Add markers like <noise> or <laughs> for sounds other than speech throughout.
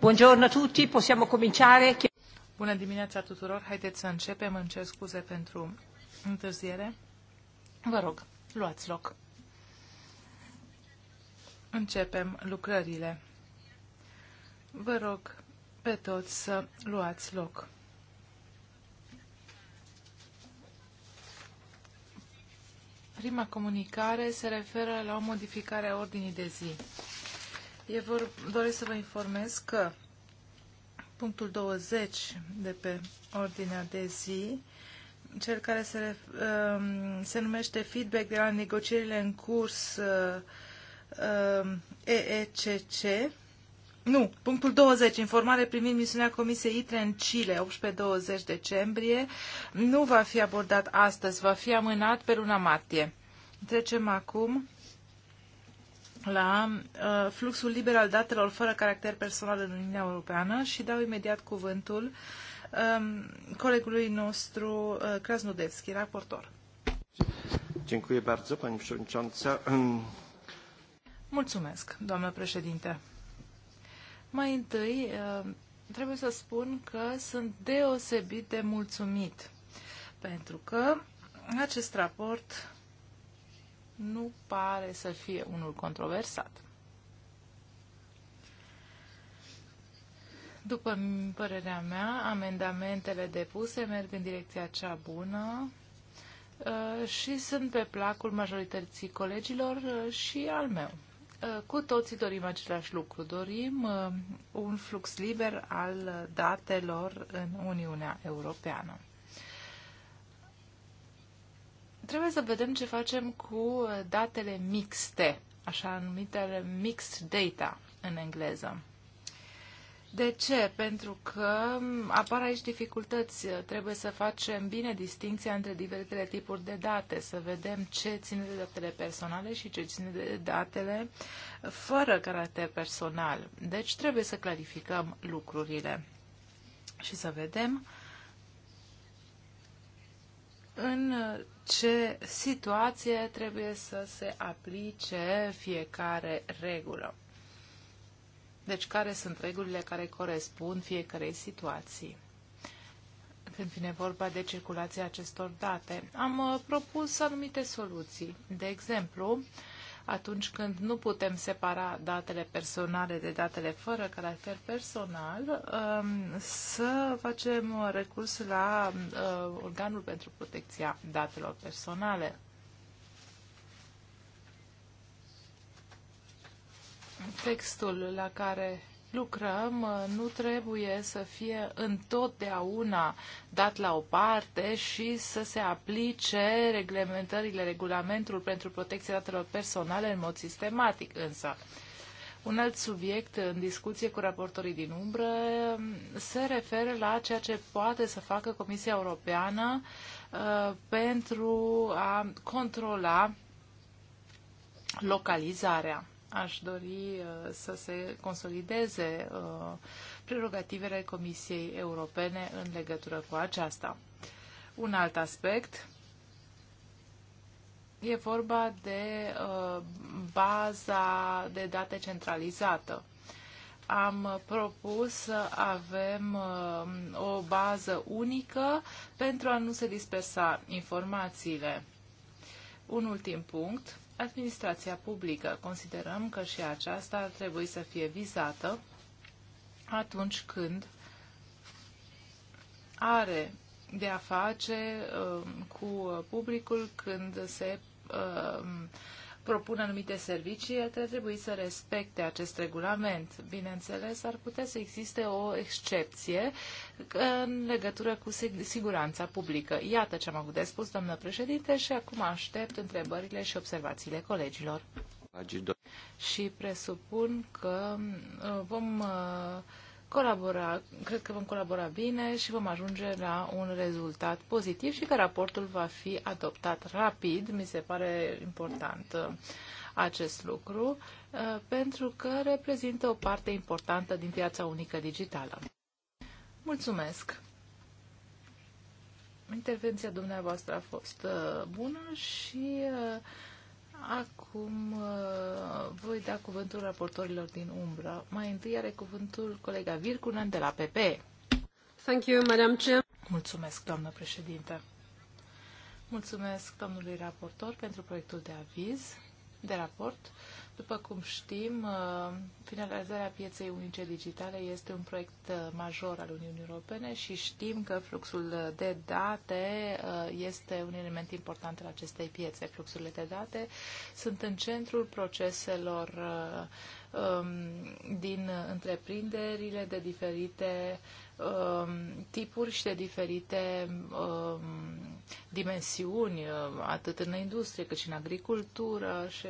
Buongiorno a tutti, possiamo cominciare. Bună dimineața tuturor, haideți să începem, îmi cer scuze pentru întârziere. Vă rog, luați loc. Începem lucrările. Vă rog pe toți să luați loc. Prima comunicare se referă la o modificare a ordinii de zi vor, doresc să vă informez că punctul 20 de pe ordinea de zi, cel care se, um, se numește feedback de la negocierile în curs uh, um, EECC, nu, punctul 20, informare privind misiunea Comisiei ITRE în Chile, 18-20 decembrie, nu va fi abordat astăzi, va fi amânat pe luna martie. Trecem acum la uh, fluxul liber al datelor fără caracter personal în Uniunea Europeană și dau imediat cuvântul um, colegului nostru uh, Krasnodevski, raportor. Dziękuję bardzo, pani przewodnicząca. Mulțumesc, doamnă președinte. Mai întâi, uh, trebuie să spun că sunt deosebit de mulțumit pentru că acest raport nu pare să fie unul controversat. După părerea mea, amendamentele depuse merg în direcția cea bună uh, și sunt pe placul majorității colegilor uh, și al meu. Uh, cu toții dorim același lucru. Dorim un flux liber al datelor în Uniunea Europeană. Trebuie să vedem ce facem cu datele mixte, așa numitele mixed data în engleză. De ce? Pentru că apar aici dificultăți. Trebuie să facem bine distinția între diferitele tipuri de date, să vedem ce ține de datele personale și ce ține de datele fără caracter personal. Deci trebuie să clarificăm lucrurile și să vedem uh, în ce situație trebuie să se aplice fiecare regulă. Deci care sunt regulile care corespund fiecarei situații când vine vorba de circulația acestor date. Am uh, propus anumite soluții. De exemplu, atunci când nu putem separa datele personale de datele fără caracter personal, um, să facem recurs la uh, organul pentru protecția datelor personale. Textul la care lucrăm uh, nu trebuie să fie întotdeauna dat la o parte și să se aplice reglementările, regulamentul pentru protecția datelor personale în mod sistematic însă. Un alt subiect în discuție cu raportorii din umbră um, se referă la ceea ce poate să facă Comisia Europeană uh, pentru a controla localizarea aș dori uh, să se consolideze uh, prerogativele Comisiei Europene în legătură cu aceasta. Un alt aspect e vorba de uh, baza de date centralizată am propus să avem o bază unică pentru a nu se dispersa informațiile. Un ultim punct administrația publică. Considerăm că și aceasta ar trebui să fie vizată atunci când are de a face uh, cu publicul când se uh, propun anumite servicii, el trebuie să respecte acest regulament. Bineînțeles, ar putea să existe o excepție în legătură cu siguranța publică. Iată ce am avut de spus, doamnă președinte, și acum aștept întrebările și observațiile colegilor. Agido. Și presupun că uh, vom uh, colabora, cred că vom colabora bine și vom ajunge la un rezultat pozitiv și că raportul va fi adoptat rapid. Mi se pare important uh, acest lucru pentru că reprezintă o parte importantă din piața unică digitală. Mulțumesc! Intervenția dumneavoastră a fost uh, bună și uh, acum uh, voi da cuvântul raportorilor din umbră. Mai întâi are cuvântul colega Vircunen de la PP. Thank you, Madam Chair. Mulțumesc, doamnă președinte. Mulțumesc domnului raportor pentru proiectul de aviz, de raport. După cum știm, uh, finalizarea pieței unice digitale este un proiect uh, major al Uniunii Europene și știm că fluxul de date uh, este un element important al acestei piețe. Fluxurile de date sunt în centrul proceselor Um, din întreprinderile de diferite um, tipuri și de diferite um, dimensiuni, atât în industrie cât și în agricultură și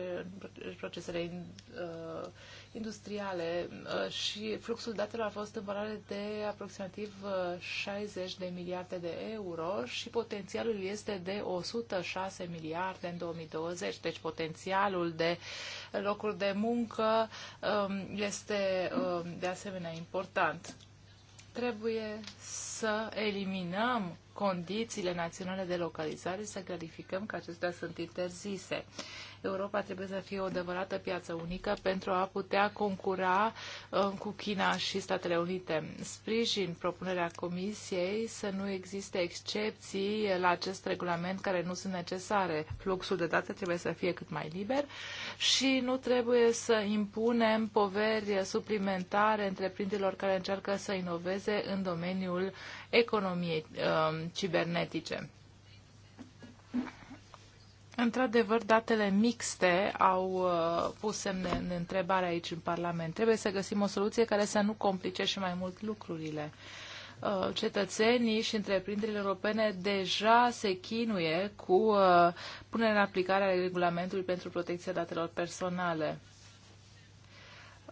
în procesele uh, industriale uh, și fluxul datelor a fost în valoare de aproximativ 60 uh, de miliarde de euro și potențialul este de 106 miliarde în 2020. Deci potențialul de locuri de muncă um, este um, de asemenea important. Trebuie să eliminăm condițiile naționale de localizare și să clarificăm că acestea sunt interzise. Europa trebuie să fie o adevărată piață unică pentru a putea concura uh, cu China și Statele Unite. Sprijin propunerea Comisiei să nu existe excepții la acest regulament care nu sunt necesare. Fluxul de date trebuie să fie cât mai liber și nu trebuie să impunem poveri suplimentare întreprinderilor care încearcă să inoveze în domeniul economiei uh, cibernetice. Într-adevăr, datele mixte au uh, pus semne în întrebare aici în Parlament. Trebuie să găsim o soluție care să nu complice și mai mult lucrurile. Uh, cetățenii și întreprinderile europene deja se chinuie cu uh, punerea în aplicare a regulamentului pentru protecția datelor personale.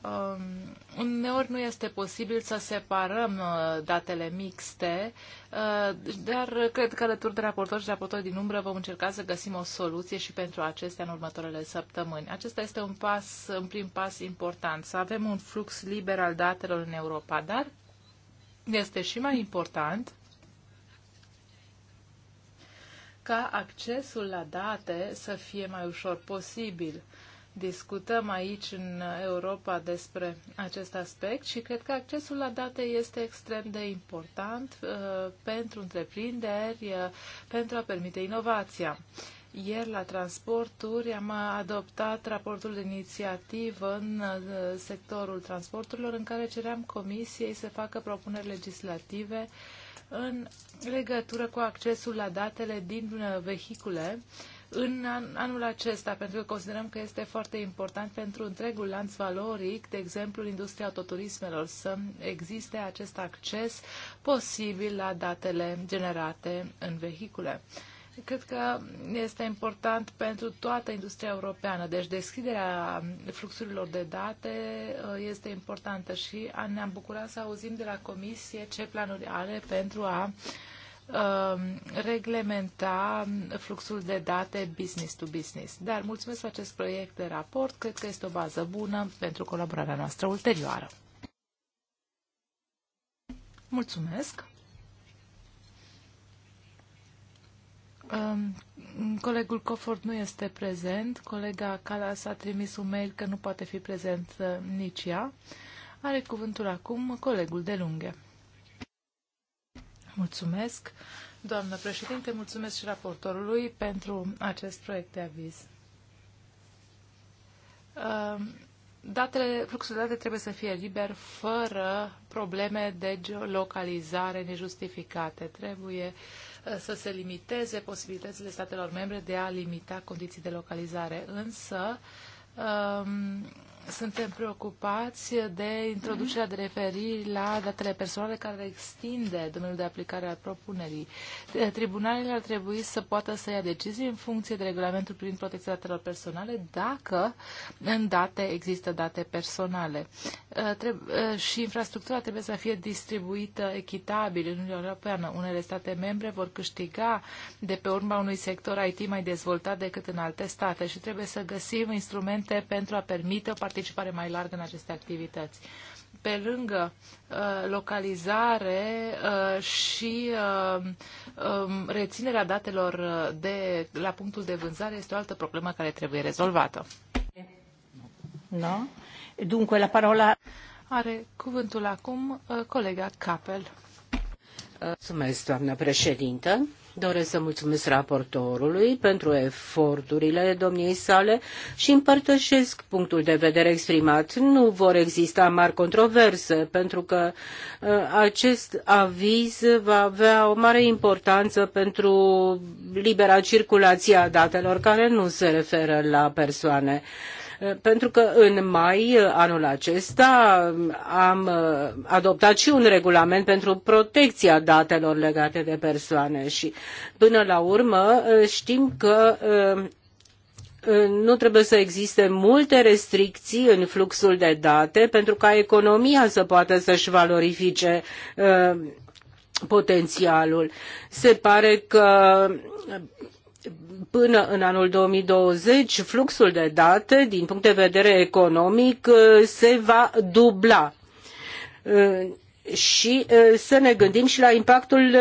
Um, uneori nu este posibil să separăm uh, datele mixte, uh, dar cred că alături de raportori și raportori din umbră vom încerca să găsim o soluție și pentru acestea în următoarele săptămâni. Acesta este un pas, un prim pas important, să avem un flux liber al datelor în Europa, dar este și mai important ca accesul la date să fie mai ușor posibil discutăm aici în Europa despre acest aspect și cred că accesul la date este extrem de important uh, pentru întreprinderi, uh, pentru a permite inovația. Ieri la transporturi am adoptat raportul de inițiativă în uh, sectorul transporturilor în care ceream comisiei să facă propuneri legislative în legătură cu accesul la datele din uh, vehicule uh, în anul acesta, pentru că considerăm că este foarte important pentru întregul lanț valoric, de exemplu, industria autoturismelor, să existe acest acces posibil la datele generate în vehicule. Cred că este important pentru toată industria europeană. Deci deschiderea fluxurilor de date uh, este importantă și ne-am bucurat să auzim de la Comisie ce planuri are pentru a uh, Um, reglementa fluxul de date business to business. Dar mulțumesc pentru acest proiect de raport. Cred că este o bază bună pentru colaborarea noastră ulterioară. Mulțumesc. Um, colegul Cofort nu este prezent. Colega Calas a trimis un mail că nu poate fi prezent uh, nici ea. Are cuvântul acum colegul de lunghe. Mulțumesc, doamnă președinte, mulțumesc și raportorului pentru acest proiect de aviz. Datele, fluxul de date trebuie să fie liber fără probleme de geolocalizare nejustificate. Trebuie uh, să se limiteze posibilitățile statelor membre de a limita condiții de localizare. Însă, suntem preocupați de introducerea de referiri la datele personale care extinde domeniul de aplicare al propunerii. Tribunalele ar trebui să poată să ia decizii în funcție de regulamentul privind protecția datelor personale dacă în date există date personale. Uh, uh, și infrastructura trebuie să fie distribuită echitabil în Uniunea Europeană. Unele state membre vor câștiga de pe urma unui sector IT mai dezvoltat decât în alte state și trebuie să găsim instrumente pentru a permite o participare participare mai largă în aceste activități. Pe lângă uh, localizare uh, și uh, um, reținerea datelor de, la punctul de vânzare este o altă problemă care trebuie rezolvată. No? Dunque, la parola... Are cuvântul acum colega Capel. Mulțumesc, doamnă președintă. Doresc să mulțumesc raportorului pentru eforturile domniei sale și împărtășesc punctul de vedere exprimat. Nu vor exista mari controverse, pentru că uh, acest aviz va avea o mare importanță pentru libera circulație a datelor care nu se referă la persoane. Pentru că în mai anul acesta am uh, adoptat și un regulament pentru protecția datelor legate de persoane și până la urmă uh, știm că uh, nu trebuie să existe multe restricții în fluxul de date pentru ca economia să poată să-și valorifice potențialul. Se pare că până în anul 2020 fluxul de date din punct de vedere economic uh, se va dubla uh, și uh, să ne gândim și la impactul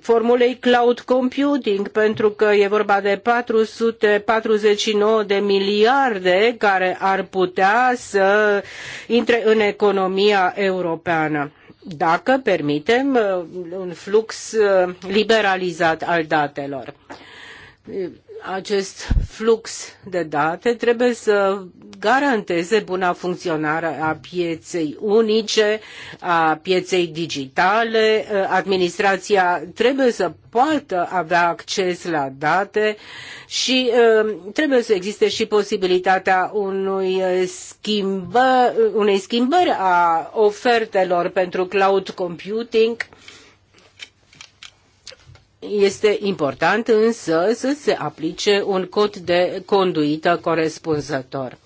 formulei cloud computing, pentru că e vorba de 449 de miliarde care ar putea să intre în economia europeană dacă permitem un flux liberalizat al datelor acest flux de date trebuie să garanteze buna funcționare a pieței unice, a pieței digitale. Administrația trebuie să poată avea acces la date și trebuie să existe și posibilitatea unui schimbă, unei schimbări a ofertelor pentru cloud computing este important însă să se aplice un cod de conduită corespunzător.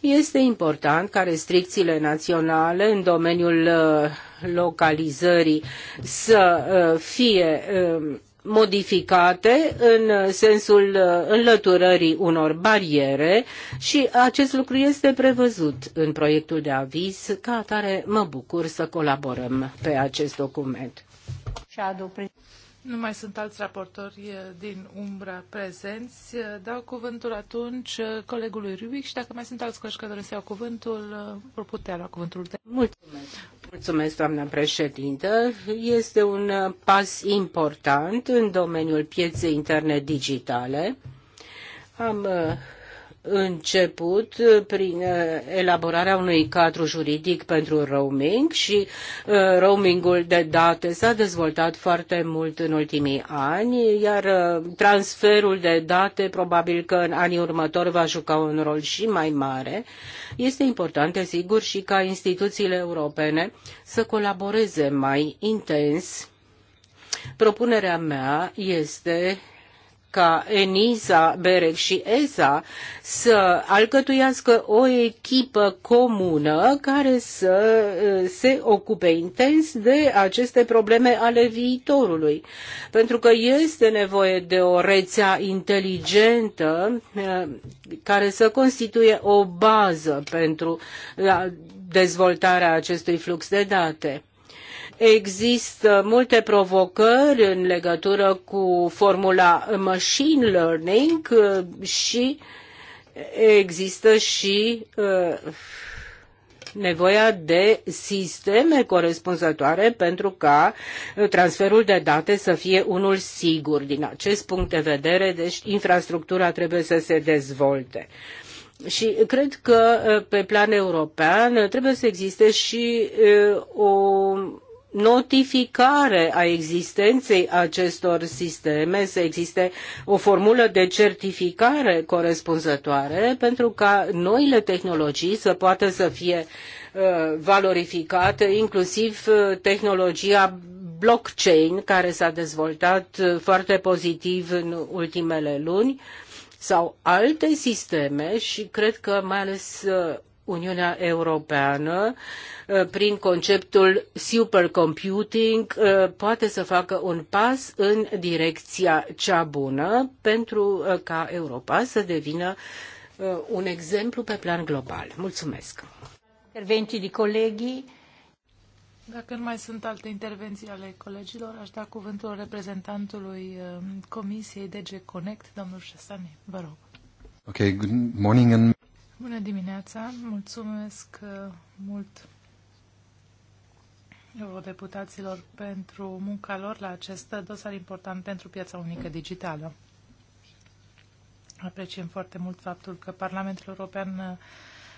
Este important ca restricțiile naționale în domeniul uh, localizării să uh, fie um, modificate în uh, sensul înlăturării unor bariere și acest lucru este prevăzut în proiectul de aviz. Ca atare mă bucur să colaborăm pe acest document. Nu mai sunt alți raportori eh, din umbra prezenți. Eh, dau cuvântul atunci eh, colegului Rubic și dacă mai sunt alți colegi care doresc să iau cuvântul, vor putea lua cuvântul. Mulțumesc. Mulțumesc, doamna președintă. Este un pas important în domeniul pieței interne digitale. Am început uh, prin uh, elaborarea unui cadru juridic pentru roaming și uh, roamingul de date s-a dezvoltat foarte mult în ultimii ani, iar transferul de date probabil că în anii următori va juca un rol și mai mare. Este important, sigur, și ca instituțiile europene să colaboreze mai intens Propunerea mea este ca ENISA, BEREC și ESA să alcătuiască o echipă comună care să uh, se ocupe intens de aceste probleme ale viitorului. Pentru că este nevoie de o rețea inteligentă uh, care să constituie o bază pentru uh, dezvoltarea acestui flux de date. Există multe provocări în legătură cu formula machine learning uh, și există și uh, nevoia de sisteme corespunzătoare pentru ca transferul de date să fie unul sigur. Din acest punct de vedere, deci infrastructura trebuie să se dezvolte. Și cred că uh, pe plan european trebuie să existe și o notificare a existenței acestor sisteme, să existe o formulă de certificare corespunzătoare pentru ca noile tehnologii să poată să fie uh, valorificate, inclusiv uh, tehnologia blockchain care s-a dezvoltat uh, foarte pozitiv în ultimele luni sau alte sisteme și cred că mai ales Uniunea Europeană, uh, prin conceptul supercomputing, uh, poate să facă un pas în direcția cea bună pentru uh, ca Europa să devină un exemplu pe plan global. Mulțumesc! Intervenții de colegii. Dacă nu mai sunt alte intervenții ale colegilor, aș da cuvântul reprezentantului Comisiei DG Connect, domnul Șesani. Vă rog. Ok, good morning and... Bună dimineața! Mulțumesc uh, mult eurodeputaților pentru munca lor la acest dosar important pentru piața unică digitală. Apreciem foarte mult faptul că Parlamentul European uh,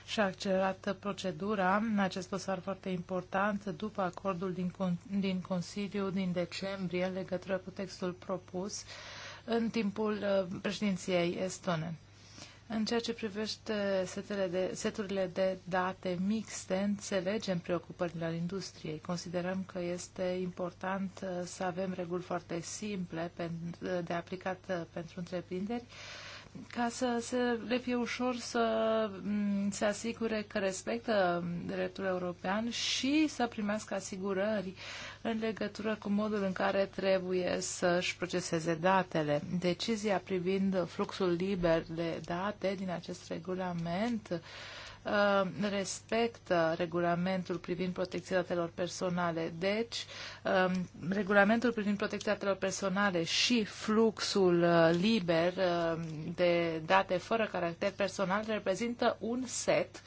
și-a accelerat procedura în acest dosar foarte important după acordul din, din Consiliu din decembrie în legătură cu textul propus în timpul uh, președinției estone. În ceea ce privește setele de, seturile de date mixte, înțelegem preocupările industriei. Considerăm că este important uh, să avem reguli foarte simple uh, de aplicat uh, pentru întreprinderi ca să se, le fie ușor să mm, se asigure că respectă dreptul european și să primească asigurări în legătură cu modul în care trebuie să-și proceseze datele. Decizia privind fluxul liber de date din acest regulament uh, Uh, respectă regulamentul privind protecția datelor personale. Deci, um, regulamentul privind protecția datelor personale și fluxul uh, liber uh, de date fără caracter personal reprezintă un set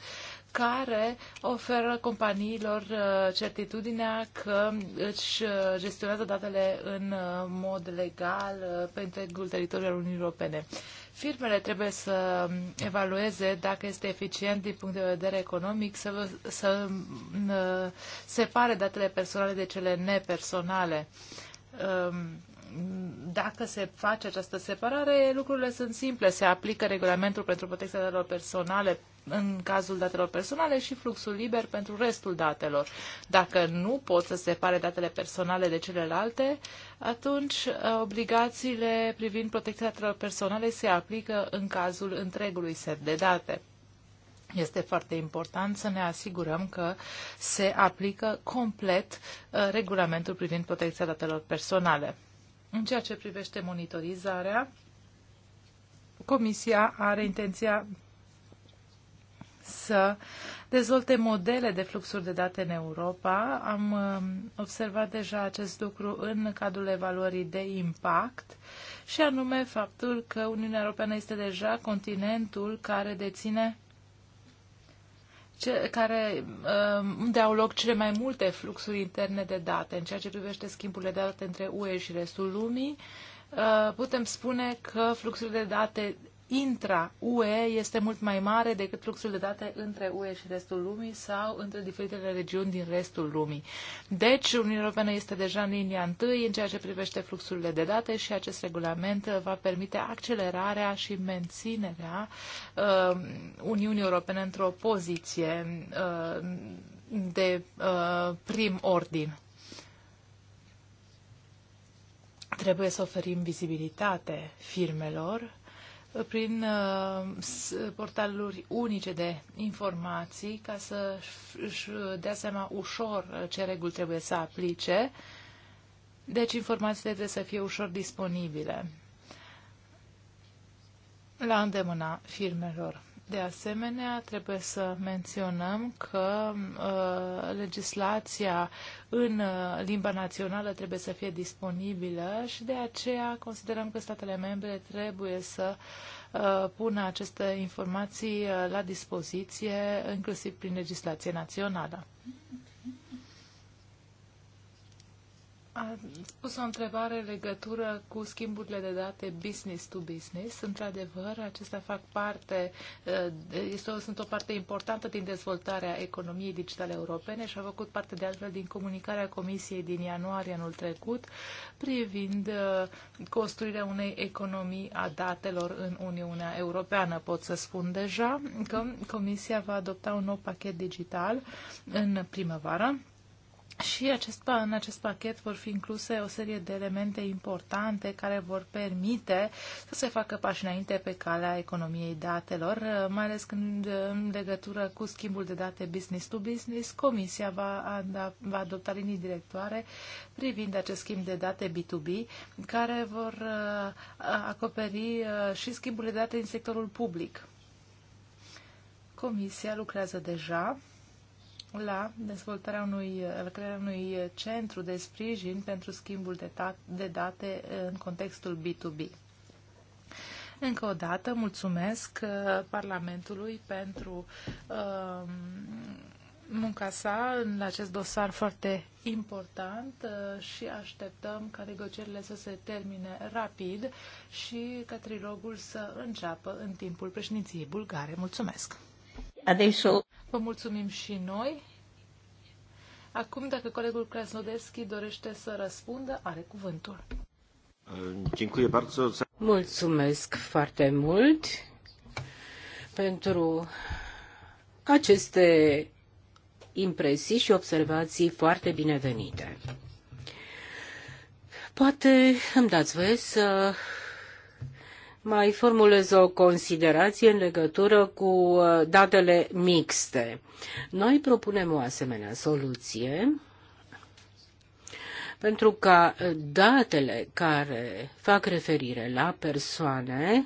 care oferă companiilor uh, certitudinea că își uh, gestionează datele în uh, mod legal pe întregul teritoriu al Uniunii Europene. Firmele trebuie să evalueze dacă este eficient din punct de vedere economic să, să separe datele personale de cele nepersonale. Um, dacă se face această separare, lucrurile sunt simple. Se aplică regulamentul pentru protecția datelor personale în cazul datelor personale și fluxul liber pentru restul datelor. Dacă nu pot să separe datele personale de celelalte, atunci uh, obligațiile privind protecția datelor personale se aplică în cazul întregului set de date. Este foarte important să ne asigurăm că se aplică complet uh, regulamentul privind protecția datelor personale. În ceea ce privește monitorizarea, Comisia are intenția să dezvolte modele de fluxuri de date în Europa. Am um, observat deja acest lucru în cadrul evaluării de impact și anume faptul că Uniunea Europeană este deja continentul care deține ce, care, um, unde au loc cele mai multe fluxuri interne de date în ceea ce privește schimburile de date între UE și restul lumii. Uh, putem spune că fluxurile de date intra-UE este mult mai mare decât fluxul de date între UE și restul lumii sau între diferitele regiuni din restul lumii. Deci, Uniunea Europeană este deja în linia întâi în ceea ce privește fluxurile de date și acest regulament va permite accelerarea și menținerea uh, Uniunii Europene într-o poziție uh, de uh, prim ordin. Trebuie să oferim vizibilitate firmelor prin uh, portaluri unice de informații ca să își dea seama ușor ce reguli trebuie să aplice. Deci informațiile trebuie să fie ușor disponibile la îndemâna firmelor. De asemenea, trebuie să menționăm că uh, legislația în uh, limba națională trebuie să fie disponibilă și de aceea considerăm că statele membre trebuie să uh, pună aceste informații uh, la dispoziție, inclusiv prin legislație națională. Mm-hmm. A spus o întrebare în legătură cu schimburile de date business to business. Într-adevăr, acestea fac parte, uh, este, sunt o parte importantă din dezvoltarea economiei digitale europene și a făcut parte de altfel din comunicarea Comisiei din ianuarie anul trecut privind uh, construirea unei economii a datelor în Uniunea Europeană. Pot să spun deja că Comisia va adopta un nou pachet digital în primăvară și acest, în acest pachet vor fi incluse o serie de elemente importante care vor permite să se facă pași înainte pe calea economiei datelor, uh, mai ales când uh, în legătură cu schimbul de date business to business, Comisia va, va adopta linii directoare privind acest schimb de date B2B, care vor uh, acoperi și schimbul de date în sectorul public. Comisia lucrează deja la dezvoltarea unui, la crearea unui centru de sprijin pentru schimbul de, de date în contextul B2B. Încă o dată mulțumesc uh, Parlamentului pentru uh, munca sa în acest dosar foarte important uh, și așteptăm ca negocierile să se termine rapid și ca trilogul să înceapă în timpul președinției bulgare. Mulțumesc! Adesso Vă mulțumim și noi. Acum, dacă colegul Krasnodevski dorește să răspundă, are cuvântul. Mulțumesc foarte mult pentru aceste impresii și observații foarte binevenite. Poate îmi dați voie să mai formulez o considerație în legătură cu uh, datele mixte. Noi propunem o asemenea soluție pentru ca uh, datele care fac referire la persoane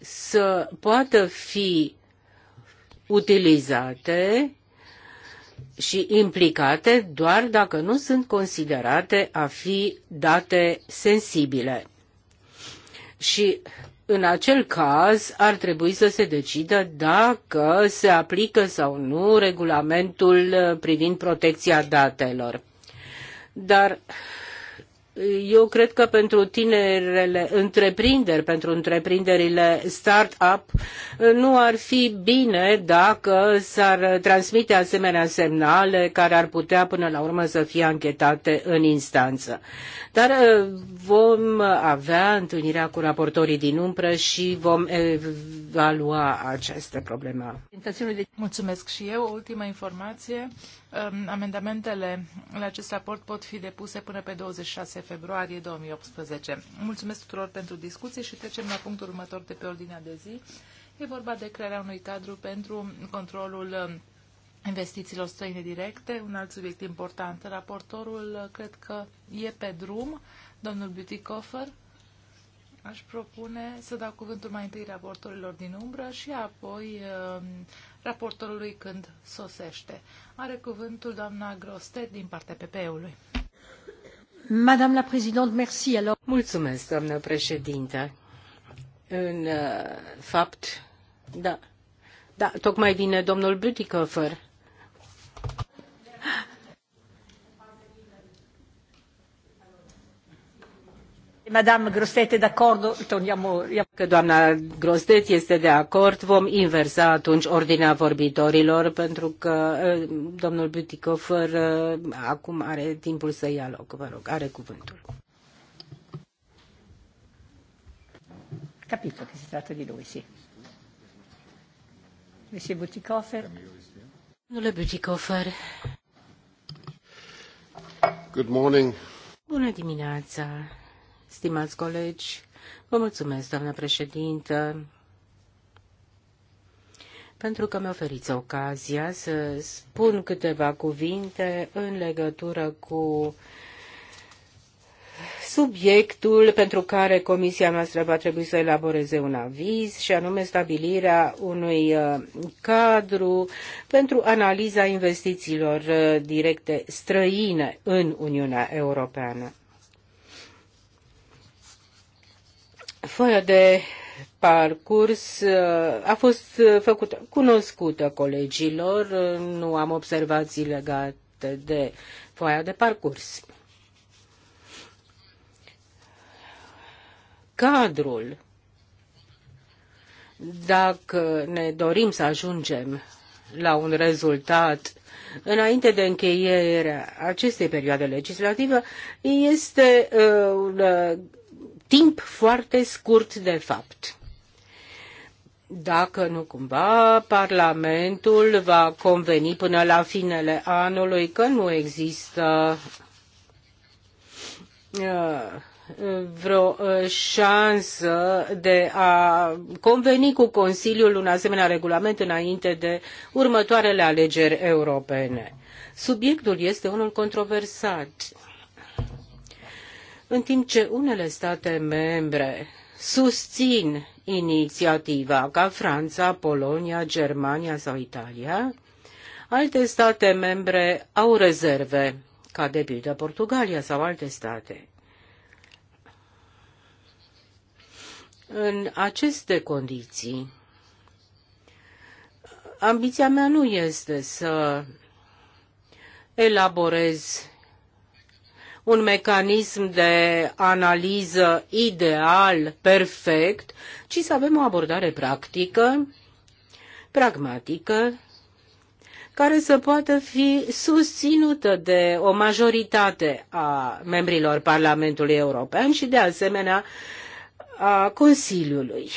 să poată fi utilizate și implicate doar dacă nu sunt considerate a fi date sensibile și în acel caz ar trebui să se decidă dacă se aplică sau nu regulamentul uh, privind protecția datelor. Dar uh, eu cred că pentru tinerele întreprinderi, pentru întreprinderile start-up, uh, nu ar fi bine dacă s-ar transmite asemenea semnale care ar putea până la urmă să fie anchetate în instanță. Dar uh, vom avea întâlnirea cu raportorii din umbră și vom evalua aceste probleme. Mulțumesc și eu. O ultimă informație. Um, amendamentele la acest raport pot fi depuse până pe 26 februarie 2018. Mulțumesc tuturor pentru discuție și trecem la punctul următor de pe ordinea de zi. E vorba de crearea unui cadru pentru controlul um, investițiilor străine directe, un alt subiect important. Raportorul cred că e pe drum, domnul Coffer. Aș propune să dau cuvântul mai întâi raportorilor din umbră și apoi um, raportorului când sosește. Are cuvântul doamna Grostet din partea PPE-ului. Madame la Présidente, merci. Alors... Mulțumesc, doamnă președintă. În uh, fapt, da, da, tocmai vine domnul Bütikofer Madame Grostet e d'accordo, torniamo... Că doamna Grostet este de acord, vom inversa atunci ordinea vorbitorilor, pentru că eh, domnul Butikofer eh, acum are timpul să ia loc, vă rog, are cuvântul. Capito che si tratta di lui, sì. Monsieur Butikofer. Domnule Butikofer. Good morning. Bună dimineața stimați colegi. Vă mulțumesc, doamnă președintă, pentru că mi oferiți ocazia să spun câteva cuvinte în legătură cu subiectul pentru care comisia noastră va trebui să elaboreze un aviz și anume stabilirea unui uh, cadru pentru analiza investițiilor uh, directe străine în Uniunea Europeană. foaia de parcurs uh, a fost uh, făcută cunoscută colegilor, uh, nu am observații legate de foaia de parcurs. Cadrul, dacă ne dorim să ajungem la un rezultat înainte de încheierea acestei perioade legislative, este un timp foarte scurt, de fapt. Dacă nu cumva, Parlamentul va conveni până la finele anului că nu există uh, vreo uh, șansă de a conveni cu Consiliul un asemenea regulament înainte de următoarele alegeri europene. Subiectul este unul controversat în timp ce unele state membre susțin inițiativa, ca Franța, Polonia, Germania sau Italia, alte state membre au rezerve, ca de pildă Portugalia sau alte state. În aceste condiții, ambiția mea nu este să elaborez un mecanism de analiză ideal, perfect, ci să avem o abordare practică, pragmatică, care să poată fi susținută de o majoritate a membrilor Parlamentului European și, de asemenea, a Consiliului.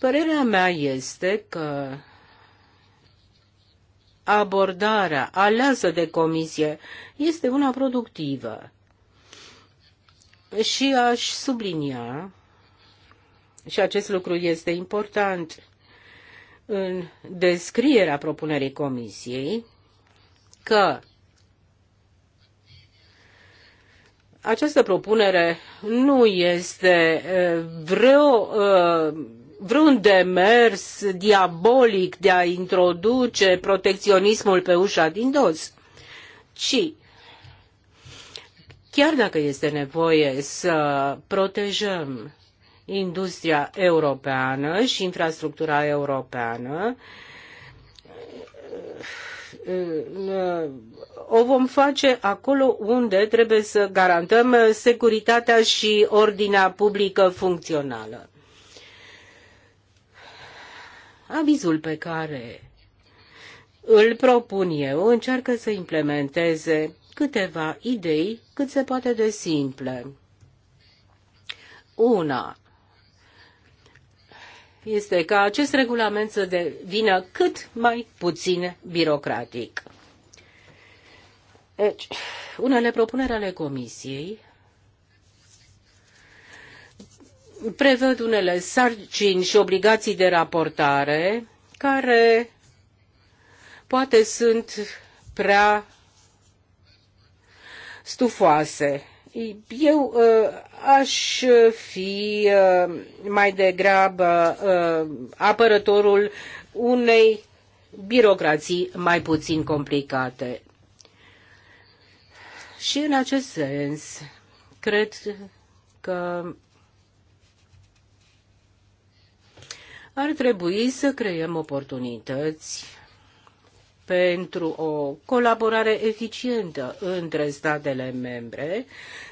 Părerea mea este că abordarea aleasă de comisie este una productivă. Și aș sublinia, și acest lucru este important în descrierea propunerii comisiei, că această propunere nu este eh, vreo eh, vreun demers diabolic de a introduce protecționismul pe ușa din dos, ci chiar dacă este nevoie să protejăm industria europeană și infrastructura europeană, o vom face acolo unde trebuie să garantăm securitatea și ordinea publică funcțională. Avizul pe care îl propun eu încearcă să implementeze câteva idei cât se poate de simple. Una este ca acest regulament să devină cât mai puțin birocratic. Deci, unele propuneri ale Comisiei prevăd unele sarcini și obligații de raportare care poate sunt prea stufoase. Eu uh, aș fi uh, mai degrabă uh, apărătorul unei birocrații mai puțin complicate. Și în acest sens, cred că Ar trebui să creăm oportunități pentru o colaborare eficientă între statele membre,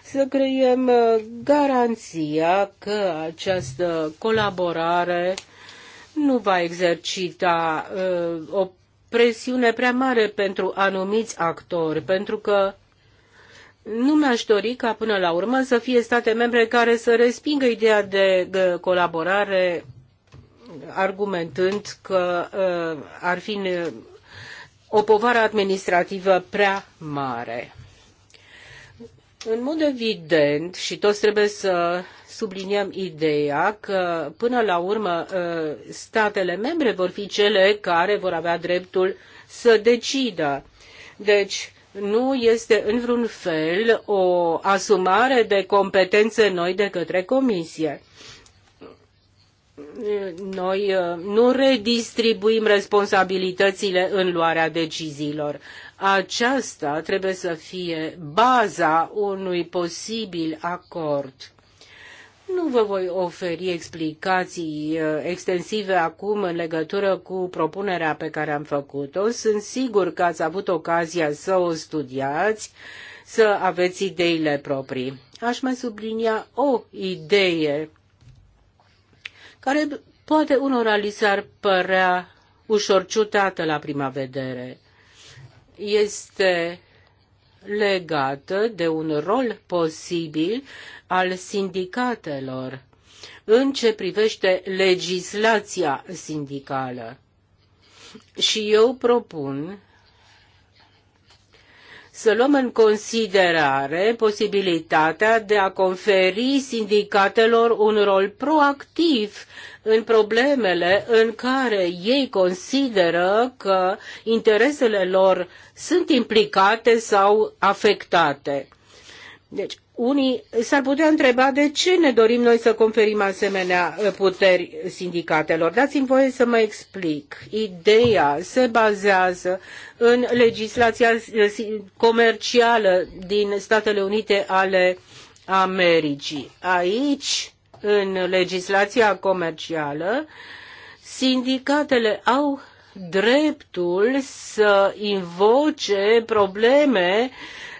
să creăm uh, garanția că această colaborare nu va exercita uh, o presiune prea mare pentru anumiți actori, pentru că nu mi-aș dori ca până la urmă să fie state membre care să respingă ideea de colaborare argumentând că uh, ar fi uh, o povară administrativă prea mare. În mod evident, și toți trebuie să subliniem ideea că, până la urmă, uh, statele membre vor fi cele care vor avea dreptul să decidă. Deci, nu este în vreun fel o asumare de competențe noi de către Comisie noi uh, nu redistribuim responsabilitățile în luarea deciziilor. Aceasta trebuie să fie baza unui posibil acord. Nu vă voi oferi explicații uh, extensive acum în legătură cu propunerea pe care am făcut-o. Sunt sigur că ați avut ocazia să o studiați, să aveți ideile proprii. Aș mai sublinia o idee care poate unora li s-ar părea ușor ciutată la prima vedere. Este legată de un rol posibil al sindicatelor în ce privește legislația sindicală. Și eu propun să luăm în considerare posibilitatea de a conferi sindicatelor un rol proactiv în problemele în care ei consideră că interesele lor sunt implicate sau afectate. Deci, unii s-ar putea întreba de ce ne dorim noi să conferim asemenea uh, puteri sindicatelor. Dați-mi voie să mă explic. Ideea se bazează în legislația uh, comercială din Statele Unite ale Americii. Aici, în legislația comercială, sindicatele au dreptul să invoce probleme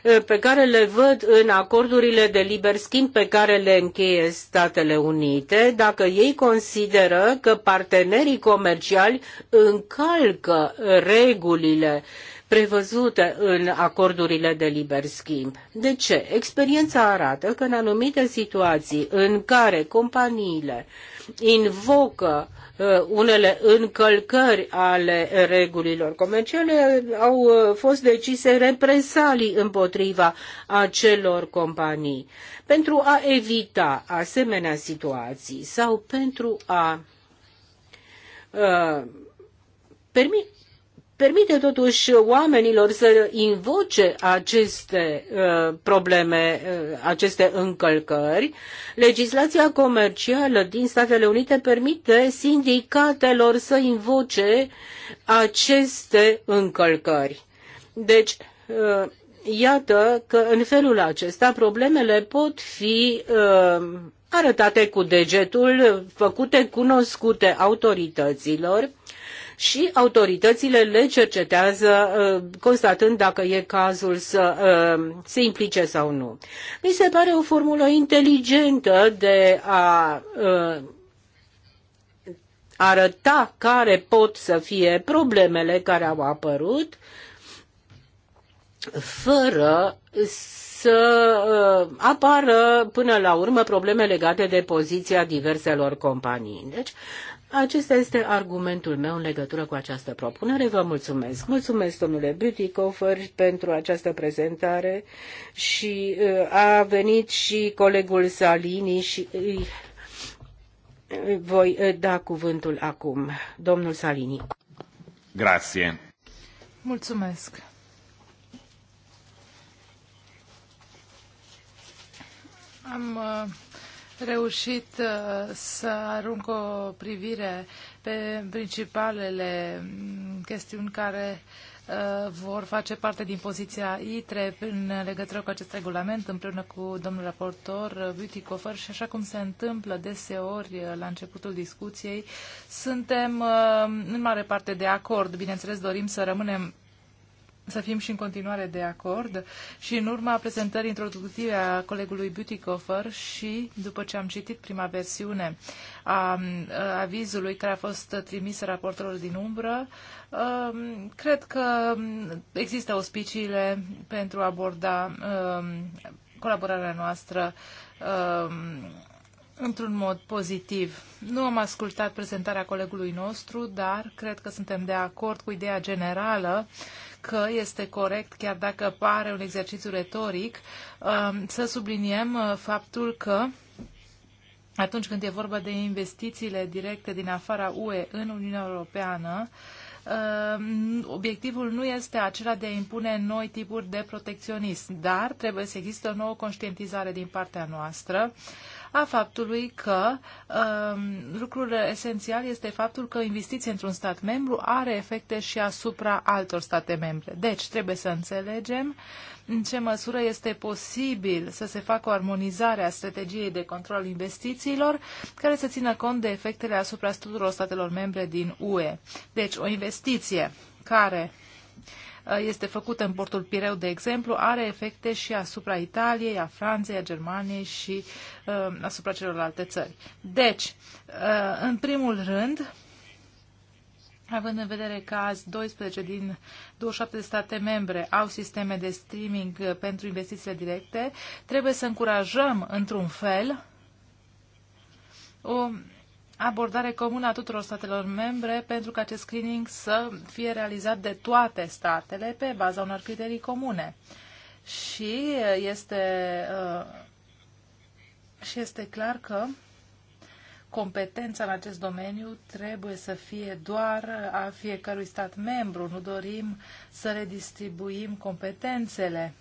Eh, pe care le văd în acordurile de liber schimb pe care le încheie Statele Unite, dacă ei consideră că partenerii comerciali încalcă regulile prevăzute în acordurile de liber schimb. De ce? Experiența arată că în anumite situații în care companiile invocă uh, unele încălcări ale regulilor comerciale, au uh, fost decise represalii împotriva acelor companii. Pentru a evita asemenea situații sau pentru a uh, permite permite totuși oamenilor să invoce aceste uh, probleme, uh, aceste încălcări. Legislația comercială din Statele Unite permite sindicatelor să invoce aceste încălcări. Deci, uh, iată că în felul acesta problemele pot fi uh, arătate cu degetul, făcute cunoscute autorităților și autoritățile le cercetează uh, constatând dacă e cazul să uh, se implice sau nu. Mi se pare o formulă inteligentă de a uh, arăta care pot să fie problemele care au apărut fără să apară până la urmă probleme legate de poziția diverselor companii. Deci acesta este argumentul meu în legătură cu această propunere. Vă mulțumesc. Mulțumesc, domnule Butikofer, pentru această prezentare și uh, a venit și colegul Salini și uh, voi uh, da cuvântul acum. Domnul Salini. Grație. Mulțumesc. Am uh reușit uh, să arunc o privire pe principalele mm, chestiuni care uh, vor face parte din poziția ITRE în legătură cu acest regulament împreună cu domnul raportor uh, Coffer și așa cum se întâmplă deseori la începutul discuției, suntem în mare parte de acord. Bineînțeles, dorim să rămânem să fim și în continuare de acord și în urma prezentării introductive a colegului Butikofer și după ce am citit prima versiune a avizului care a fost trimis raportorul din umbră, cred că există auspiciile pentru a aborda colaborarea noastră într-un mod pozitiv. Nu am ascultat prezentarea colegului nostru, dar cred că suntem de acord cu ideea generală că este corect, chiar dacă pare un exercițiu retoric, um, să subliniem uh, faptul că atunci când e vorba de investițiile directe din afara UE în Uniunea Europeană, um, obiectivul nu este acela de a impune noi tipuri de protecționism, dar trebuie să existe o nouă conștientizare din partea noastră a faptului că um, lucrul esențial este faptul că investiția într-un stat membru are efecte și asupra altor state membre. Deci trebuie să înțelegem în ce măsură este posibil să se facă o armonizare a strategiei de control investițiilor care să țină cont de efectele asupra tuturor statelor membre din UE. Deci o investiție care Uh, este făcută în portul Pireu, de exemplu, are efecte și asupra Italiei, a Franței, a Germaniei și uh, asupra celorlalte țări. Deci, uh, în primul rând, având în vedere că azi 12 din 27 de state membre au sisteme de streaming uh, pentru investițiile directe, trebuie să încurajăm într-un fel o abordare comună a tuturor statelor membre pentru ca acest screening să fie realizat de toate statele pe baza unor criterii comune. Și uh, este, uh, și este clar că competența în acest domeniu trebuie să fie doar a fiecărui stat membru. Nu dorim să redistribuim competențele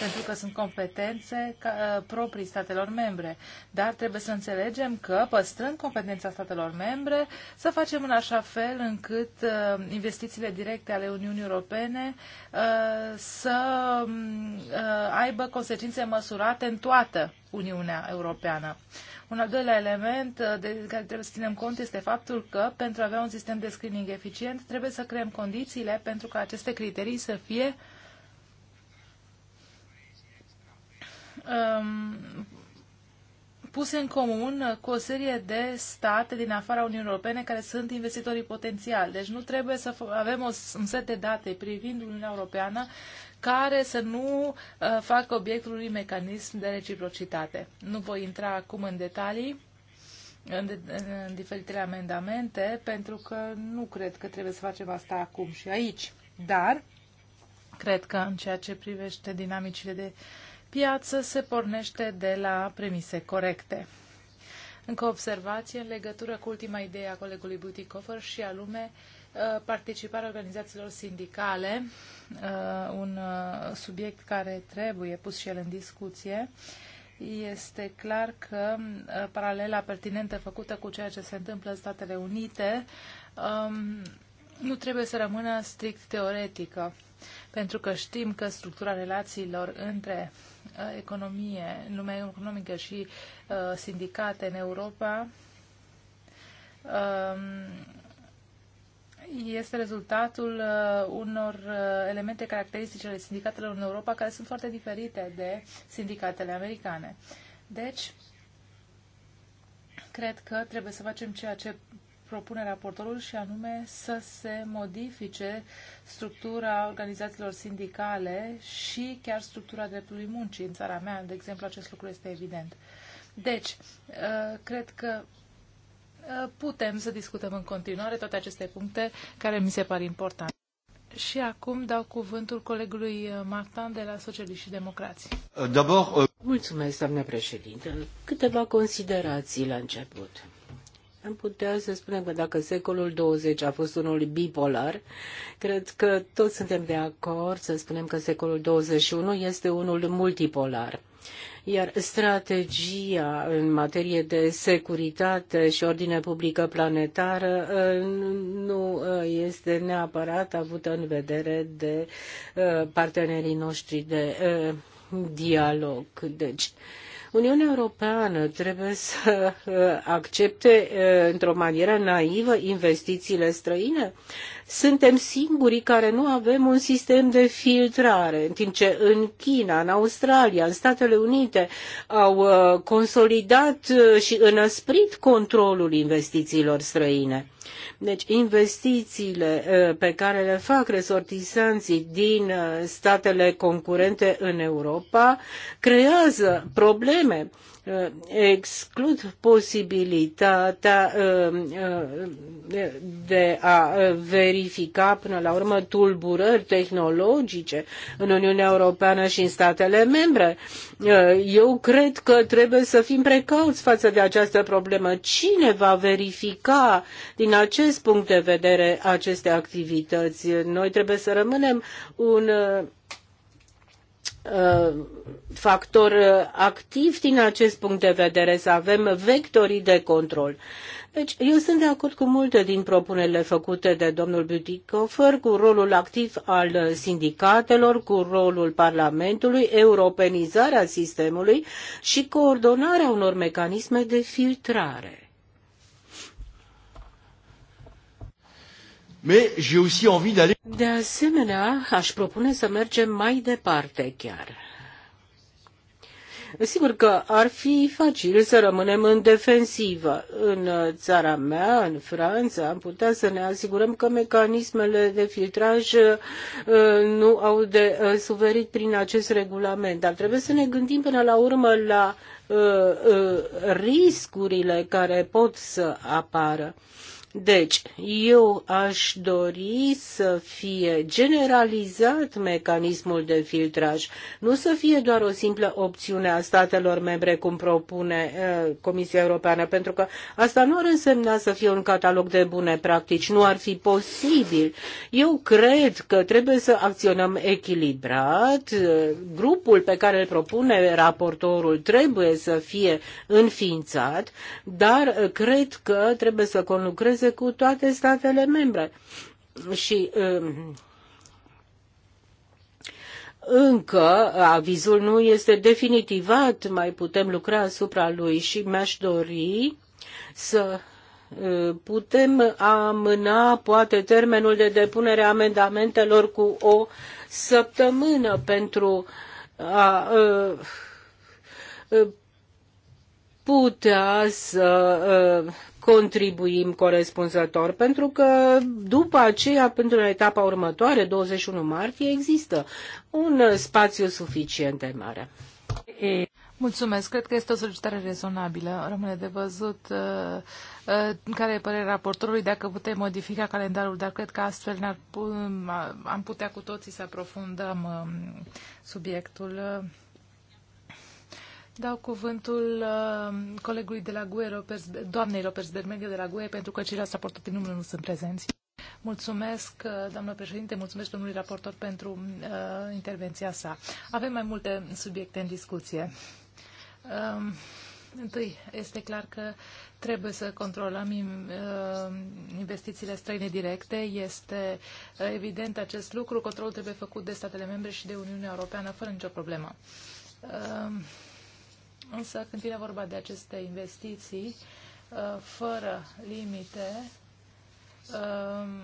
pentru că sunt competențe ca, uh, proprii statelor membre. Dar trebuie să înțelegem că, păstrând competența statelor membre, să facem în așa fel încât uh, investițiile directe ale Uniunii Europene uh, să mm, uh, aibă consecințe măsurate în toată Uniunea Europeană. Un al doilea element uh, de care trebuie să ținem cont este faptul că pentru a avea un sistem de screening eficient trebuie să creăm condițiile pentru ca aceste criterii să fie um, puse în comun cu o serie de state din afara Uniunii Europene care sunt investitorii potențiali. Deci nu trebuie să avem o, un set de date privind Uniunea Europeană care să nu uh, facă obiectul unui mecanism de reciprocitate. Nu voi intra acum în detalii în, de, în diferitele amendamente, pentru că nu cred că trebuie să facem asta acum și aici. Dar cred că în ceea ce privește dinamicile de uh, piață se pornește de la premise corecte. Încă o observație în legătură cu ultima idee a colegului Butikofer și alume uh, participarea organizațiilor sindicale, uh, un uh, subiect care trebuie pus și el în discuție. Este clar că paralela pertinentă făcută cu ceea ce se întâmplă în Statele Unite um, nu trebuie să rămână strict teoretică, pentru că știm că structura relațiilor între Uh, economie, în lumea economică și uh, sindicate în Europa um, este rezultatul uh, unor uh, elemente caracteristice ale sindicatelor în Europa care sunt foarte diferite de sindicatele americane. Deci, cred că trebuie să facem ceea ce propune raportorul și anume să se modifice structura organizațiilor sindicale și chiar structura dreptului muncii în țara mea. De exemplu, acest lucru este evident. Deci, uh, cred că uh, putem să discutăm în continuare toate aceste puncte care mi se par importante. Și acum dau cuvântul colegului uh, Martan de la Socialiști și Democrații. Mulțumesc, doamnă președinte. Câteva considerații la început. Am putea să spunem că dacă secolul 20 a fost unul bipolar, cred că toți suntem de acord să spunem că secolul 21 este unul multipolar. Iar strategia în materie de securitate și ordine publică planetară uh, nu uh, este neapărat avută în vedere de uh, partenerii noștri de dialog. Deci, Uniunea Europeană trebuie să uh, accepte uh, într-o manieră naivă investițiile străine? Suntem singurii care nu avem un sistem de filtrare, în timp ce în China, în Australia, în Statele Unite au uh, consolidat și înăsprit controlul investițiilor străine. Deci investițiile uh, pe care le fac resortisanții din uh, statele concurente în Europa creează probleme exclud posibilitatea um, um, de a verifica până la urmă tulburări tehnologice în Uniunea Europeană și în statele membre. Uh, eu cred că trebuie să fim precauți față de această problemă. Cine va verifica din acest punct de vedere aceste activități? Noi trebuie să rămânem un Uh, factor uh, activ din acest punct de vedere, să avem vectorii de control. Deci, eu sunt de acord cu multe din propunerile făcute de domnul Butikofer, cu rolul activ al sindicatelor, cu rolul Parlamentului, europenizarea sistemului și coordonarea unor mecanisme de filtrare. Mais j'ai aussi envie d'aller... De asemenea, aș propune să mergem mai departe chiar. Sigur că ar fi facil să rămânem în defensivă. În țara mea, în Franța, am putea să ne asigurăm că mecanismele de filtraj uh, nu au de uh, suferit prin acest regulament. Dar trebuie să ne gândim până la urmă la uh, riscurile care pot să apară. Deci, eu aș dori să fie generalizat mecanismul de filtraj, nu să fie doar o simplă opțiune a statelor membre, cum propune uh, Comisia Europeană, pentru că asta nu ar însemna să fie un catalog de bune practici, nu ar fi posibil. Eu cred că trebuie să acționăm echilibrat, uh, grupul pe care îl propune raportorul trebuie să fie înființat, dar uh, cred că trebuie să conlucreze negocieze cu toate statele membre. Și um, încă avizul nu este definitivat, mai putem lucra asupra lui și mi-aș dori să uh, putem amâna poate termenul de depunere a amendamentelor cu o săptămână pentru a uh, uh, putea să contribuim corespunzător, pentru că după aceea, pentru etapa următoare, 21 martie, există un spațiu suficient de mare. Mulțumesc. Cred că este o solicitare rezonabilă. Rămâne de văzut uh, uh, care e părerea raportorului, dacă putem modifica calendarul, dar cred că astfel ne-ar am putea cu toții să aprofundăm uh, subiectul. Uh, Dau cuvântul uh, colegului de la GUE, doamnei Lopez Bermeghe de la GUE, pentru că ceilalți raportori din numele nu sunt prezenți. Mulțumesc, uh, doamnă președinte, mulțumesc domnului raportor pentru uh, intervenția sa. Avem mai multe subiecte în discuție. Uh, întâi, este clar că trebuie să controlăm uh, investițiile străine directe. Este uh, evident acest lucru. Controlul trebuie făcut de statele membre și de Uniunea Europeană fără nicio problemă. Uh, Însă, când vine vorba de aceste investiții, uh, fără limite, um,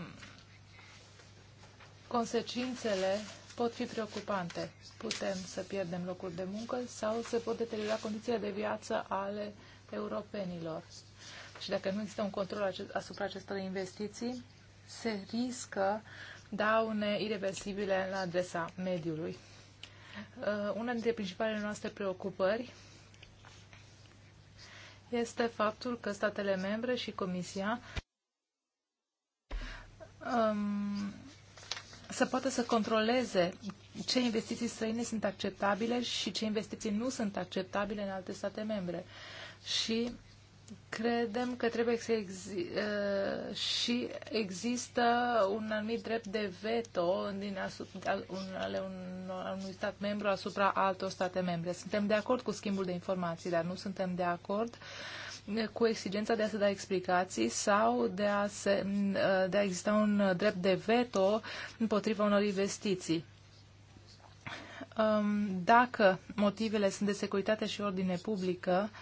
consecințele pot fi preocupante. Putem să pierdem locuri de muncă sau se pot deteriora condițiile de viață ale europenilor. Și dacă nu există un control asupra acestor investiții, se riscă daune irreversibile la adresa mediului. Uh, una dintre principalele noastre preocupări este faptul că statele membre și Comisia um, să poată să controleze ce investiții străine sunt acceptabile și ce investiții nu sunt acceptabile în alte state membre. Și Credem că trebuie să exi- uh, și există un anumit drept de veto din asupra, al, un, ale un, unui stat membru asupra altor state membre. Suntem de acord cu schimbul de informații, dar nu suntem de acord cu exigența de a se da explicații sau de a, se, uh, de a exista un drept de veto împotriva unor investiții. Um, dacă motivele sunt de securitate și ordine publică, uh,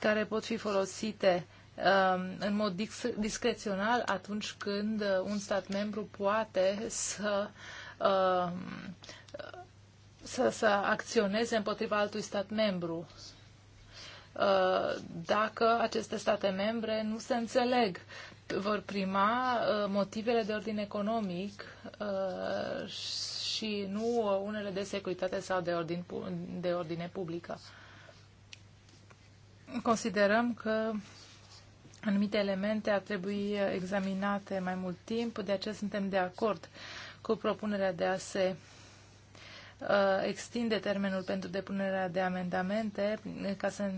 care pot fi folosite um, în mod discrețional atunci când uh, un stat membru poate să, um, să, să acționeze împotriva altui stat membru uh, dacă aceste state membre nu se înțeleg. Vor prima uh, motivele de ordin economic și nu unele de securitate sau de, ordin, de ordine publică considerăm că anumite elemente ar trebui examinate mai mult timp, de aceea suntem de acord cu propunerea de a se uh, extinde termenul pentru depunerea de amendamente ca să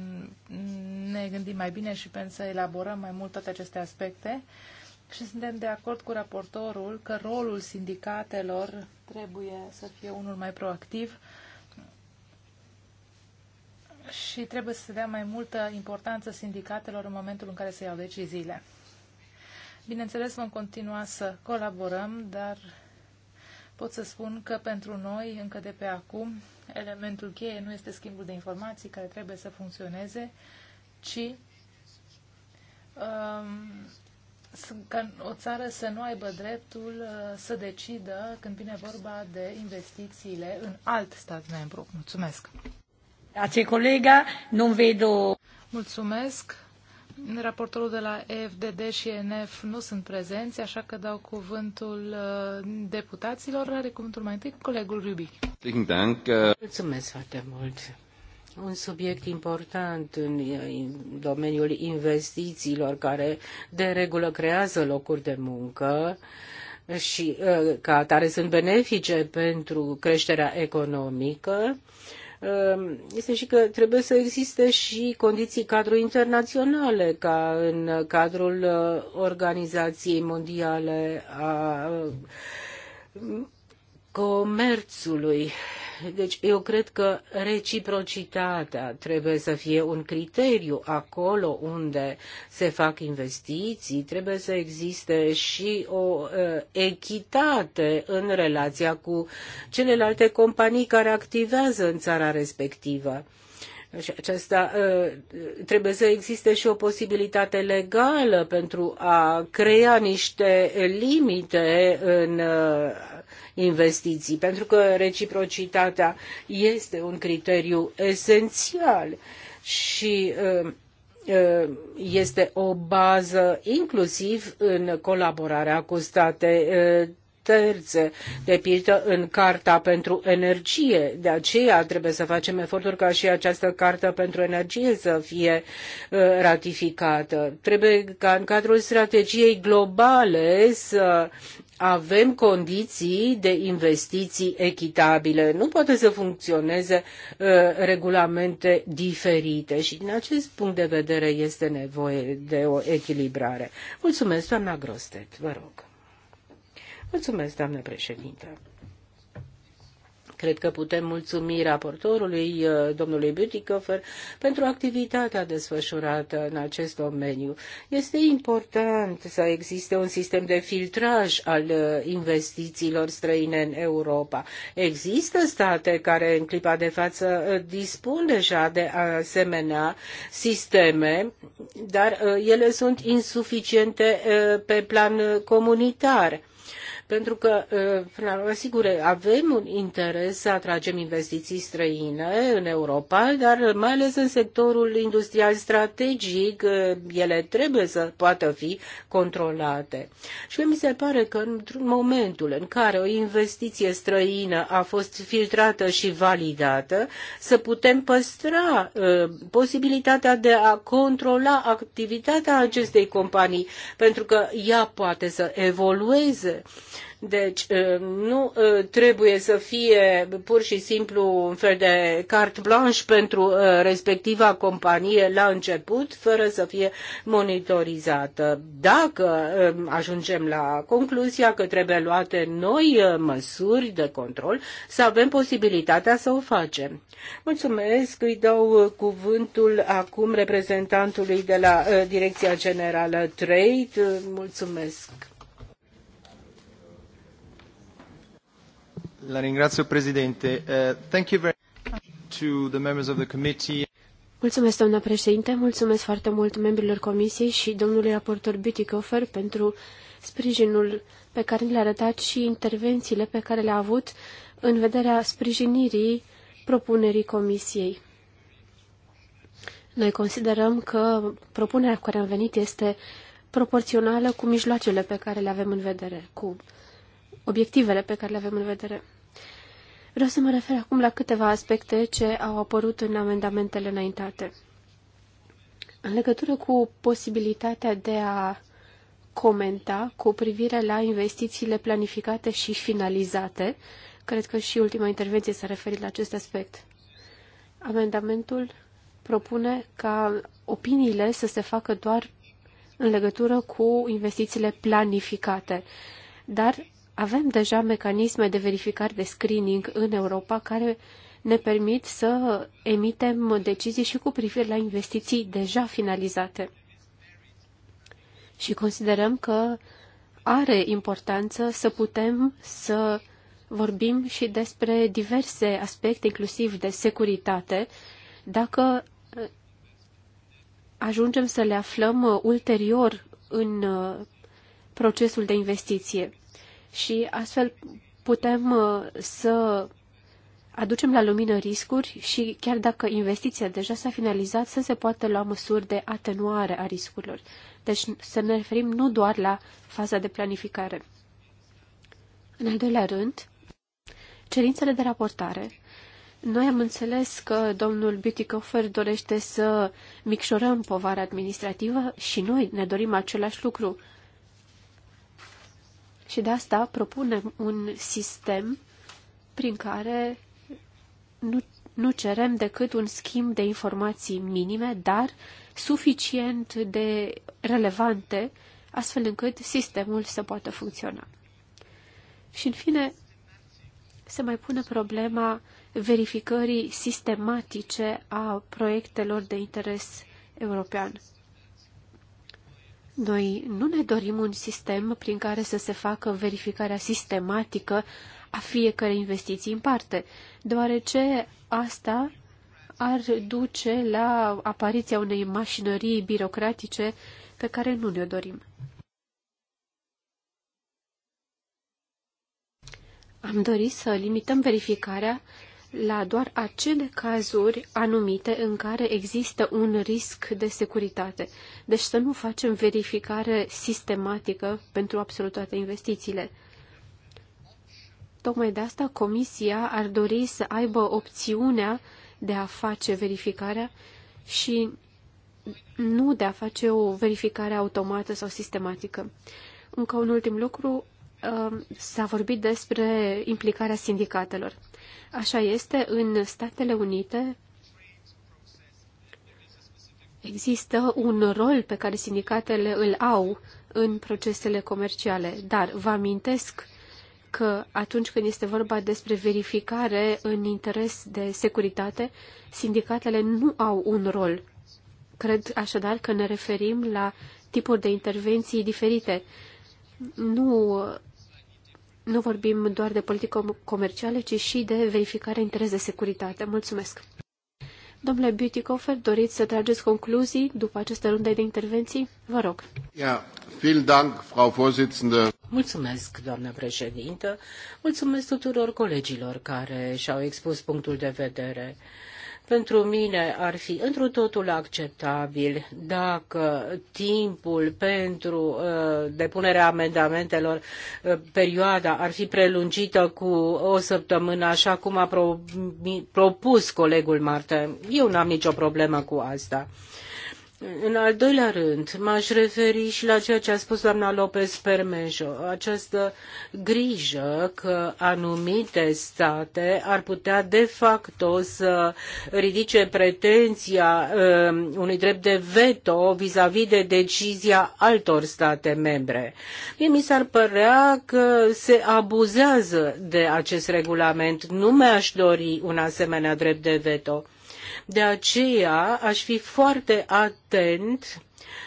ne gândim mai bine și pentru să elaborăm mai mult toate aceste aspecte. Și suntem de acord cu raportorul că rolul sindicatelor trebuie să fie unul mai proactiv și trebuie să se dea mai multă importanță sindicatelor în momentul în care se iau deciziile. Bineînțeles, vom continua să colaborăm, dar pot să spun că pentru noi, încă de pe acum, elementul cheie nu este schimbul de informații care trebuie să funcționeze, ci um, ca o țară să nu aibă dreptul uh, să decidă când vine vorba de investițiile în alt stat membru. Mulțumesc! Grazie, colega. Non vedo... Mulțumesc. Raportorul de la EFDD și ENF nu sunt prezenți, așa că dau cuvântul uh, deputaților. Are cuvântul mai întâi colegul Rubic. Mulțumesc foarte mult un subiect important în domeniul investițiilor care de regulă creează locuri de muncă și uh, ca atare sunt benefice pentru creșterea economică Ehm, este și că trebuie să existe și condiții cadru internaționale ca în cadrul uh, Organizației Mondiale a uh, Comerțului deci eu cred că reciprocitatea trebuie să fie un criteriu acolo unde se fac investiții, trebuie să existe și o echitate în relația cu celelalte companii care activează în țara respectivă. Și aceasta trebuie să existe și o posibilitate legală pentru a crea niște limite în investiții, pentru că reciprocitatea este un criteriu esențial și uh, uh, este o bază inclusiv în colaborarea cu state uh, terțe, de pildă în Carta pentru Energie. De aceea trebuie să facem eforturi ca și această carte pentru Energie să fie uh, ratificată. Trebuie ca în cadrul strategiei globale să avem condiții de investiții echitabile. Nu poate să funcționeze uh, regulamente diferite și din acest punct de vedere este nevoie de o echilibrare. Mulțumesc, doamna Grostet, vă rog. Mulțumesc, doamnă președinte. Cred că putem mulțumi raportorului, uh, domnului Bütikofer, pentru activitatea desfășurată în acest domeniu. Este important să existe un sistem de filtraj al uh, investițiilor străine în Europa. Există state care în clipa de față uh, dispun deja de asemenea sisteme, dar ele sunt insuficiente pe plan comunitar pentru că, până la sigur, avem un interes să atragem investiții străine în Europa, dar mai ales în sectorul industrial strategic, ele trebuie să poată fi controlate. Și mi se pare că în momentul în care o investiție străină a fost filtrată și validată, să putem păstra posibilitatea de a controla activitatea acestei companii, pentru că ea poate să evolueze deci ă, nu ă, trebuie să fie pur și simplu un fel de carte blanche pentru ă, respectiva companie la început, fără să fie monitorizată. Dacă ajungem la concluzia că trebuie luate noi măsuri de control, să avem posibilitatea să o facem. Mulțumesc, îi dau cuvântul acum reprezentantului de la Direcția Generală Trade. Mulțumesc. La ringrazio, Presidente. Uh, thank you very much to the members of the committee. Mulțumesc, doamna președinte, mulțumesc foarte mult membrilor comisiei și domnului raportor Bütikofer pentru sprijinul pe care l a arătat și intervențiile pe care le-a avut în vederea sprijinirii propunerii comisiei. Noi considerăm că propunerea cu care am venit este proporțională cu mijloacele pe care le avem în vedere, cu obiectivele pe care le avem în vedere. Vreau să mă refer acum la câteva aspecte ce au apărut în amendamentele înaintate. În legătură cu posibilitatea de a comenta cu privire la investițiile planificate și finalizate, cred că și ultima intervenție s-a referit la acest aspect. Amendamentul propune ca opiniile să se facă doar în legătură cu investițiile planificate, dar avem deja mecanisme de verificare de screening în Europa care ne permit să emitem decizii și cu privire la investiții deja finalizate. Și considerăm că are importanță să putem să vorbim și despre diverse aspecte, inclusiv de securitate, dacă uh, ajungem să le aflăm uh, ulterior în uh, procesul de investiție și astfel putem uh, să aducem la lumină riscuri și chiar dacă investiția deja s-a finalizat, să se poată lua măsuri de atenuare a riscurilor. Deci să ne referim nu doar la faza de planificare. În al doilea rând, cerințele de raportare. Noi am înțeles că domnul Bütikofer dorește să micșorăm povara administrativă și noi ne dorim același lucru, și de asta propunem un sistem prin care nu, nu cerem decât un schimb de informații minime, dar suficient de relevante, astfel încât sistemul să poată funcționa. Și, în fine, se mai pune problema verificării sistematice a proiectelor de interes european. Noi nu ne dorim un sistem prin care să se facă verificarea sistematică a fiecărei investiții în parte, deoarece asta ar duce la apariția unei mașinării birocratice pe care nu ne-o dorim. Am dorit să limităm verificarea la doar acele cazuri anumite în care există un risc de securitate. Deci să nu facem verificare sistematică pentru absolut toate investițiile. Tocmai de asta Comisia ar dori să aibă opțiunea de a face verificarea și nu de a face o verificare automată sau sistematică. Încă un ultim lucru, uh, s-a vorbit despre implicarea sindicatelor. Așa este în Statele Unite. Există un rol pe care sindicatele îl au în procesele comerciale, dar vă amintesc că atunci când este vorba despre verificare în interes de securitate, sindicatele nu au un rol. Cred așadar că ne referim la tipuri de intervenții diferite. Nu nu vorbim doar de politică comercială, ci și de verificarea interes de securitate. Mulțumesc! Domnule Beautycofer, doriți să trageți concluzii după această rundă de intervenții? Vă rog. Ja, vielen Dank, Frau Vorsitzende. Mulțumesc, doamnă președintă. Mulțumesc tuturor colegilor care și-au expus punctul de vedere. Pentru mine ar fi întru totul acceptabil dacă timpul pentru uh, depunerea amendamentelor, uh, perioada, ar fi prelungită cu o săptămână, așa cum a pro propus colegul Marte. Eu n-am nicio problemă cu asta. Uh, în al doilea rând, m-aș referi și la ceea ce a spus doamna Lopez Permejo, această grijă că anumite state ar putea de facto să ridice pretenția uh, unui drept de veto vis-a-vis de decizia altor state membre. Mie mi s-ar părea că se abuzează de acest regulament. Nu mi-aș dori un asemenea drept de veto de aceea aș fi foarte atent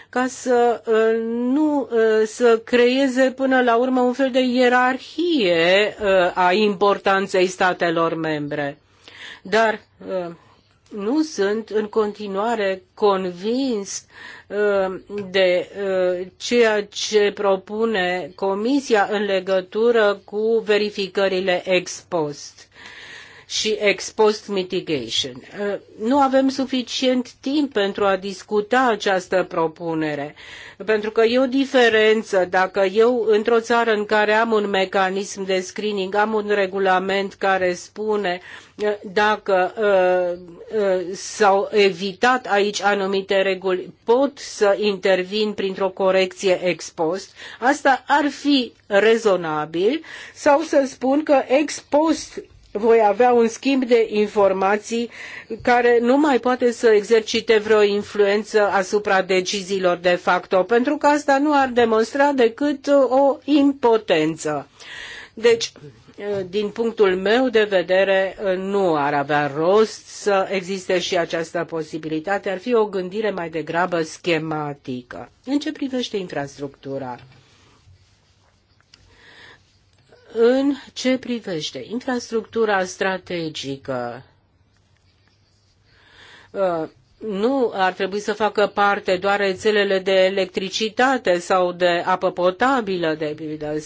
ca să uh, nu uh, să creeze până la urmă un fel de ierarhie uh, a importanței statelor membre. Dar nu sunt în continuare convins de ceea ce propune Comisia în legătură cu verificările ex post și ex post mitigation. Uh, nu avem suficient timp pentru a discuta această propunere, pentru că e o diferență dacă eu într-o țară în care am un mecanism de screening, am un regulament care spune uh, dacă uh, s-au evitat aici anumite reguli, pot să intervin printr-o corecție ex post. Asta ar fi rezonabil sau să spun că ex post voi avea un schimb de informații care nu mai poate să exercite vreo influență asupra deciziilor de facto, pentru că asta nu ar demonstra decât o impotență. Deci, din punctul meu de vedere, nu ar avea rost să existe și această posibilitate. Ar fi o gândire mai degrabă schematică. În ce privește infrastructura? În ce privește infrastructura strategică, uh, nu ar trebui să facă parte doar rețelele de electricitate sau de apă potabilă, de, de, de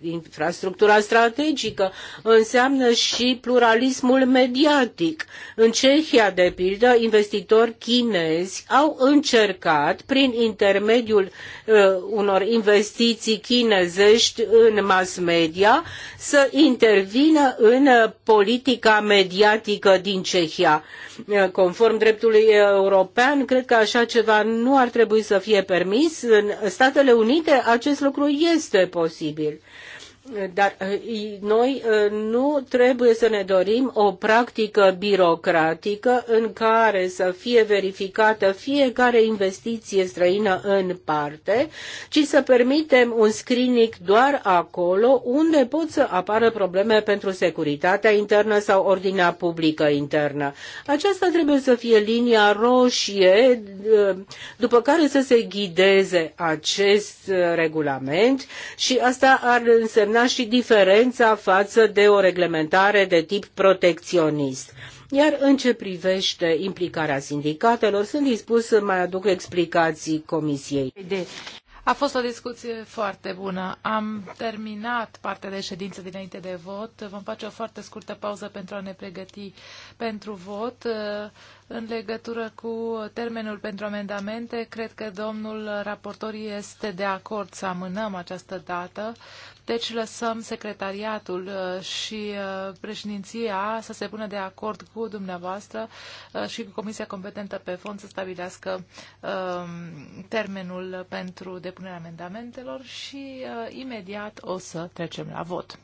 infrastructura strategică, înseamnă și pluralismul mediatic. În Cehia, de pildă, investitori chinezi au încercat, prin intermediul uh, unor investiții chinezești în mass media, să intervină în uh, politica mediatică din Cehia, uh, conform dreptului Parlamentului European, cred că așa ceva nu ar trebui să fie permis. În Statele Unite acest lucru este posibil. Uh, dar eh, noi eh, nu trebuie să ne dorim o practică birocratică în care să fie verificată fiecare investiție străină în parte, ci să permitem un screening doar acolo unde pot să apară probleme pentru securitatea internă sau ordinea publică internă. Aceasta trebuie să fie linia roșie eh, după care să se ghideze acest regulament și asta ar însemna însemna și diferența față de o reglementare de tip protecționist. Iar în ce privește implicarea sindicatelor, sunt dispus să mai aduc explicații comisiei. A fost o discuție foarte bună. Am terminat partea de ședință dinainte de vot. Vom face o foarte scurtă pauză pentru a ne pregăti pentru vot. În legătură cu termenul pentru amendamente, cred că domnul raportor este de acord să amânăm această dată deci lăsăm secretariatul uh, și uh, președinția să se pună de acord cu dumneavoastră uh, și cu Comisia competentă pe fond să stabilească um, termenul pentru depunerea amendamentelor și imediat o să trecem la vot.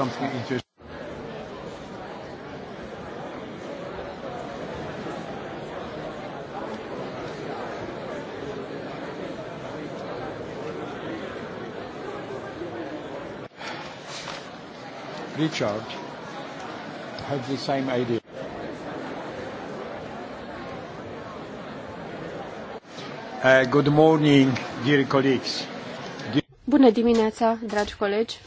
something interesting. Richard had the same idea. Uh, good morning, dear colleagues. Bună dimineața, dragi colegi.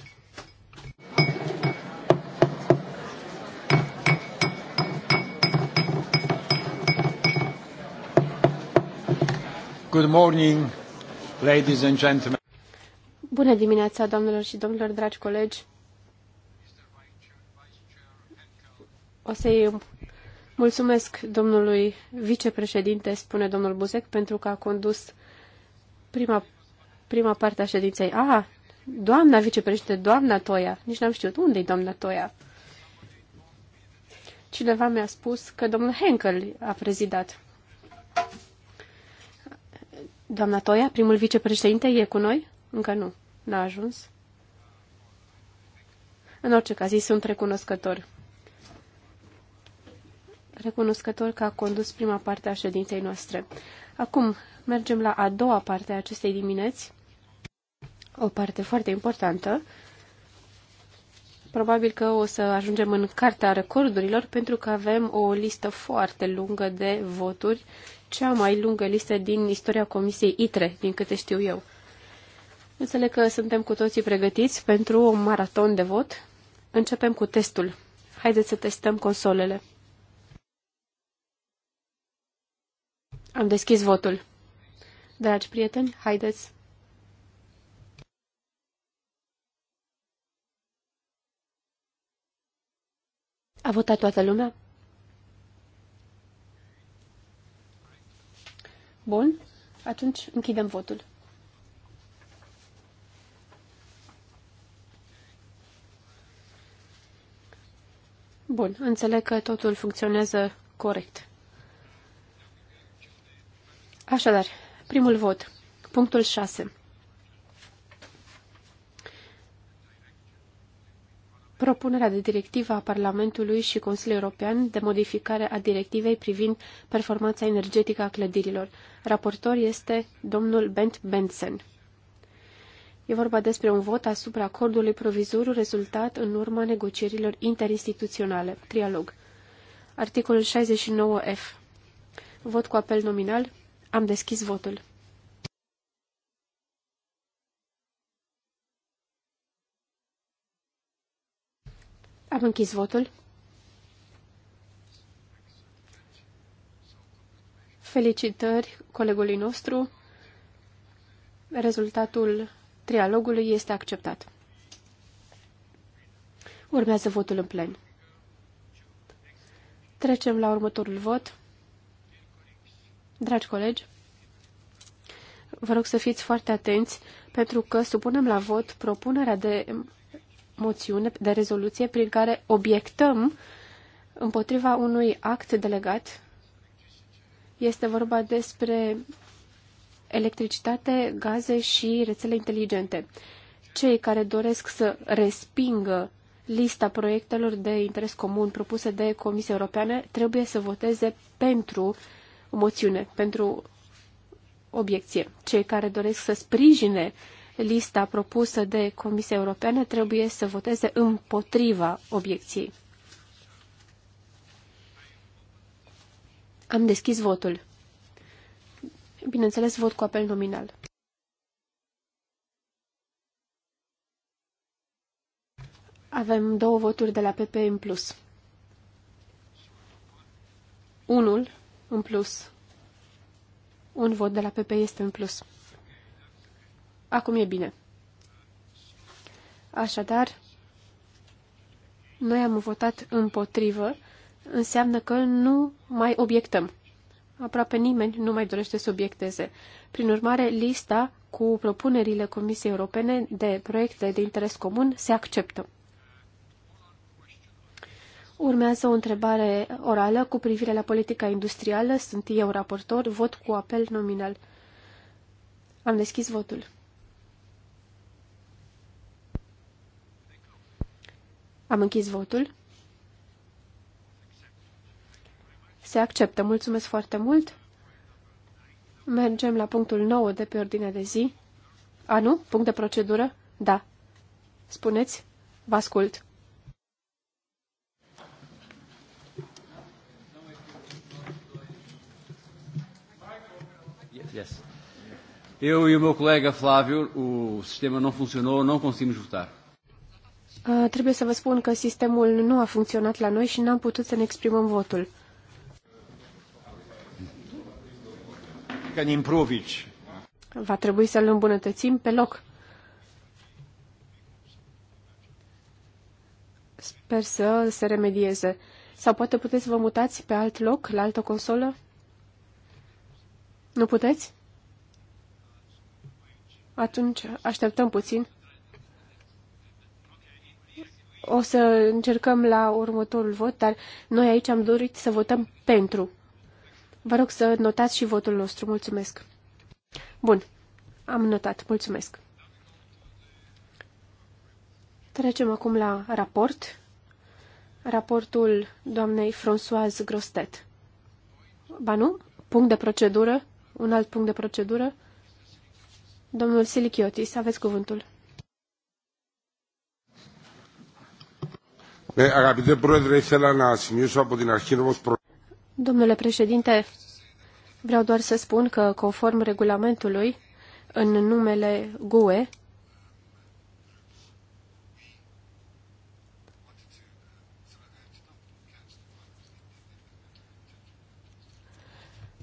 Good morning, ladies and gentlemen. Bună dimineața, doamnelor și domnilor, dragi colegi. O să-i mulțumesc domnului vicepreședinte, spune domnul Buzec, pentru că a condus prima, prima parte a ședinței. Ah, doamna vicepreședinte, doamna Toia. Nici n-am știut. unde e doamna Toia? Cineva mi-a spus că domnul Henkel a prezidat. Doamna Toia, primul vicepreședinte, e cu noi? Încă nu. N-a ajuns. În orice caz, ei sunt recunoscători. Recunoscători că a condus prima parte a ședinței noastre. Acum, mergem la a doua parte a acestei dimineți. O parte foarte importantă. Probabil că o să ajungem în cartea recordurilor pentru că avem o listă foarte lungă de voturi cea mai lungă listă din istoria Comisiei ITRE, din câte știu eu. Înțeleg că suntem cu toții pregătiți pentru un maraton de vot. Începem cu testul. Haideți să testăm consolele. Am deschis votul. Dragi prieteni, haideți! A votat toată lumea? Bun. Atunci închidem votul. Bun, înțeleg că totul funcționează corect. Așadar, primul vot, punctul 6. propunerea de directivă a Parlamentului și Consiliului European de modificare a directivei privind performanța energetică a clădirilor. Raportor este domnul Bent Benson. E vorba despre un vot asupra acordului provizoriu rezultat în urma negocierilor interinstituționale, trialog. Articolul 69F. Vot cu apel nominal. Am deschis votul. Am închis votul. Felicitări colegului nostru. Rezultatul trialogului este acceptat. Urmează votul în plen. Trecem la următorul vot. Dragi colegi, vă rog să fiți foarte atenți pentru că supunem la vot propunerea de moțiune de rezoluție prin care obiectăm împotriva unui act delegat. Este vorba despre electricitate, gaze și rețele inteligente. Cei care doresc să respingă lista proiectelor de interes comun propuse de Comisia Europeană trebuie să voteze pentru moțiune, pentru obiecție. Cei care doresc să sprijine uh, lista propusă de Comisia Europeană trebuie să voteze împotriva obiecției. Am deschis votul. Bineînțeles, vot cu apel nominal. Avem două voturi de la PP în plus. Unul în plus. Un vot de la PP este în plus. Acum e bine. Așadar, noi am votat împotrivă, înseamnă că nu mai obiectăm. Aproape nimeni nu mai dorește să obiecteze. Prin urmare, lista cu propunerile Comisiei Europene de proiecte de interes comun se acceptă. Urmează o întrebare orală cu privire la politica industrială. Sunt eu raportor. Vot cu apel nominal. Am deschis votul. Am închis votul. Se acceptă. Mulțumesc foarte mult. Mergem la punctul 9 de pe ordinea de zi. A, nu? Punct de procedură? Da. Spuneți? Vă ascult. Yes. Eu e o meu colega Flávio, o sistema não funcionou, não conseguimos votar. Uh, trebuie să vă spun că sistemul nu a funcționat la noi și n-am putut să ne exprimăm votul. Va trebui să-l îmbunătățim pe loc. Sper să se remedieze. Sau poate puteți să vă mutați pe alt loc, la altă consolă? Nu puteți? Atunci așteptăm puțin o să încercăm la următorul vot, dar noi aici am dorit să votăm pentru. Vă rog să notați și votul nostru. Mulțumesc. Bun. Am notat. Mulțumesc. Trecem acum la raport. Raportul doamnei Françoise Grostet. Ba nu? Punct de procedură? Un alt punct de procedură? Domnul Silichiotis, aveți cuvântul. Domnule președinte, vreau doar să spun că, conform regulamentului, în numele GUE,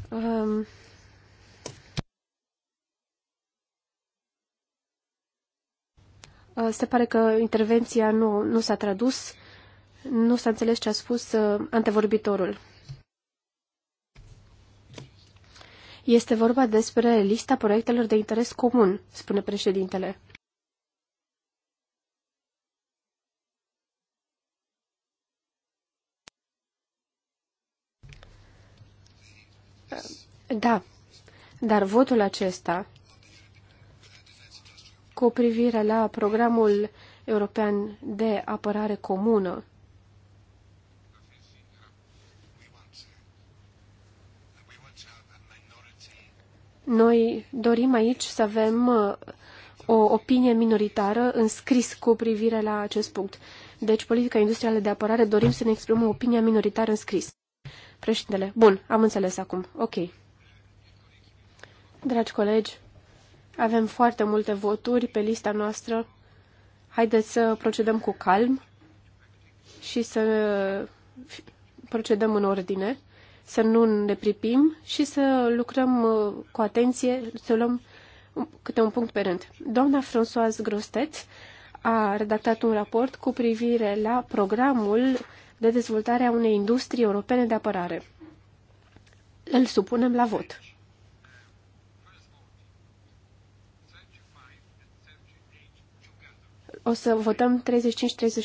um, se pare că intervenția nu, nu s-a tradus nu s-a înțeles ce a spus uh, antevorbitorul. Este vorba despre lista proiectelor de interes comun, spune președintele. Da, dar votul acesta cu privire la programul european de apărare comună Noi dorim aici să avem uh, o opinie minoritară înscris cu privire la acest punct. Deci, politica industrială de apărare, dorim să ne exprimăm opinia minoritară înscris. Președintele, bun, am înțeles acum. Ok. Dragi colegi, avem foarte multe voturi pe lista noastră. Haideți să procedăm cu calm și să uh, procedăm în ordine să nu ne pripim și să lucrăm uh, cu atenție, să luăm câte un punct pe rând. Doamna Françoise Grostet a redactat un raport cu privire la programul de dezvoltare a unei industrii europene de apărare. Îl supunem la vot. O să votăm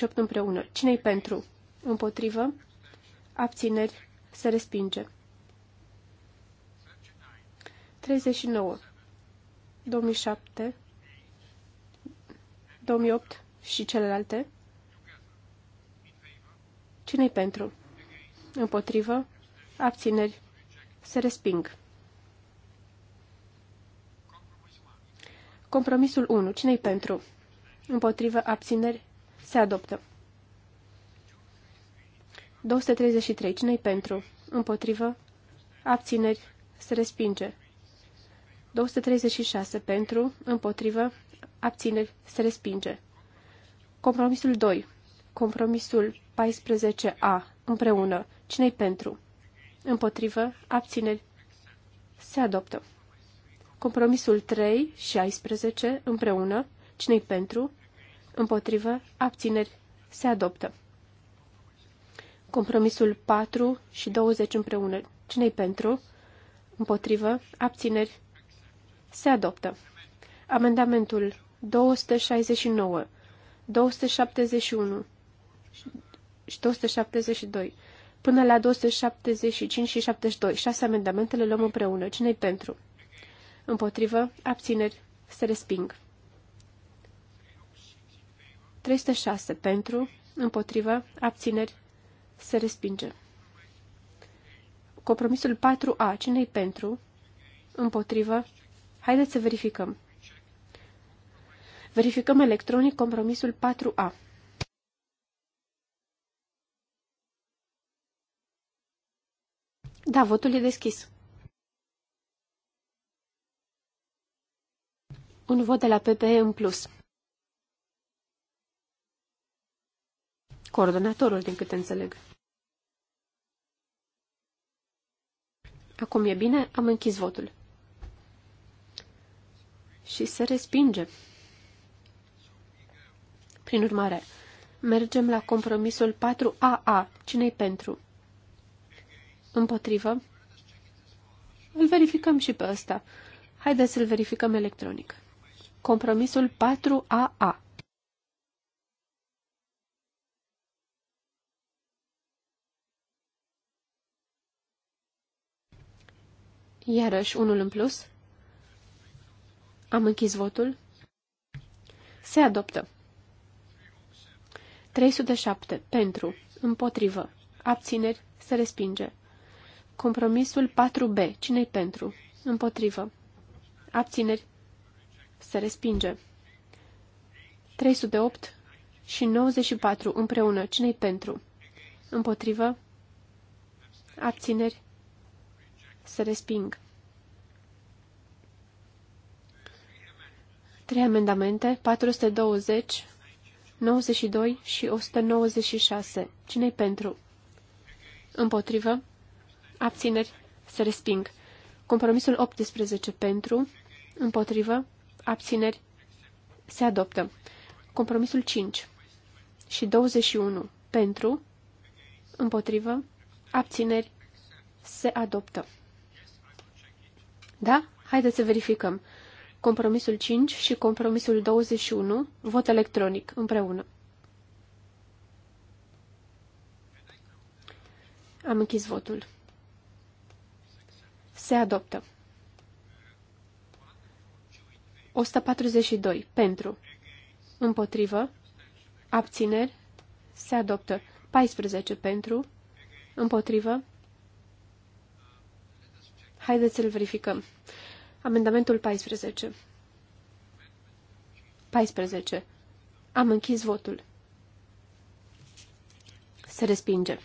35-38 împreună. Cine-i pentru? Împotrivă? Abțineri? Se respinge. 39. 2007. 2008 și celelalte. Cine-i pentru? Împotrivă? Abțineri? Se resping. Compromisul 1. Cine-i pentru? Împotrivă? Abțineri? Se adoptă. 233. Cine-i pentru? Împotrivă? Abțineri? Se respinge. 236. Pentru? Împotrivă? Abțineri? Se respinge. Compromisul 2. Compromisul 14A. Împreună. Cine-i pentru? Împotrivă? Abțineri? Se adoptă. Compromisul 3 și 16 împreună. Cine-i pentru? Împotrivă? Abțineri? Se adoptă. Compromisul 4 și 20 împreună. Cine-i pentru? Împotrivă. Abțineri. Se adoptă. Amendamentul 269, 271 și 272 până la 275 și 72. Șase amendamente le luăm împreună. Cine-i pentru? Împotrivă. Abțineri. Se resping. 306 pentru, împotrivă, abțineri, se respinge. Compromisul 4A. Cine-i pentru? Împotrivă? Haideți să verificăm. Verificăm electronic compromisul 4A. Da, votul e deschis. Un vot de la PPE în plus. coordonatorul, din câte înțeleg. Acum e bine, am închis votul. Și se respinge. Prin urmare, mergem la compromisul 4AA. Cine-i pentru? Împotrivă? Îl verificăm și pe ăsta. Haideți să-l verificăm electronic. Compromisul 4AA. Iarăși, unul în plus. Am închis votul. Se adoptă. 307. Pentru. Împotrivă. Abțineri. Se respinge. Compromisul 4B. Cine-i pentru? Împotrivă. Abțineri. Se respinge. 308 și 94 împreună. Cine-i pentru? Împotrivă. Abțineri se resping. Trei amendamente, 420, 92 și 196. Cine-i pentru? Împotrivă? Abțineri? Se resping. Compromisul 18 pentru, împotrivă, abțineri, se adoptă. Compromisul 5 și 21 pentru, împotrivă, abțineri, se adoptă. Da? Haideți să verificăm. Compromisul 5 și compromisul 21, vot electronic, împreună. Am închis votul. Se adoptă. 142. Pentru. Împotrivă. Abțineri. Se adoptă. 14. Pentru. Împotrivă. Haideți să-l verificăm. Amendamentul 14. 14. Am închis votul. Se respinge.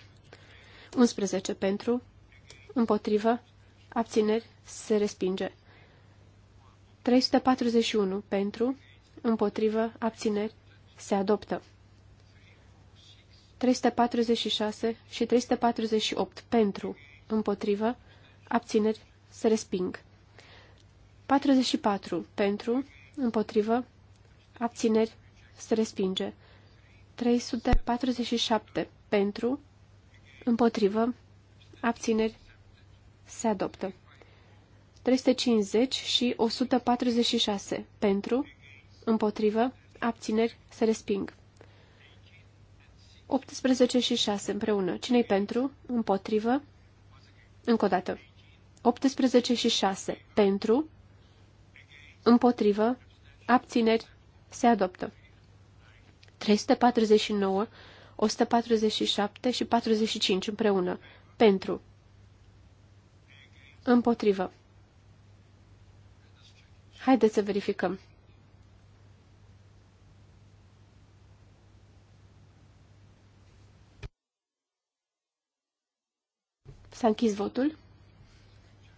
11 pentru, împotrivă, abțineri, se respinge. 341 pentru, împotrivă, abțineri, se adoptă. 346 și 348 pentru, împotrivă, abțineri, se resping. 44. Pentru, împotrivă, abțineri, se respinge. 347. Pentru, împotrivă, abțineri, se adoptă. 350 și 146. Pentru, împotrivă, abțineri, se resping. 18 și 6 împreună. Cine-i pentru? Împotrivă? Încă o dată. 18 și 6. Pentru, împotrivă, abțineri, se adoptă. 349, 147 și 45 împreună. Pentru, împotrivă. Haideți să verificăm. S-a închis votul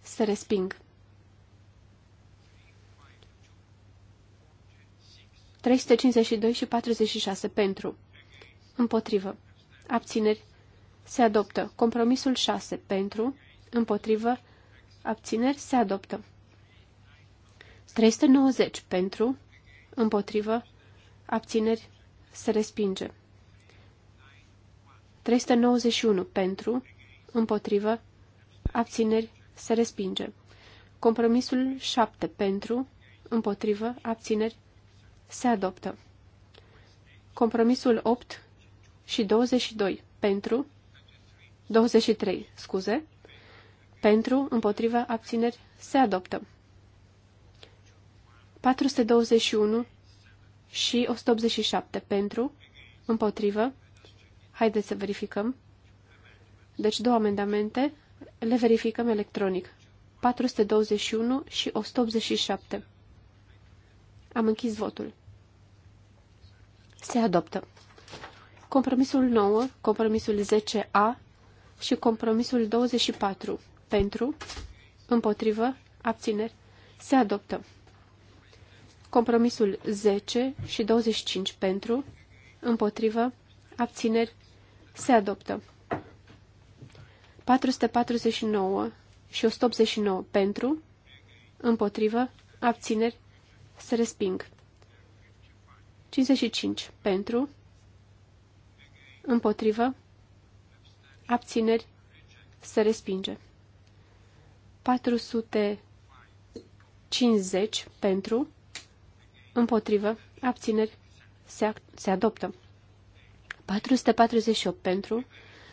se resping. 352 și 46 pentru. Împotrivă. Abțineri. Se adoptă. Compromisul 6 pentru. Împotrivă. Abțineri. Se adoptă. 390 pentru. Împotrivă. Abțineri. Se respinge. 391 pentru. Împotrivă. Abțineri. Se respinge. Compromisul 7 pentru, împotrivă, abțineri, se adoptă. Compromisul 8 și 22 pentru, 23, scuze, pentru, împotrivă, abțineri, se adoptă. 421 și 187 pentru, împotrivă, haideți să verificăm. Deci două amendamente, le verificăm electronic. 421 și 187. Am închis votul. Se adoptă. Compromisul 9, compromisul 10A și compromisul 24. Pentru, împotrivă, abțineri. Se adoptă. Compromisul 10 și 25 pentru, împotrivă, abțineri, se adoptă. 449 și 189 pentru, împotrivă, abțineri, se resping. 55 pentru, împotrivă, abțineri, se respinge. 450 pentru, împotrivă, abțineri, se, se adoptă. 448 pentru,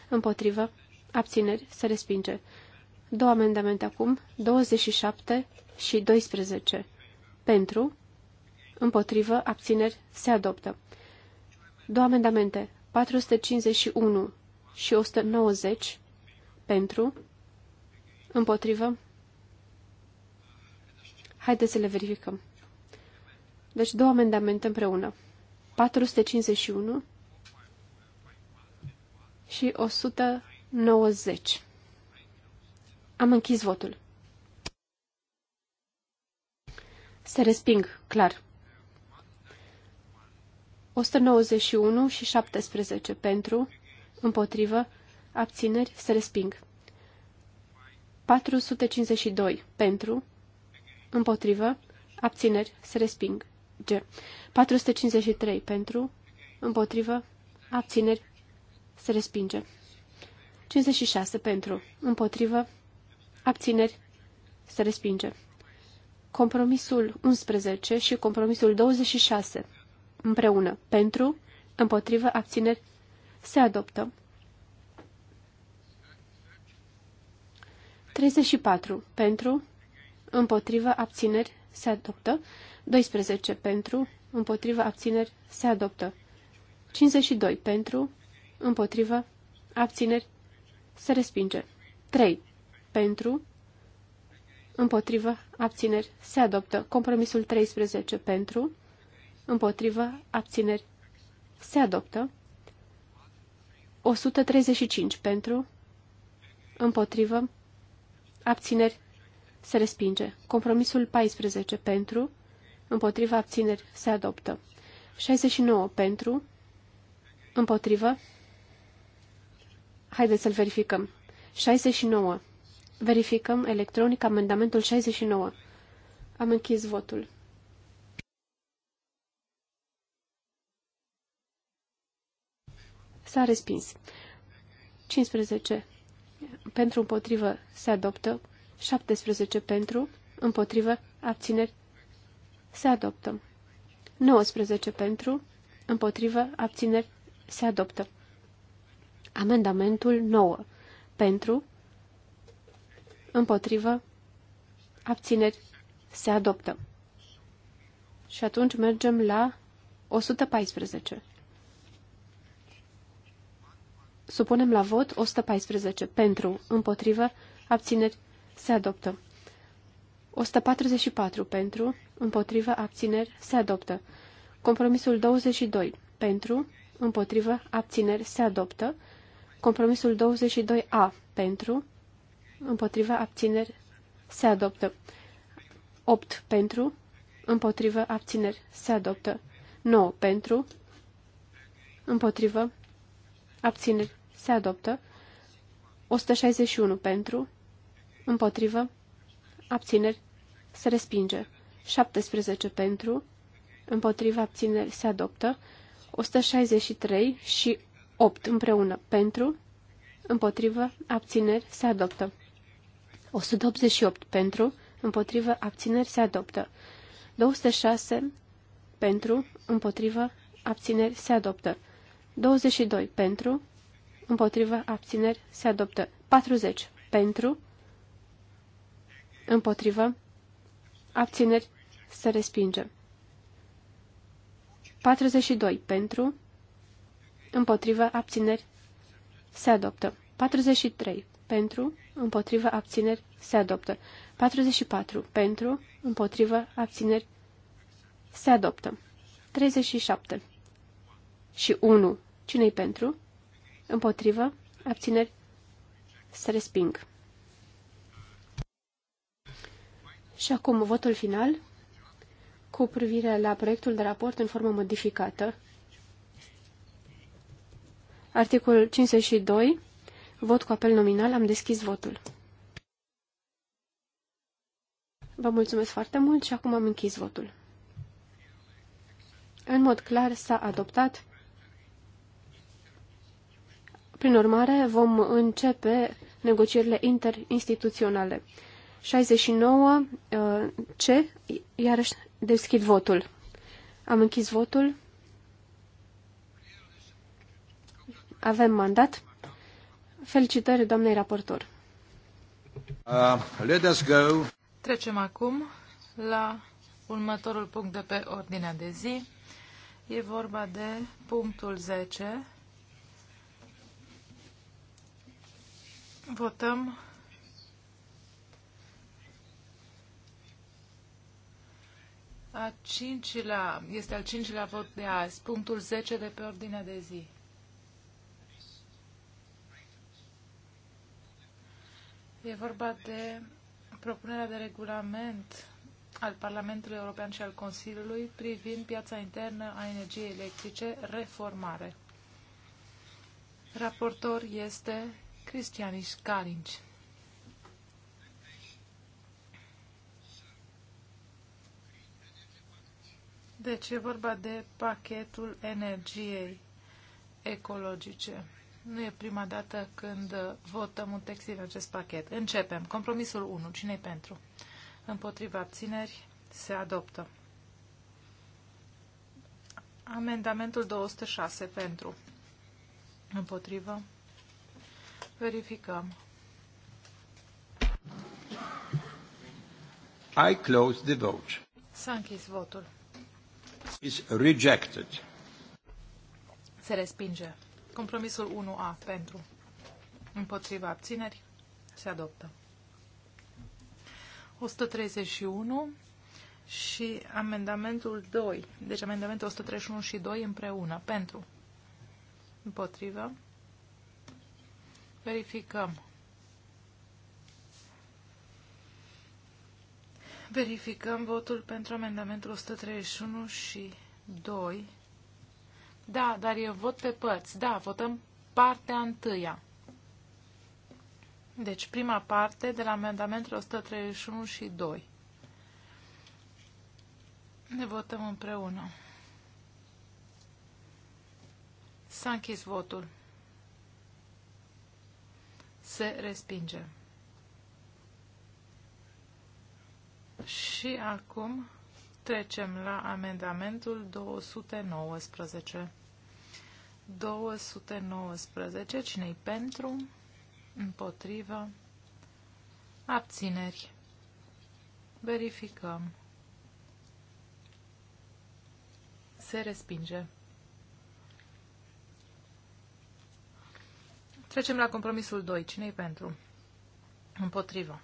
împotrivă, Abțineri. Se respinge. Două amendamente acum. 27 și 12. Pentru. Împotrivă. Abțineri. Se adoptă. Două amendamente. 451 și 190. Pentru. Împotrivă. Haideți să le verificăm. Deci două amendamente împreună. 451 și 190 90. Am închis votul. Se resping, clar. 191 și 17 pentru, împotrivă, abțineri, se resping. 452 pentru, împotrivă, abțineri, se resping. G. 453 pentru, împotrivă, abțineri, se respinge. 56 pentru, împotrivă, abțineri, se respinge. Compromisul 11 și compromisul 26 împreună, pentru, împotrivă, abțineri, se adoptă. 34 pentru, împotrivă, abțineri, se adoptă. 12 pentru, împotrivă, abțineri, se adoptă. 52 pentru, împotrivă, abțineri, se respinge. 3. Pentru. Împotrivă. Abțineri. Se adoptă. Compromisul 13. Pentru. Împotrivă. Abțineri. Se adoptă. 135. Pentru. Împotrivă. Abțineri. Se respinge. Compromisul 14. Pentru. Împotrivă. Abțineri. Se adoptă. 69. Pentru. Împotrivă. Haideți să-l verificăm. 69. Verificăm electronic amendamentul 69. Am închis votul. S-a respins. 15. Pentru împotrivă se adoptă. 17 pentru, împotrivă, abțineri, se adoptă. 19 pentru, împotrivă, abțineri, se adoptă. Amendamentul 9. Pentru, împotrivă, abțineri, se adoptă. Și atunci mergem la 114. Supunem la vot 114. Pentru, împotrivă, abțineri, se adoptă. 144. Pentru, împotrivă, abțineri, se adoptă. Compromisul 22. Pentru, împotrivă, abțineri, se adoptă. Compromisul 22A pentru, împotriva abțineri, se adoptă. 8 pentru, împotriva abțineri, se adoptă. 9 pentru, împotriva abțineri, se adoptă. 161 pentru, împotriva abțineri, se respinge. 17 pentru, împotriva abțineri, se adoptă. 163 și 8 împreună pentru, împotrivă, abțineri, se adoptă. 188 pentru, împotrivă, abțineri, se adoptă. 206 pentru, împotrivă, abțineri, se adoptă. 22 pentru, împotrivă, abțineri, se adoptă. 40 pentru, împotrivă, abțineri, se respinge. 42 pentru, împotrivă, abțineri, se adoptă. 43. Pentru, împotrivă, abțineri, se adoptă. 44. Pentru, împotrivă, abțineri, se adoptă. 37. Și 1. Cine-i pentru? Împotrivă, abțineri, se resping. Și acum votul final cu privire la proiectul de raport în formă modificată. Articolul 52, vot cu apel nominal, am deschis votul. Vă mulțumesc foarte mult și acum am închis votul. În mod clar s-a adoptat. Prin urmare, vom începe negocierile interinstituționale. 69 uh, C, iarăși deschid votul. Am închis votul. Avem mandat. Felicitări doamnei raportor. Uh, let us go. Trecem acum la următorul punct de pe ordinea de zi. E vorba de punctul 10. Votăm a cincilea, este al cincilea vot de azi, punctul 10 de pe ordinea de zi. E vorba de propunerea de regulament al Parlamentului European și al Consiliului privind piața internă a energiei electrice, reformare. Raportor este Cristianis Carinci. Deci e vorba de pachetul energiei ecologice. Nu e prima dată când votăm un text din acest pachet. Începem. Compromisul 1. cine pentru? Împotriva abțineri se adoptă. Amendamentul 206 pentru. Împotrivă. Verificăm. I close the vote. S-a închis votul. Is rejected. Se respinge. Compromisul 1A pentru. Împotriva abțineri se adoptă. 131 și amendamentul 2. Deci amendamentul 131 și 2 împreună. Pentru. Împotrivă. Verificăm. Verificăm votul pentru amendamentul 131 și 2. Da, dar eu vot pe părți. Da, votăm partea întâia. Deci prima parte de la amendamentul 131 și 2. Ne votăm împreună. S-a închis votul. Se respinge. Și acum trecem la amendamentul 219. 219. Cine-i pentru? Împotrivă. Abțineri. Verificăm. Se respinge. Trecem la compromisul 2. cine pentru? Împotrivă.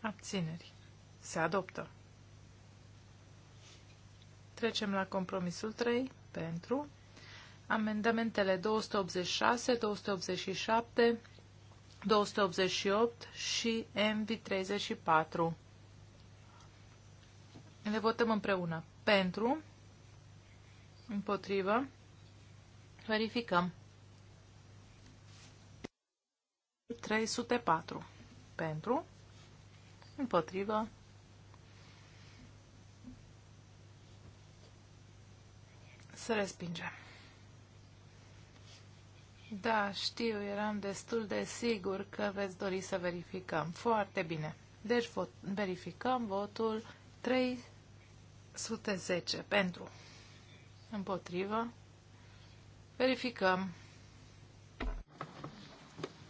Abțineri. Se adoptă. Trecem la compromisul 3. Pentru. Amendamentele 286, 287, 288 și MV34. Le votăm împreună. Pentru, împotrivă, verificăm. 304. Pentru, împotrivă, să respingem. Da, știu, eram destul de sigur că veți dori să verificăm. Foarte bine. Deci vot, verificăm votul 310 pentru. Împotrivă. Verificăm.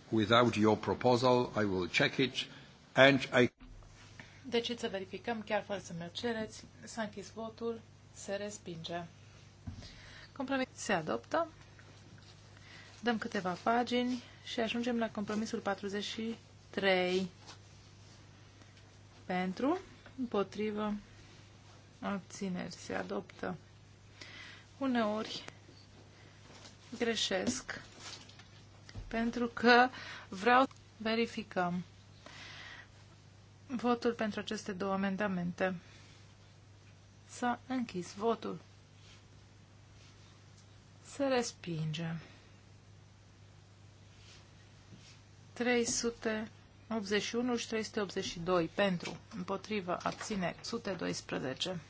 Without your proposal, I will check it and I... Deci să verificăm chiar fără să mi-o cereți. S-a închis votul. Se respinge. Compromis se adoptă. Dăm câteva pagini și ajungem la compromisul 43. Pentru, împotrivă, abțineri. Se adoptă. Uneori greșesc pentru că vreau să verificăm votul pentru aceste două amendamente. S-a închis votul. Se respinge. 381 și 382 pentru, împotrivă, abțineri, 112.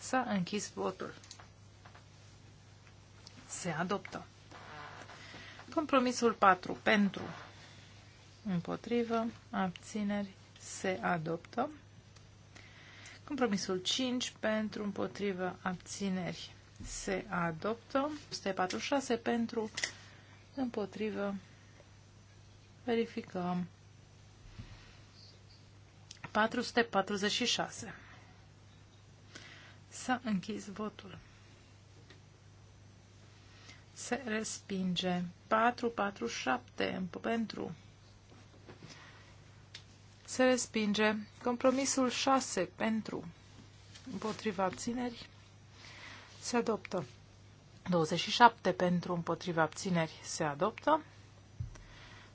S-a închis votul. Se adoptă. Compromisul 4 pentru, împotrivă, abțineri, se adoptă. Compromisul 5 pentru, împotrivă, abțineri, se adoptă. 146 pentru, împotrivă, Verificăm. 446. S-a închis votul. Se respinge. 447 pentru. Se respinge. Compromisul 6 pentru. Împotriva abțineri. Se adoptă. 27 pentru împotriva abțineri se adoptă.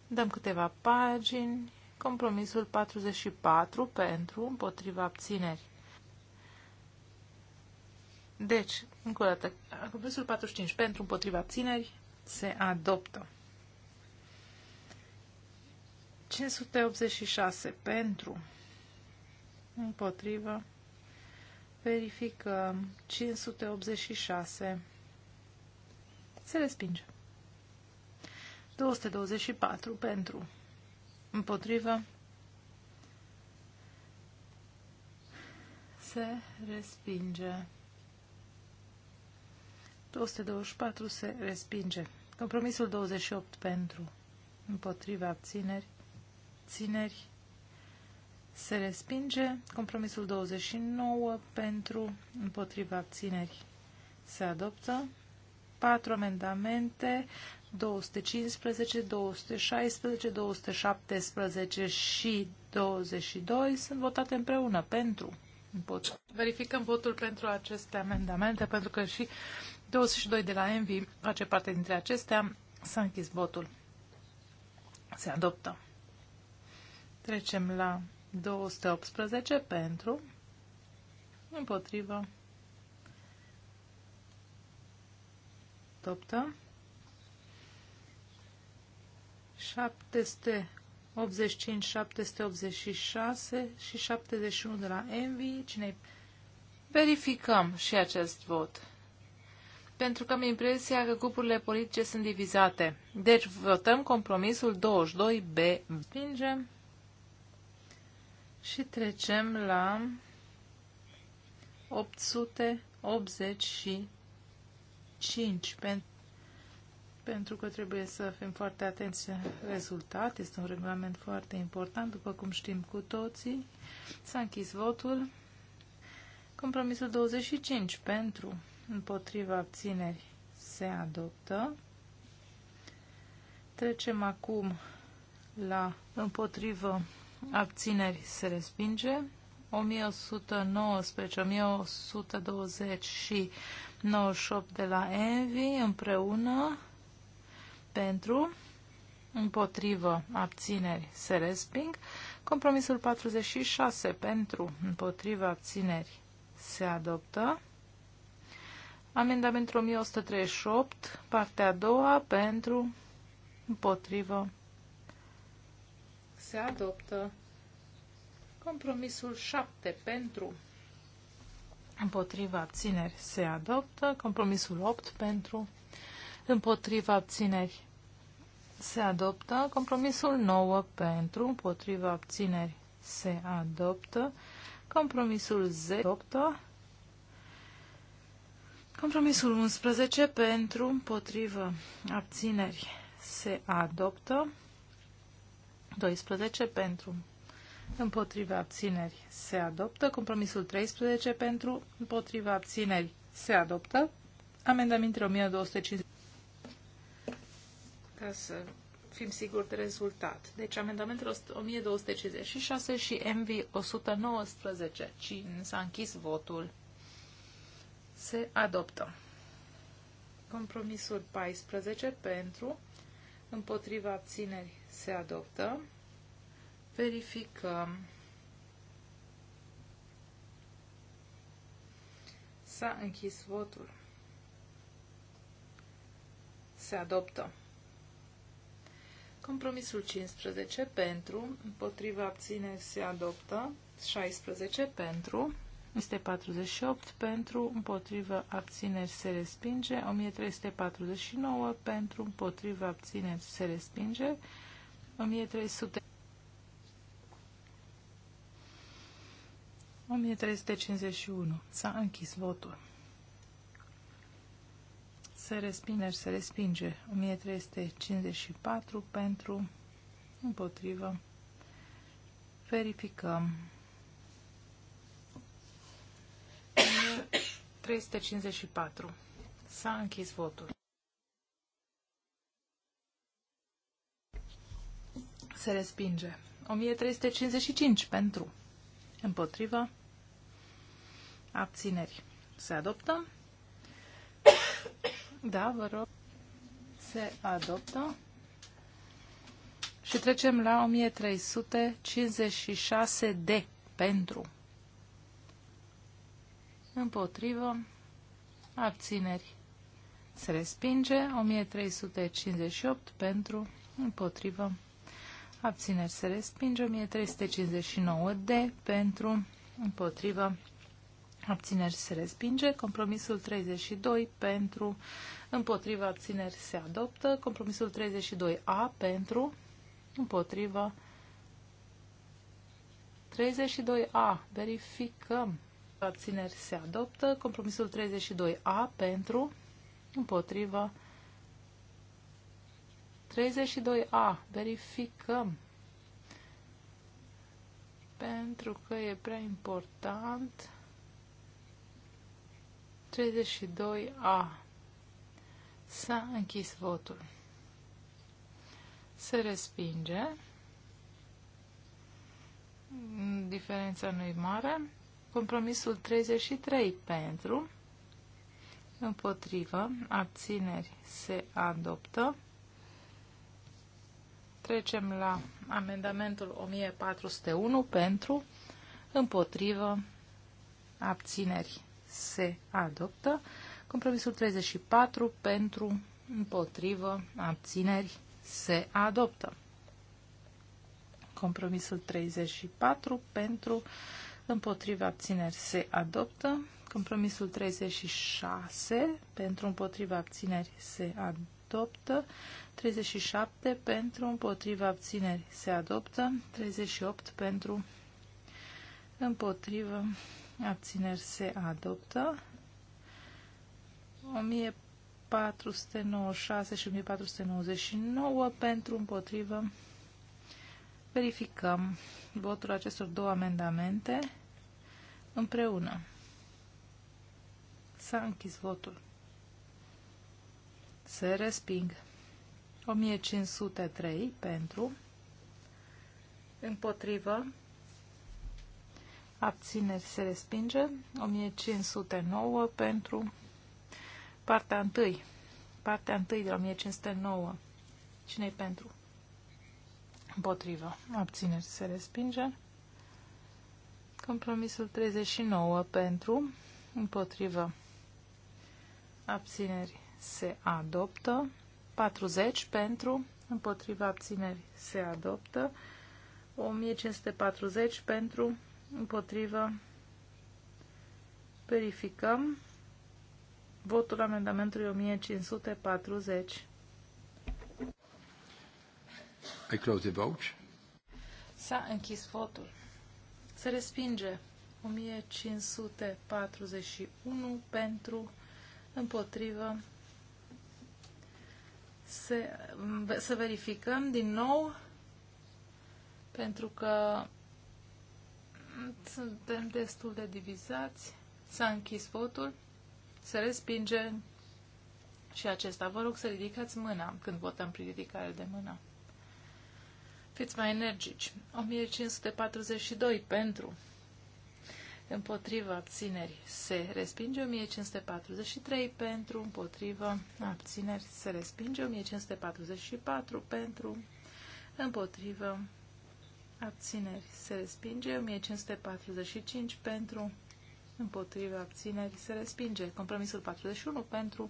Dăm câteva pagini. Compromisul 44 pentru, împotriva abțineri. Deci, încă o dată, compromisul 45 pentru, împotriva abțineri se adoptă. 586 pentru, împotriva, verificăm, 586 se respinge. 224 pentru, împotrivă, se respinge. 224 se respinge. Compromisul 28 pentru, împotriva abțineri, țineri, se respinge. Compromisul 29 pentru, împotriva abțineri, se adoptă. Patru amendamente 215, 216, 217 și 22 sunt votate împreună pentru. Verificăm votul pentru aceste amendamente, pentru că și 22 de la Envi face parte dintre acestea. S-a închis votul. Se adoptă. Trecem la 218 pentru, împotrivă, adoptă. 785, 786 și 71 de la Envy. Cine Verificăm și acest vot. Pentru că am impresia că grupurile politice sunt divizate. Deci votăm compromisul 22B. împingem și trecem la 885 pentru pentru că trebuie să fim foarte atenți la rezultat. Este un regulament foarte important, după cum știm cu toții. S-a închis votul. Compromisul 25 pentru, împotriva abțineri se adoptă. Trecem acum la împotrivă abțineri se respinge. 1119, 1120 și 98 de la Envy împreună pentru, împotrivă, abțineri, se resping. Compromisul 46 pentru, împotrivă, abțineri, se adoptă. Amendamentul 1138, partea a doua, pentru, împotrivă, se adoptă. Compromisul 7 pentru, împotriva abțineri, se adoptă. Compromisul 8 pentru, împotriva abțineri, se adoptă. Compromisul 9 pentru, împotriva abțineri se adoptă. Compromisul 10 adoptă. Compromisul 11 pentru, împotriva abțineri se adoptă. 12 pentru, împotriva abțineri se adoptă. Compromisul 13 pentru, împotriva abțineri se adoptă. Amendamentele 1250 ca să fim siguri de rezultat. Deci amendamentele 1256 și MV 119. Cine s-a închis votul? Se adoptă. Compromisul 14 pentru, împotriva abțineri se adoptă. Verificăm. S-a închis votul. Se adoptă. Compromisul 15 pentru, împotriva abține se adoptă, 16 pentru, este 48 pentru, împotriva abține se respinge, 1349 pentru, împotriva abține se respinge, 1300 1351. S-a închis votul se respinge, se respinge. 1354 pentru, împotrivă. Verificăm. 354. S-a închis votul. Se respinge. 1355 pentru. Împotrivă. Abțineri. Se adoptă. Da, vă rog. Se adoptă. Și trecem la 1356 de pentru. Împotrivă. Abțineri. Se respinge. 1358 pentru. Împotrivă. Abțineri se respinge. 1359 de pentru. Împotrivă. Abțineri se respinge. Compromisul 32 pentru. Împotriva abțineri se adoptă. Compromisul 32A pentru. Împotriva. 32A. Verificăm. Abțineri se adoptă. Compromisul 32A pentru. Împotriva. 32A. Verificăm. Pentru că e prea important 32A. S-a închis votul. Se respinge. Diferența nu e mare. Compromisul 33 pentru. Împotrivă. Abțineri se adoptă. Trecem la amendamentul 1401 pentru. Împotrivă. Abțineri se adoptă. Compromisul 34 pentru, împotrivă, abțineri se adoptă. Compromisul 34 pentru, împotrivă abțineri se adoptă. Compromisul 36 pentru, împotrivă abțineri se adoptă. 37 pentru, împotrivă abțineri se adoptă. 38 pentru, împotrivă abțineri se adoptă. 1496 și 1499 pentru împotrivă. Verificăm votul acestor două amendamente împreună. S-a închis votul. Se resping. 1503 pentru împotrivă abțineri se respinge, 1509 pentru partea întâi, partea întâi de la 1509. Cine-i pentru? Împotrivă. Abțineri se respinge. Compromisul 39 pentru, împotrivă. Abțineri se adoptă. 40 pentru, împotriva abțineri se adoptă. 1540 pentru, împotrivă, verificăm votul amendamentului 1540. I close the vote. S-a închis votul. Se respinge 1541 pentru, împotrivă, se, să verificăm din nou, pentru că suntem destul de divizați. S-a închis votul. Se respinge și acesta. Vă rog să ridicați mâna când votăm prin ridicare de mână. Fiți mai energici. 1542 pentru. Împotriva abțineri se respinge 1543 pentru, împotriva abțineri se respinge 1544 pentru, împotriva abțineri se respinge, 1545 pentru, împotriva abțineri se respinge, compromisul 41 pentru,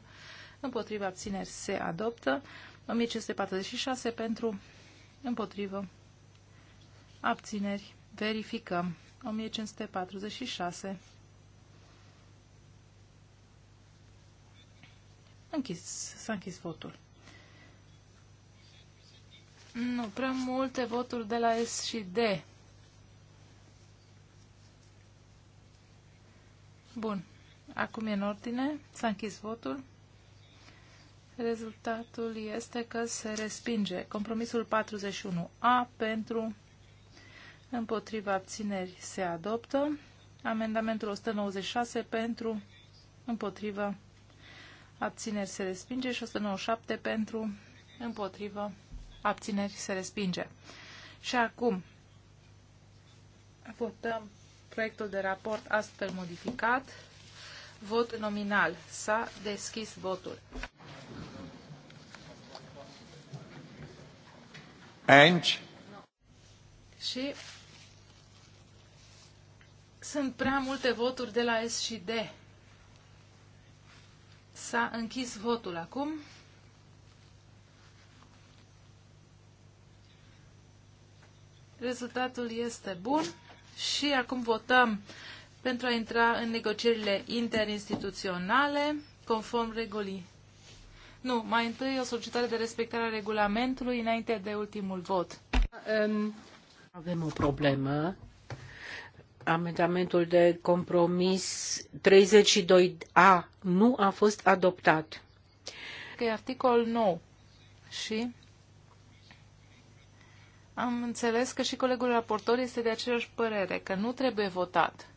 împotriva abțineri se adoptă, 1546 pentru, împotrivă, abțineri, verificăm, 1546 Închis, s-a închis votul. Nu, prea multe voturi de la S și D. Bun. Acum e în ordine. S-a închis votul. Rezultatul este că se respinge compromisul 41A pentru împotriva abțineri se adoptă. Amendamentul 196 pentru împotriva abțineri se respinge și 197 pentru împotriva abțineri se respinge. Și acum votăm proiectul de raport astfel modificat. Vot nominal. S-a deschis votul. Ange. Și sunt prea multe voturi de la S și D. S-a închis votul acum. Rezultatul este bun și acum votăm pentru a intra în negocierile interinstituționale conform regulii. Nu, mai întâi o solicitare de respectare a regulamentului înainte de ultimul vot. avem o problemă. Amendamentul de compromis 32A nu a fost adoptat. E articol 9 și am înțeles că și colegul raportor este de aceeași părere, că nu trebuie votat.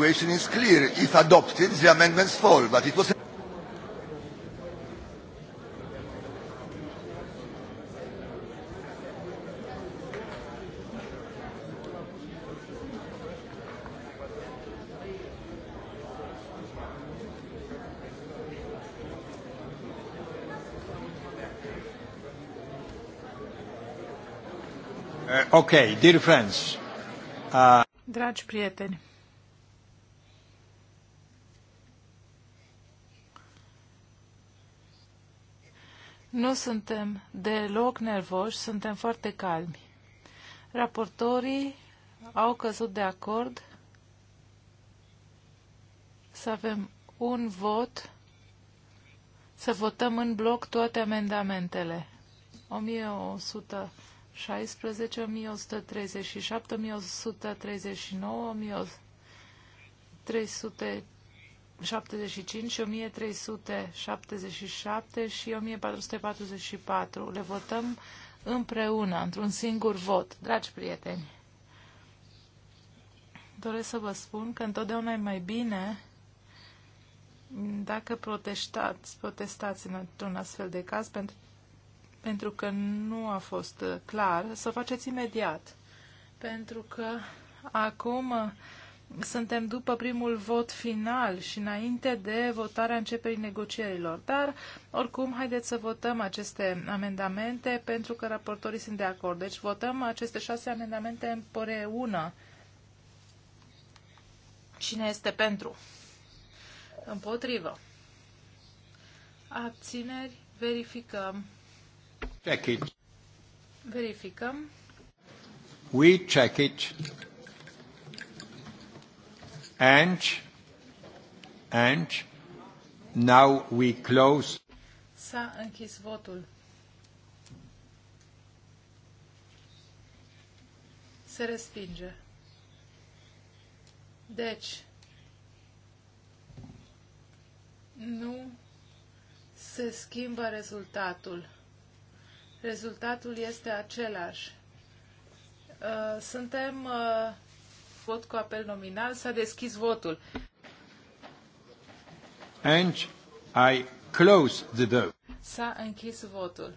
situation is clear. If adopted, the amendments fall, but it was... Uh, okay, dear friends. Uh... Dragi prieteni, Nu suntem deloc nervoși, suntem foarte calmi. Raportorii au căzut de acord să avem un vot, să votăm în bloc toate amendamentele. 1116, 1137, 1139, 1300. 75 și 1377 și 1444. Le votăm împreună, într-un singur vot. Dragi prieteni, doresc să vă spun că întotdeauna e mai bine dacă protestați, protestați într-un astfel de caz, pentru, pentru că nu a fost uh, clar, să o faceți imediat. Pentru că acum suntem după primul vot final și înainte de votarea începerii negocierilor. Dar, oricum, haideți să votăm aceste amendamente pentru că raportorii sunt de acord. Deci votăm aceste șase amendamente împreună. Cine este pentru? Împotrivă. Abțineri. Verificăm. Check it. Verificăm. We check it. And, and now we close. S-a închis votul. Se respinge. Deci, nu se schimbă rezultatul. Rezultatul este același. Uh, suntem uh, vot cu apel nominal. S-a deschis votul. And I close the vote. S-a închis votul.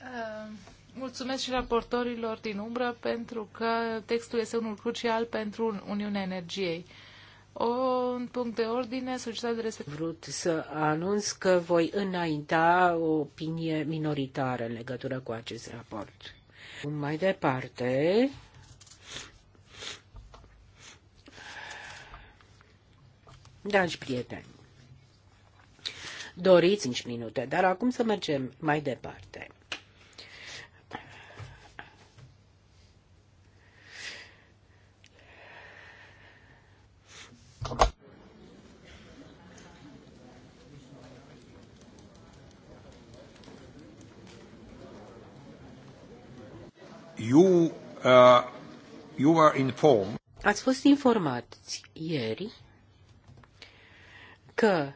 Uh, mulțumesc și raportorilor din umbră pentru că textul este unul crucial pentru Uniunea Energiei. O, un punct de ordine, societatea de respect. Vrut să anunț că voi înainta o opinie minoritară în legătură cu acest raport. Mai departe, Dragi prieteni, doriți 5 minute, dar acum să mergem mai departe. You, uh, you were informed. Ați fost informați ieri că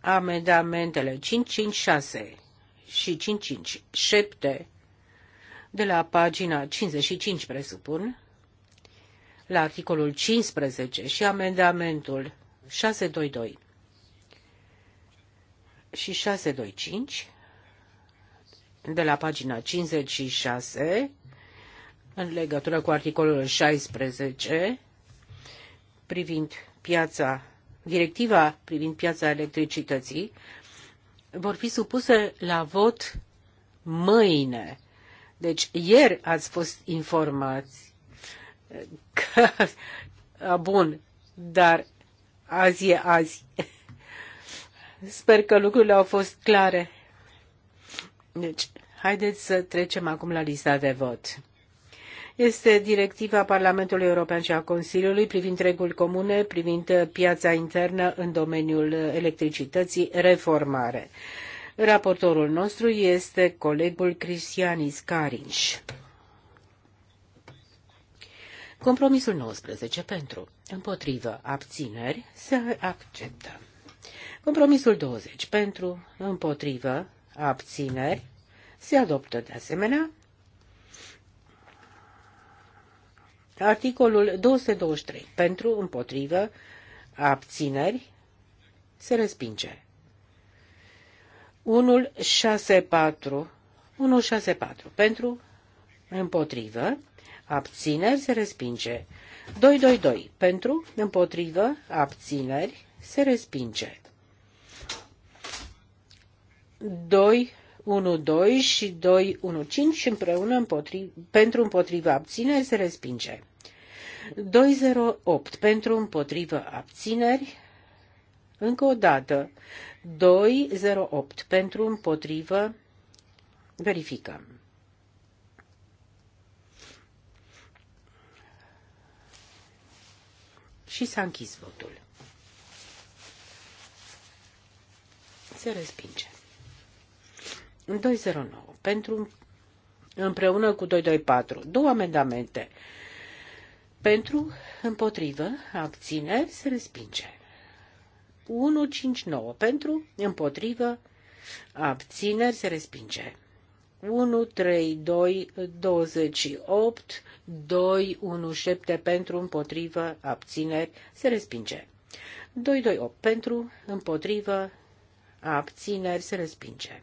amendamentele 556 și 557 de la pagina 55, presupun, la articolul 15 și amendamentul 622 și 625 de la pagina 56 în legătură cu articolul 16 privind piața directiva privind piața electricității vor fi supuse la vot mâine. Deci ieri ați fost informați că, <laughs> bun, dar azi e azi. Sper că lucrurile au fost clare. Deci, haideți să trecem acum la lista de vot este directiva Parlamentului European și a Consiliului privind reguli comune, privind piața internă în domeniul electricității, reformare. Raportorul nostru este colegul Cristianis Carinș. Compromisul 19 pentru, împotrivă, abțineri, se acceptă. Compromisul 20 pentru, împotrivă, abțineri, se adoptă de asemenea Articolul 223. Pentru, împotrivă, abțineri, se respinge. 164. 164. Pentru, împotrivă, abțineri, se respinge. 222. Pentru, împotrivă, abțineri, se respinge. 2 1-2 și 2-1-5 împreună împotri, pentru împotriva abțineri se respinge. 208 pentru împotrivă abțineri. Încă o dată. 208 pentru împotrivă. Verificăm. Și s-a închis votul. Se respinge. 209 pentru împreună cu 224. Două amendamente. Pentru, împotrivă, abțineri, se respinge. 159 pentru, împotrivă, abțineri, se respinge. 1, 3, 2, 28, 2, 1, 7 pentru, împotrivă, abțineri, se respinge. 2, 2, 8 pentru, împotrivă, abțineri, se respinge.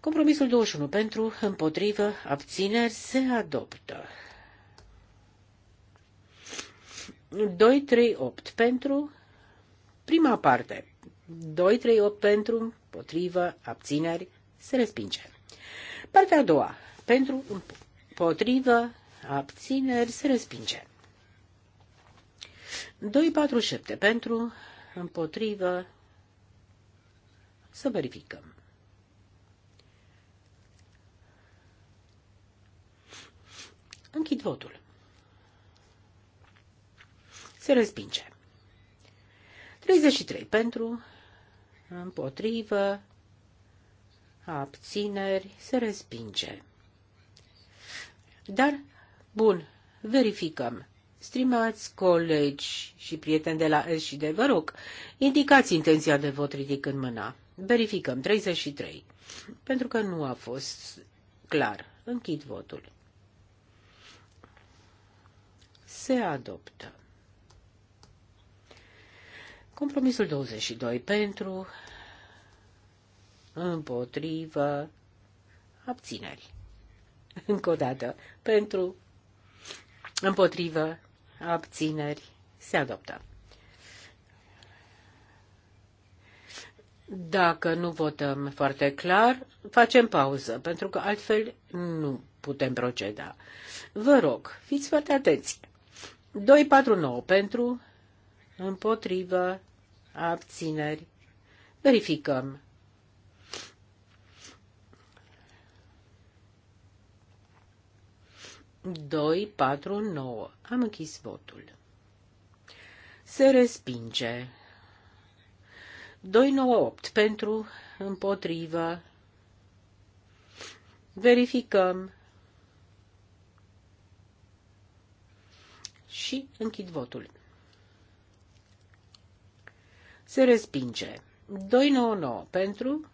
Compromisul 21 pentru, împotrivă, abțineri se adoptă. 238 pentru prima parte. 238 pentru, împotrivă, abțineri se respinge. Partea a doua. Pentru, împotrivă, abțineri se respinge. 247 pentru, împotrivă, să verificăm. Închid votul. Se respinge. 33 pentru, împotrivă, abțineri, se respinge. Dar, bun, verificăm. Stimați colegi și prieteni de la S și de vă rog, indicați intenția de vot ridicând mâna. Verificăm, 33. Pentru că nu a fost clar. Închid votul se adoptă. Compromisul 22 pentru, împotrivă, abțineri. Încă o dată, pentru, împotrivă, abțineri, se adoptă. Dacă nu votăm foarte clar, facem pauză, pentru că altfel nu putem proceda. Vă rog, fiți foarte atenți. 249 pentru, împotrivă, abțineri. Verificăm. Doi, patru, nouă. Am închis votul. Se respinge. doi opt pentru, împotrivă. Verificăm. și închid votul. Se respinge. 299 pentru,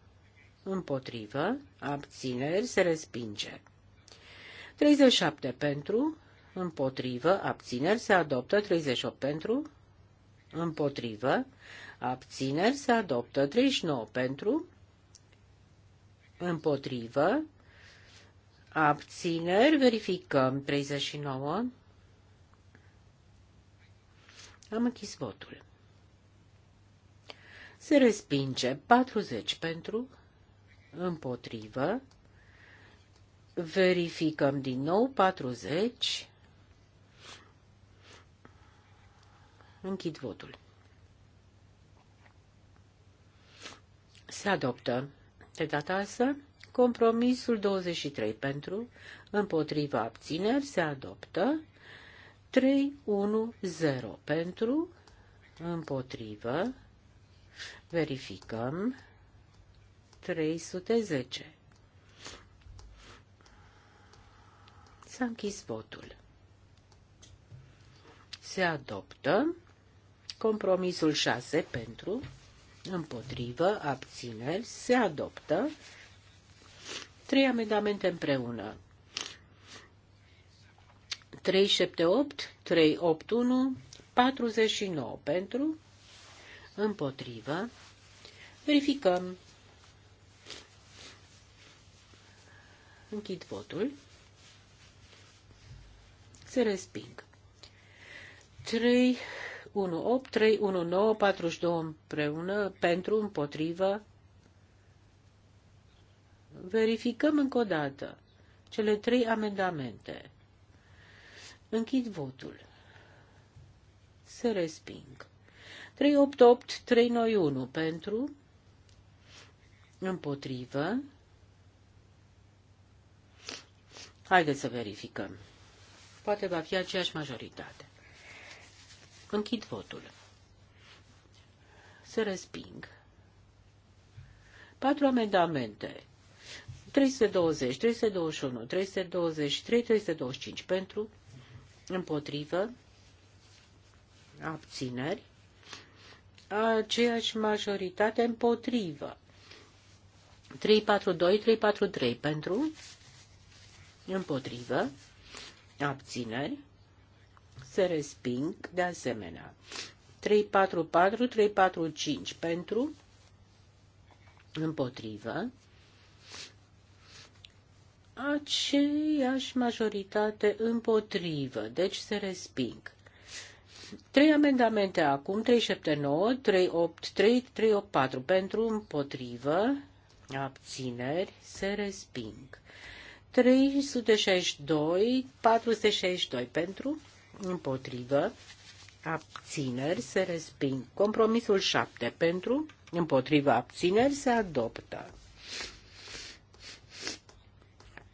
împotrivă, abțineri, se respinge. 37 pentru, împotrivă, abțineri, se adoptă. 38 pentru, împotrivă, abțineri, se adoptă. 39 pentru, împotrivă, abțineri, verificăm. 39 am închis votul. Se respinge 40 pentru, împotrivă. Verificăm din nou 40. Închid votul. Se adoptă. De data asta, compromisul 23 pentru, împotriva abțineri, se adoptă. 310 pentru, împotrivă, verificăm 310. S-a închis votul. Se adoptă compromisul 6 pentru, împotrivă, abțineri, se adoptă trei amendamente împreună. 378, 381, 49 pentru, împotrivă, verificăm. Închid votul. Se resping. 3, 1, 8, 3, 1, 9, 42 împreună, pentru, împotrivă. Verificăm încă o dată cele trei amendamente. Închid votul. Să resping. 388 391 pentru împotrivă. Haideți să verificăm. Poate va fi aceeași majoritate. Închid votul. Să resping. Patru amendamente. 320, 321, 323, 325 pentru împotrivă, abțineri, aceeași majoritate împotrivă. 342, 343 pentru, împotrivă, abțineri, se resping de asemenea. 344, 345 pentru, împotrivă, aceeași majoritate împotrivă, deci se resping. Trei amendamente acum, 379, 383, 384 pentru împotrivă, abțineri, se resping. 362, 462 pentru împotrivă, abțineri, se resping. Compromisul 7 pentru împotrivă, abțineri, se adoptă.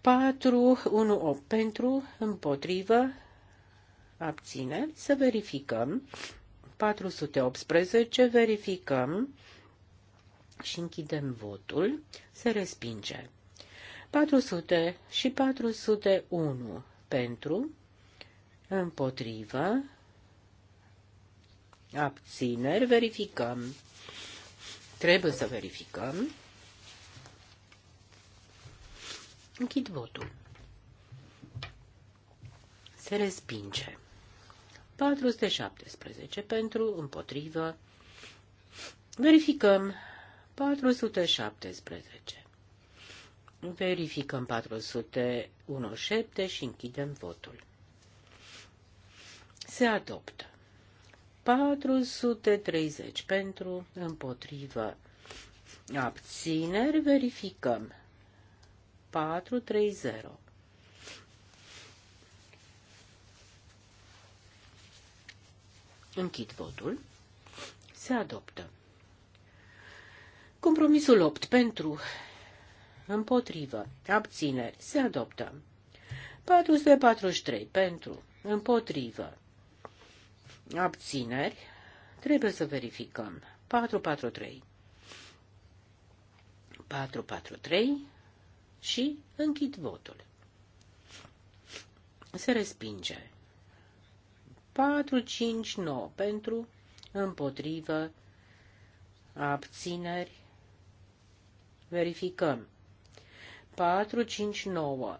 4, 1, 8 pentru, împotrivă, abțineri, să verificăm. 418, verificăm și închidem votul, se respinge. 400 și 401 pentru, împotrivă, abțineri, verificăm. Trebuie să verificăm. Închid votul. Se respinge. 417 pentru, împotrivă. Verificăm. 417. Verificăm 417 și închidem votul. Se adoptă. 430 pentru, împotrivă, abțineri, verificăm. 430. Închid votul. Se adoptă. Compromisul 8 pentru. Împotrivă. Abțineri. Se adoptă. 443 pentru. Împotrivă. Abțineri. Trebuie să verificăm. 443. 443 și închid votul. Se respinge. 4, 5, 9 pentru, împotrivă, abțineri. Verificăm. 4, 5, 9.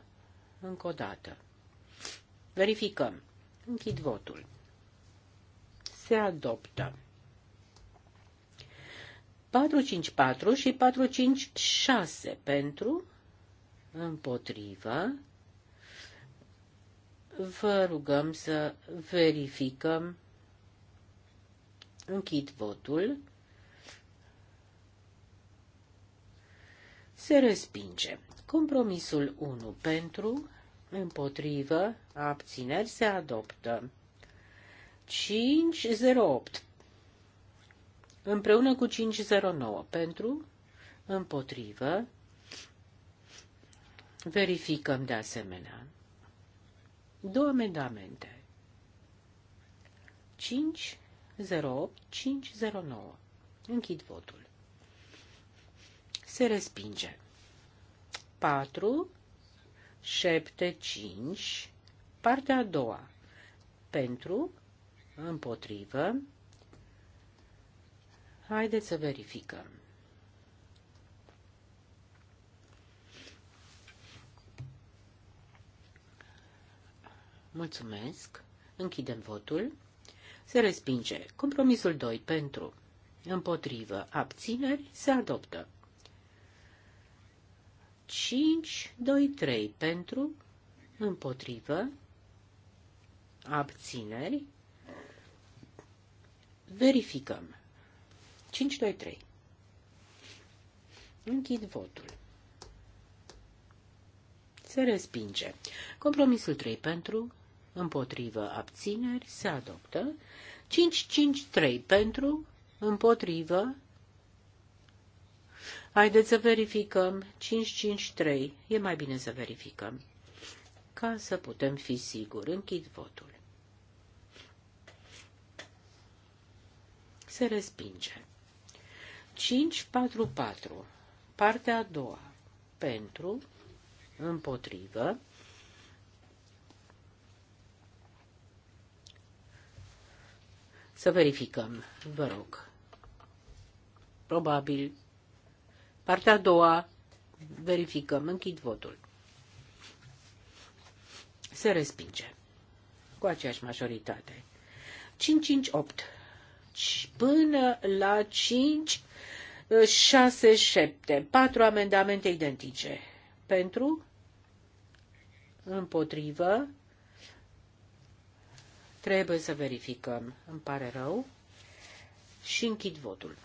Încă o dată. Verificăm. Închid votul. Se adoptă. 4, 5, 4 și 4, 5, 6 pentru, împotrivă. Vă rugăm să verificăm. Închid votul. Se respinge. Compromisul 1 pentru, împotrivă, abțineri se adoptă. 508 împreună cu 509 pentru, împotrivă, Verificăm de asemenea două amendamente. 508, 509. Închid votul. Se respinge. 4, 7, 5, partea a doua. Pentru, împotrivă. Haideți să verificăm. Mulțumesc. Închidem votul. Se respinge. Compromisul 2 pentru. Împotrivă. Abțineri. Se adoptă. 5, 2, 3 pentru. Împotrivă. Abțineri. Verificăm. 5, 2, 3. Închid votul. Se respinge. Compromisul 3 pentru, împotrivă, abțineri, se adoptă. 553 pentru, împotrivă. Haideți să verificăm. 553. E mai bine să verificăm. Ca să putem fi siguri. Închid votul. Se respinge. 544. Partea a doua. Pentru, împotrivă, Să verificăm, vă rog. Probabil. Partea a doua, verificăm, închid votul. Se respinge. Cu aceeași majoritate. 558 până la 5 6 7. Patru amendamente identice. Pentru, împotrivă, Trebuie să verificăm. Îmi pare rău. Și închid votul.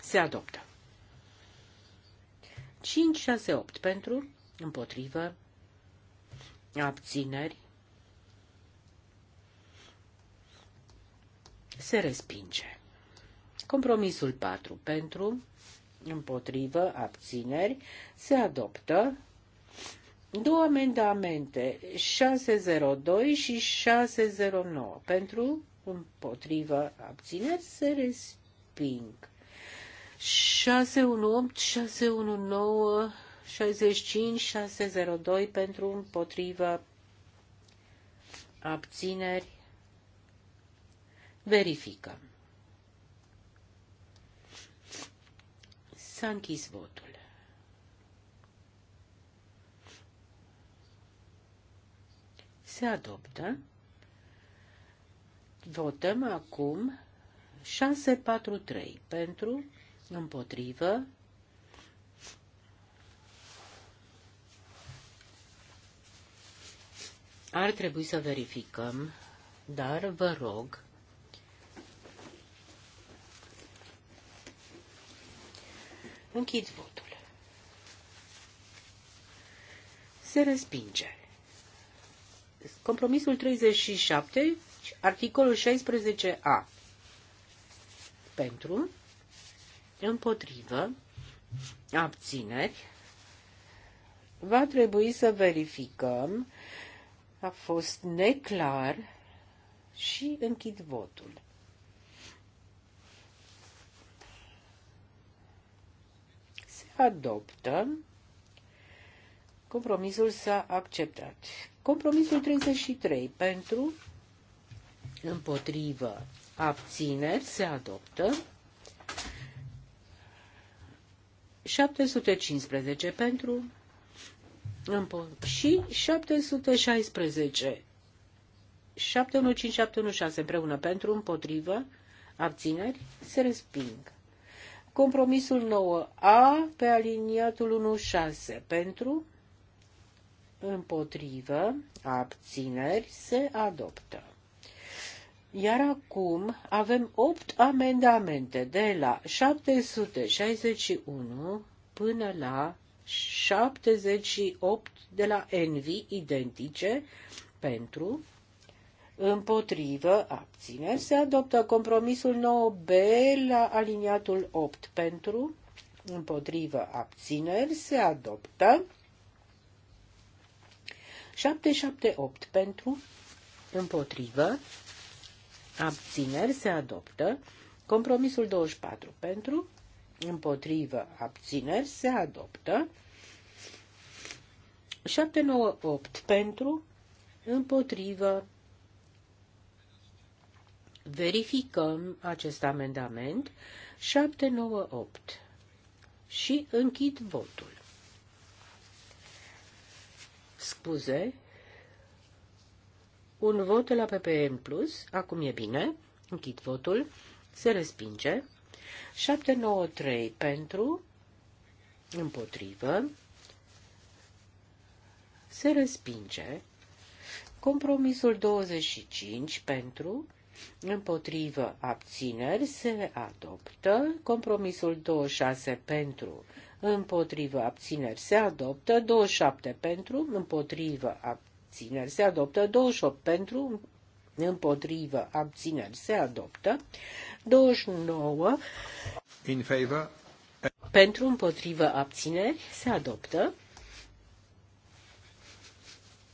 Se adoptă. 5, 6, 8 pentru, împotrivă, abțineri, se respinge. Compromisul 4 pentru, împotrivă, abțineri, se adoptă Două amendamente, 602 și 609. Pentru, împotrivă, abțineri, se resping. 618, 619, 65, 602 pentru, împotrivă, abțineri. Verificăm. S-a închis votul. Se adoptă. Votăm acum 643 pentru, împotrivă, Ar trebui să verificăm, dar vă rog Închid votul. Se respinge. Compromisul 37, articolul 16a. Pentru, împotrivă, abțineri, va trebui să verificăm. A fost neclar și închid votul. Se adoptă. Compromisul s-a acceptat. Compromisul 33 pentru, împotrivă, abțineri se adoptă. 715 pentru și 716. 715, 716 împreună pentru, împotrivă, abțineri, se resping. Compromisul 9A pe aliniatul 16 pentru, împotrivă, abțineri, se adoptă. Iar acum avem opt amendamente de la 761 până la 78 de la Envi identice pentru împotrivă abțineri se adoptă compromisul 9B la aliniatul 8 pentru împotrivă abțineri se adoptă 778 pentru, împotrivă, abțineri se adoptă. Compromisul 24 pentru, împotrivă, abțineri se adoptă. 798 pentru, împotrivă, verificăm acest amendament 798 și închid votul scuze, un vot la PPM+, plus, acum e bine, închid votul, se respinge, 793 pentru, împotrivă, se respinge, compromisul 25 pentru, împotrivă, abțineri, se adoptă, compromisul 26 pentru, împotrivă abțineri se adoptă, 27 pentru, împotrivă abțineri se adoptă, 28 pentru, împotrivă abțineri se adoptă, 29 in favor pentru împotrivă abțineri se adoptă.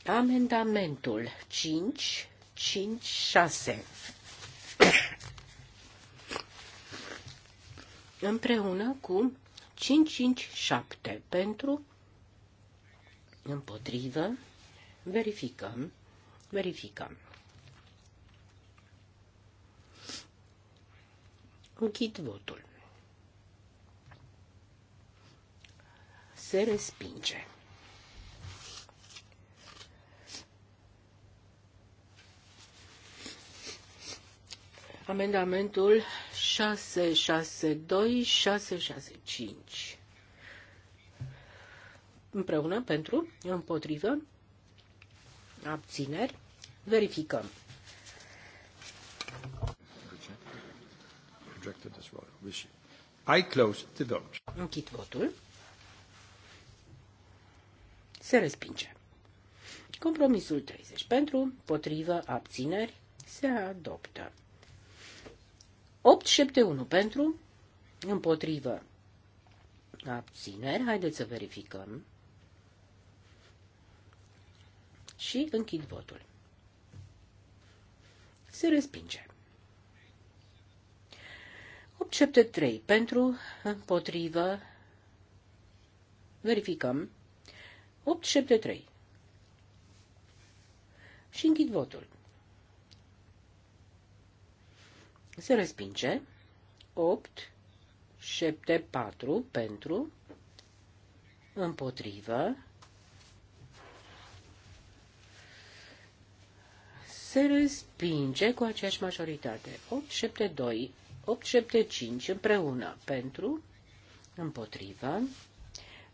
Amendamentul 5, 5, 6. Împreună cu 557 pentru, împotrivă, verificăm, verificăm. Închid votul. Se respinge. Amendamentul 662, 665. Împreună pentru, împotrivă, abțineri, verificăm. I close the vote. Închid votul. Se respinge. Compromisul 30 pentru, potrivă, abțineri, se adoptă. 871 pentru, împotrivă, abțineri. Haideți să verificăm. Și închid votul. Se respinge. 873 pentru, împotrivă, verificăm. 873. Și închid votul. se respinge. 8, 7, 4 pentru, împotrivă, se respinge cu aceeași majoritate. 8, 7, 2, 8, 7, 5 împreună pentru, împotrivă,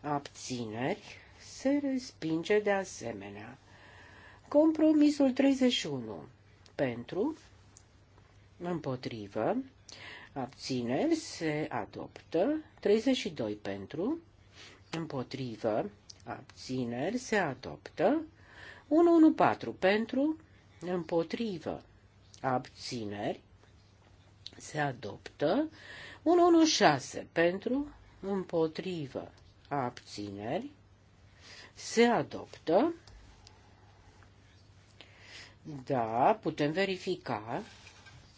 abțineri, se respinge de asemenea. Compromisul 31 pentru, împotrivă, abțineri se adoptă, 32 pentru, împotrivă, abțineri se adoptă, 114 pentru, împotrivă, abțineri se adoptă, 116 pentru, împotrivă, abțineri se adoptă, da, putem verifica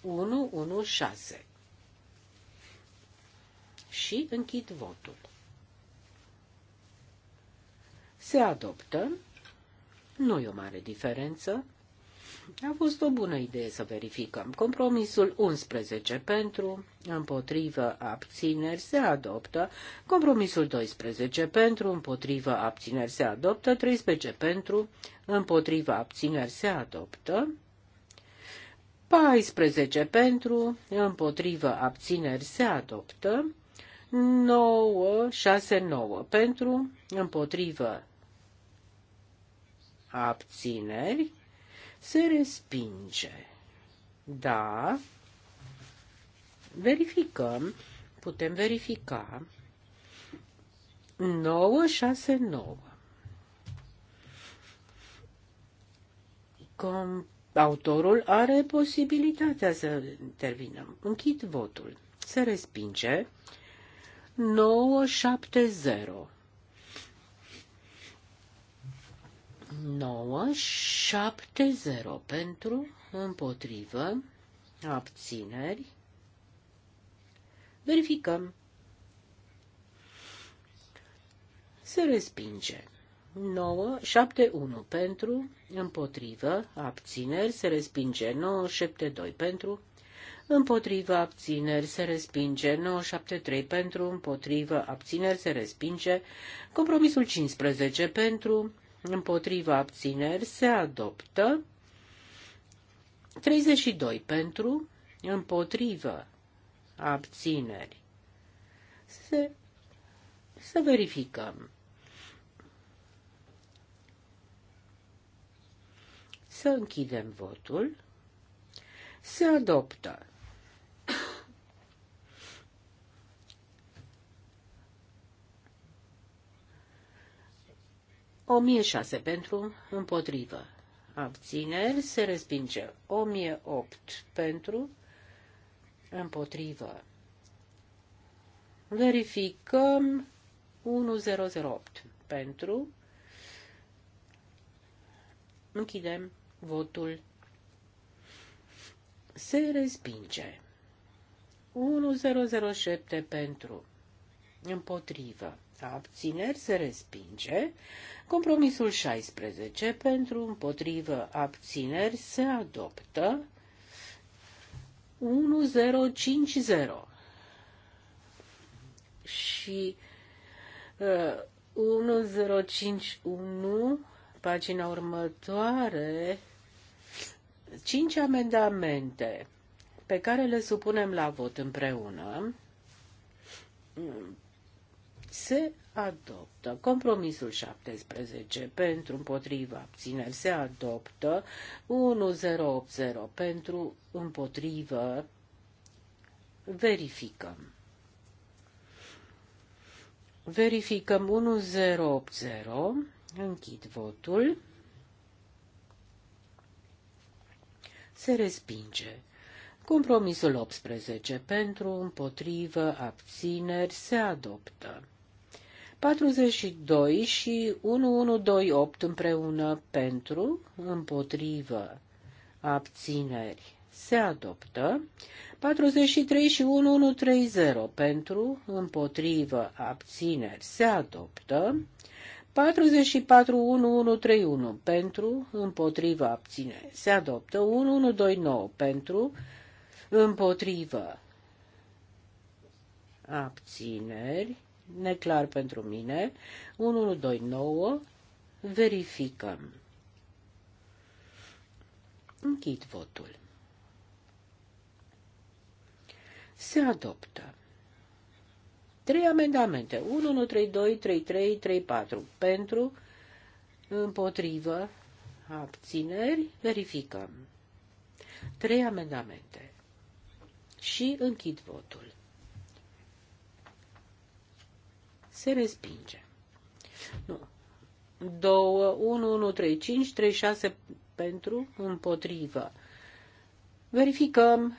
116. Și închid votul. Se adoptă. Nu e o mare diferență. A fost o bună idee să verificăm. Compromisul 11 pentru, împotrivă, abțineri se adoptă. Compromisul 12 pentru, împotrivă, abțineri se adoptă. 13 pentru, împotrivă, abțineri se adoptă. 14 pentru, împotrivă abțineri se adoptă, 9, 6, 9 pentru, împotrivă abțineri se respinge. Da, verificăm, putem verifica 9, 6, 9. Com autorul are posibilitatea să intervină. Închid votul. Se respinge 970. 970 pentru, împotrivă, abțineri. Verificăm. Se respinge. 9, 7, 1 pentru, împotrivă, abțineri, se respinge 9, 7, 2 pentru, împotrivă, abțineri, se respinge 9, 7, 3 pentru, împotrivă, abțineri, se respinge compromisul 15 pentru, împotrivă, abțineri, se adoptă 32 pentru, împotrivă, abțineri. Se, să verificăm. Să închidem votul. Se adoptă. O 1006 pentru, împotrivă. Abțineri se respinge. O 1008 pentru, împotrivă. Verificăm 1008 pentru. Închidem. Votul se respinge. 1007 pentru. Împotrivă. Abțineri se respinge. Compromisul 16 pentru împotrivă abțineri se adoptă. 1050 și uh, 1051 pagina următoare cinci amendamente pe care le supunem la vot împreună se adoptă. Compromisul 17 pentru împotriva abțineri se adoptă. 1080 pentru împotrivă verificăm. Verificăm 1080 Închid votul. Se respinge. Compromisul 18 pentru, împotrivă, abțineri se adoptă. 42 și 1128 împreună pentru, împotrivă, abțineri se adoptă. 43 și 1130 pentru, împotrivă, abțineri se adoptă. 441131 pentru, împotrivă, abține. Se adoptă 1129 pentru, împotrivă, abțineri, neclar pentru mine, 1129, verificăm. Închid votul. Se adoptă. Trei amendamente, 1, 1, 3, 2, 3, 3, 3, 4. Pentru, împotrivă, abțineri, verificăm. Trei amendamente. Și închid votul. Se respinge. Nu. 2, 1, 1, 3, 5, 3, 6 pentru, împotrivă. Verificăm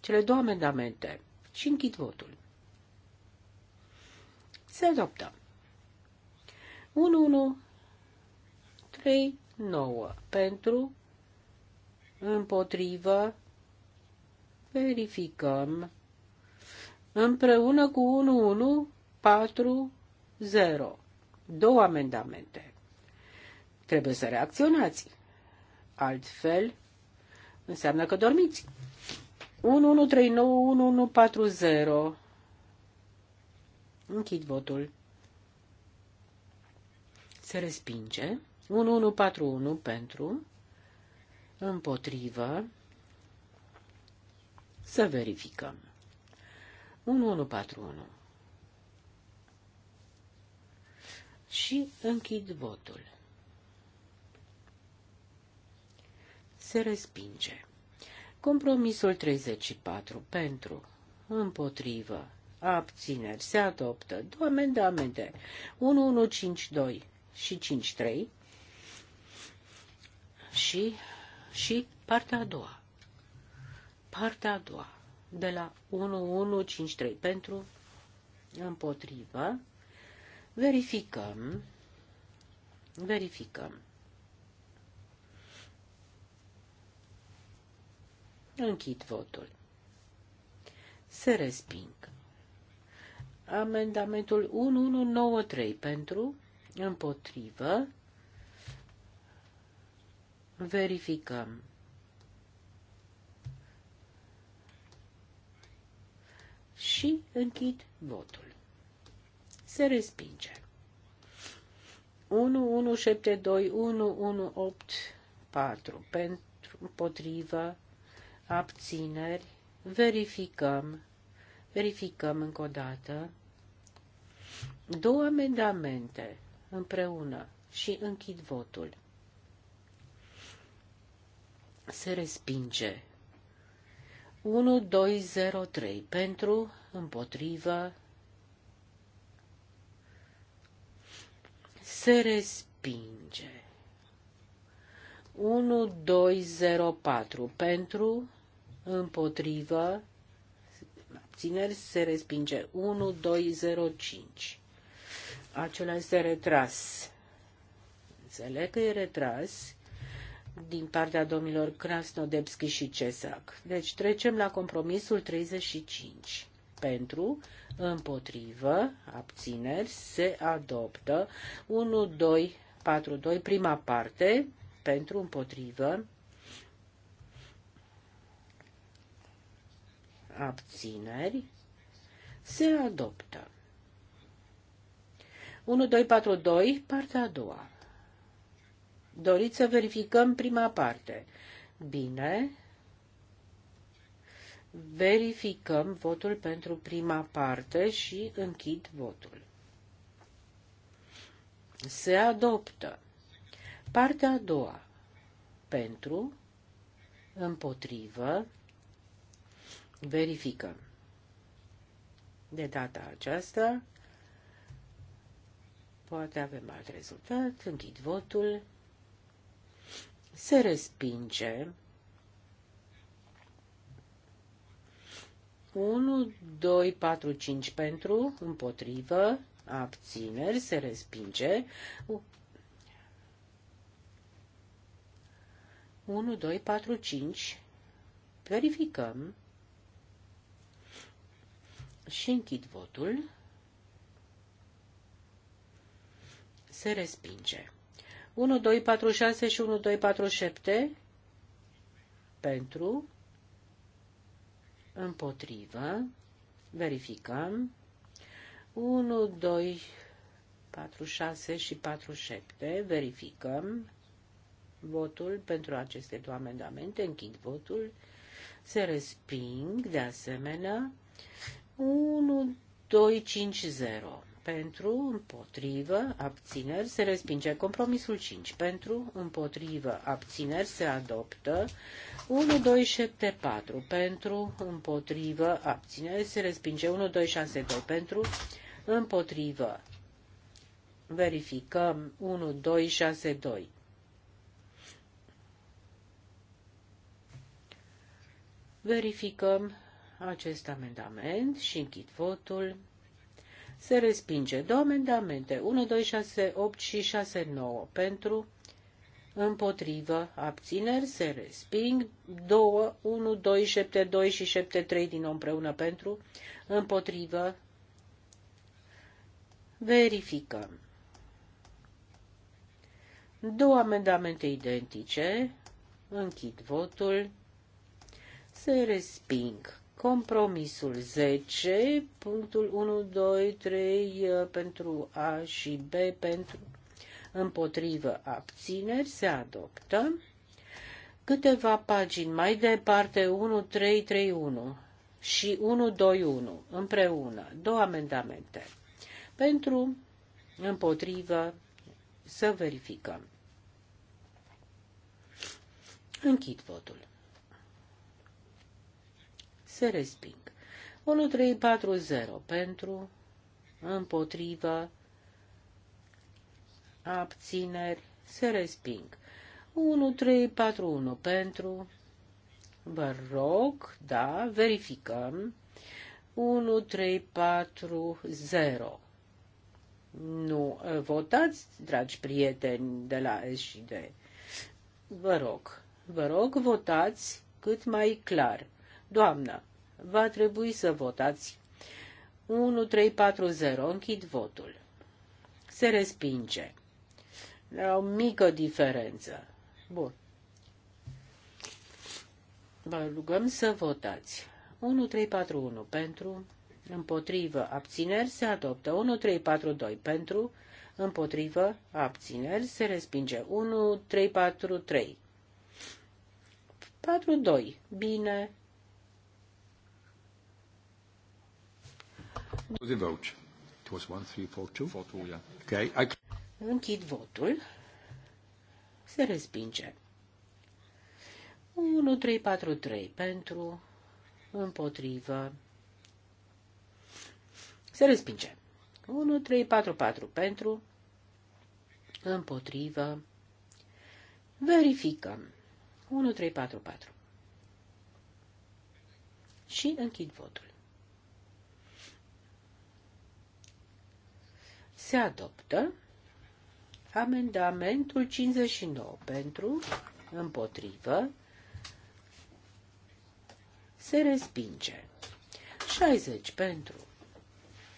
cele două amendamente și închid votul. Se adoptă. 1, 1, 3, 9 pentru, împotrivă, verificăm, împreună cu 1, 1, 4, 0. Două amendamente. Trebuie să reacționați. Altfel, înseamnă că dormiți. 1139-1140. Închid votul. Se respinge. 1141 pentru. Împotrivă. Să verificăm. 1141. Și închid votul. Se respinge. Compromisul 34 pentru, împotrivă, abțineri, se adoptă două amendamente, 1152 și 53 și, și partea a doua. Partea a doua de la 1153 pentru împotrivă. Verificăm. Verificăm. Închid votul. Se resping. Amendamentul 1193 pentru, împotrivă, verificăm. Și închid votul. Se respinge. 1172, 1184 pentru, împotrivă, abțineri, verificăm, verificăm încă o dată, două amendamente împreună și închid votul. Se respinge. 3. pentru, împotrivă, se respinge. 4. pentru, împotrivă, abțineri se respinge 1 2 0 5. Acela este retras. Înțeleg că e retras din partea domnilor Krasnodebski și Cesac. Deci trecem la compromisul 35. Pentru, împotrivă, abțineri, se adoptă 1, 2, 4, 2, prima parte, pentru, împotrivă, abțineri, se adoptă. 1242, partea a doua. Doriți să verificăm prima parte. Bine. Verificăm votul pentru prima parte și închid votul. Se adoptă. Partea a doua. Pentru, împotrivă, Verificăm. De data aceasta, poate avem alt rezultat, închid votul, se respinge 1, 2, 4, 5 pentru, împotrivă, abțineri, se respinge. 1, 2, 4, 5. Verificăm și închid votul. Se respinge. 1, 2, 4, 6 și 1, 2, 4, 7 pentru, împotrivă, verificăm, 1, 2, 4, 6 și 4, 7, verificăm votul pentru aceste două amendamente, închid votul, se resping de asemenea 1, 2, 5, 0. Pentru, împotrivă, abțineri, se respinge. Compromisul 5. Pentru, împotrivă, abțineri, se adoptă. 1, 2, 7, 4. Pentru, împotrivă, abțineri, se respinge. 1, 2, 6, 2. Pentru, împotrivă. Verificăm 1, 2, 6, 2. Verificăm acest amendament și închid votul. Se respinge două amendamente, 1, 2, 6, 8 și 6, 9 pentru, împotrivă, abțineri, se resping, 2, 1, 2, 7, 2 și 7, 3 din nou împreună pentru, împotrivă, verificăm. Două amendamente identice, închid votul, se resping. Compromisul 10, punctul 1, 2, 3 pentru A și B pentru împotrivă abțineri se adoptă. Câteva pagini mai departe, 1, 3, 3, 1 și 1, 2, 1 împreună, două amendamente. Pentru împotrivă să verificăm. Închid votul se resping. 0 pentru, împotrivă, abțineri, se resping. 1 pentru, vă rog, da, verificăm. 0. Nu ă, votați, dragi prieteni de la D. Vă rog, vă rog, votați cât mai clar. Doamnă, va trebui să votați 0. Închid votul. Se respinge. La o mică diferență. Bun. Vă rugăm să votați. 1. pentru, împotrivă, abțineri, se adoptă. 2. pentru, împotrivă, abțineri, se respinge. 4, 2. Bine, The vote. It was 1, 3, 4, 2? 4, 2, yeah. Okay. I... Închid votul. Se respinge. 1, 3, 4, 3 pentru, împotrivă. Se respinge. 1, 3, 4, 4 pentru, împotrivă. Verificăm. 1, 3, 4, 4. Și închid votul. Se adoptă. Amendamentul 59 pentru, împotrivă, se respinge. 60 pentru,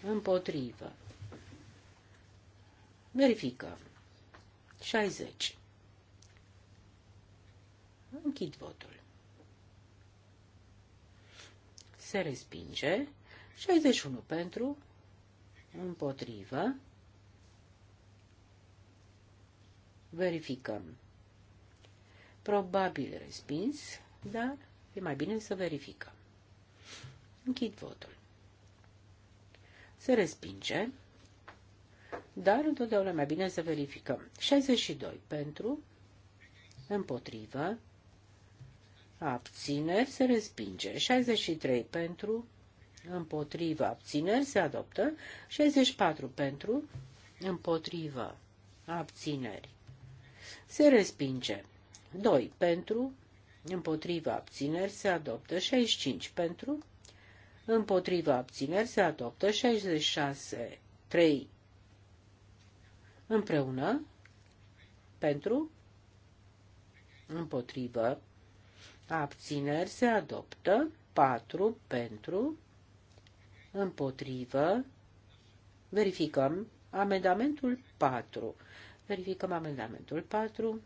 împotrivă. Verificăm. 60. Închid votul. Se respinge. 61 pentru, împotrivă, Verificăm. Probabil respins, dar e mai bine să verificăm. Închid votul. Se respinge, dar întotdeauna mai bine să verificăm. 62 pentru, împotrivă, abțineri, se respinge. 63 pentru, împotrivă, abțineri, se adoptă. 64 pentru, împotrivă, abțineri, se respinge. 2. Pentru, împotriva abțineri se adoptă 65. Pentru, împotriva abțineri se adoptă 66. 3. Împreună, pentru, împotriva abțineri se adoptă 4. Pentru, împotrivă, verificăm amendamentul 4. Verificăm amendamentul 4.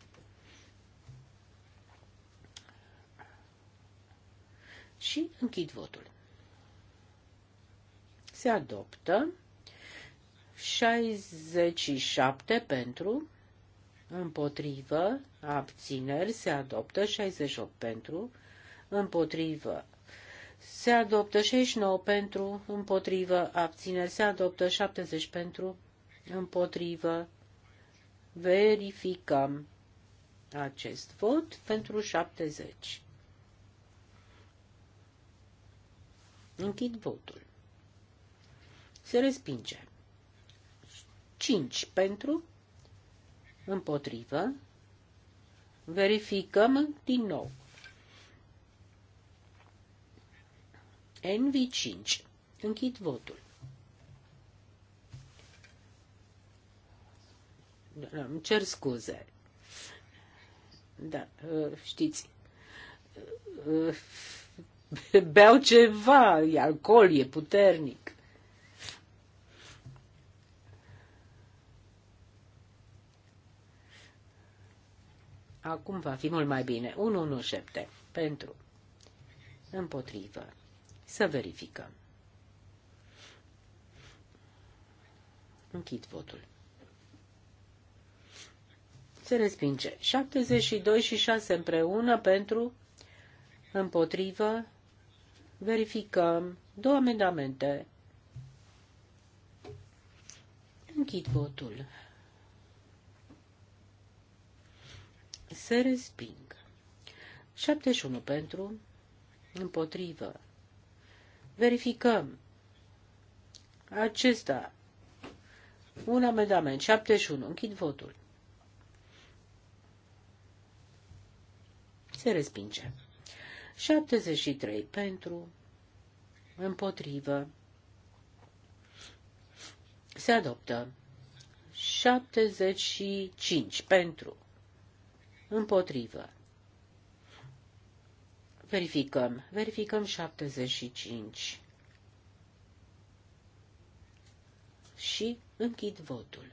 Și închid votul. Se adoptă 67 pentru, împotrivă, abțineri, se adoptă 68 pentru, împotrivă, se adoptă 69 pentru, împotrivă, abțineri, se adoptă 70 pentru, împotrivă, verificăm acest vot pentru 70. Închid votul. Se respinge. 5 pentru, împotrivă, verificăm din nou. NV5. Închid votul. îmi cer scuze. Da, ă, știți, ă, <laughs> beau ceva, e alcool, e puternic. Acum va fi mult mai bine. 117. Pentru. Împotrivă. Să verificăm. Închid votul se respinge. 72 și 6 împreună pentru, împotrivă, verificăm două amendamente. Închid votul. Se resping. 71 pentru, împotrivă. Verificăm. Acesta. Un amendament. 71. Închid votul. Se respinge. 73 pentru, împotrivă, se adoptă. 75 pentru, împotrivă. Verificăm, verificăm 75. Și închid votul.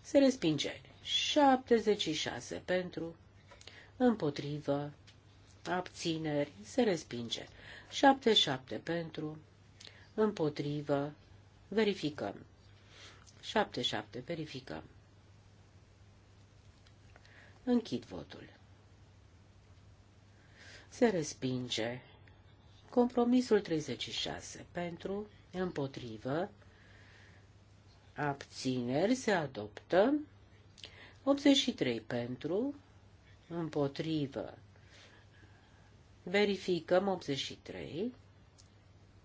Se respinge 76 pentru, împotrivă, abțineri, se respinge. 77 pentru, împotrivă, verificăm. 77 verificăm. Închid votul. Se respinge. Compromisul 36 pentru, împotrivă, abțineri se adoptă, 83 pentru, împotrivă. Verificăm 83.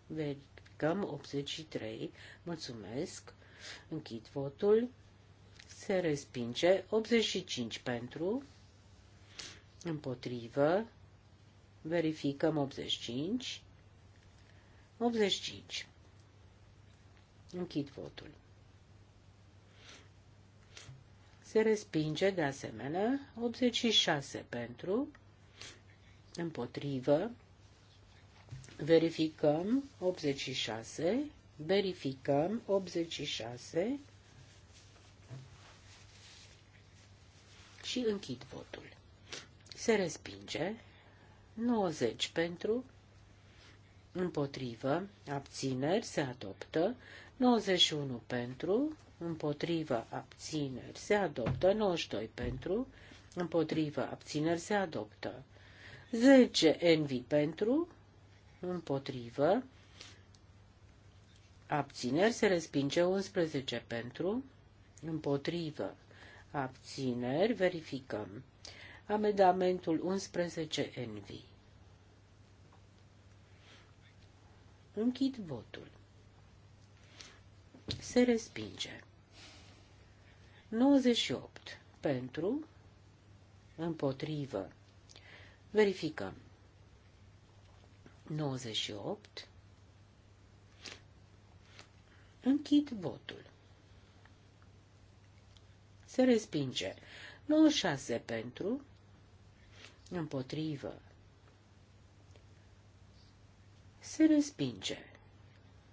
Verificăm 83. Mulțumesc. Închid votul. Se respinge 85 pentru. Împotrivă. Verificăm 85. 85. Închid votul. Se respinge de asemenea 86 pentru, împotrivă, verificăm 86, verificăm 86 și închid votul. Se respinge 90 pentru, împotrivă, abțineri, se adoptă, 91 pentru, împotrivă, abțineri, se adoptă. 92 pentru, împotrivă, abțineri, se adoptă. 10 envi pentru, împotrivă, abțineri, se respinge. 11 pentru, împotrivă, abțineri, verificăm. Amendamentul 11 envi. Închid votul. Se respinge. 98 pentru, împotrivă. Verificăm. 98. Închid votul. Se respinge. 96 pentru, împotrivă. Se respinge.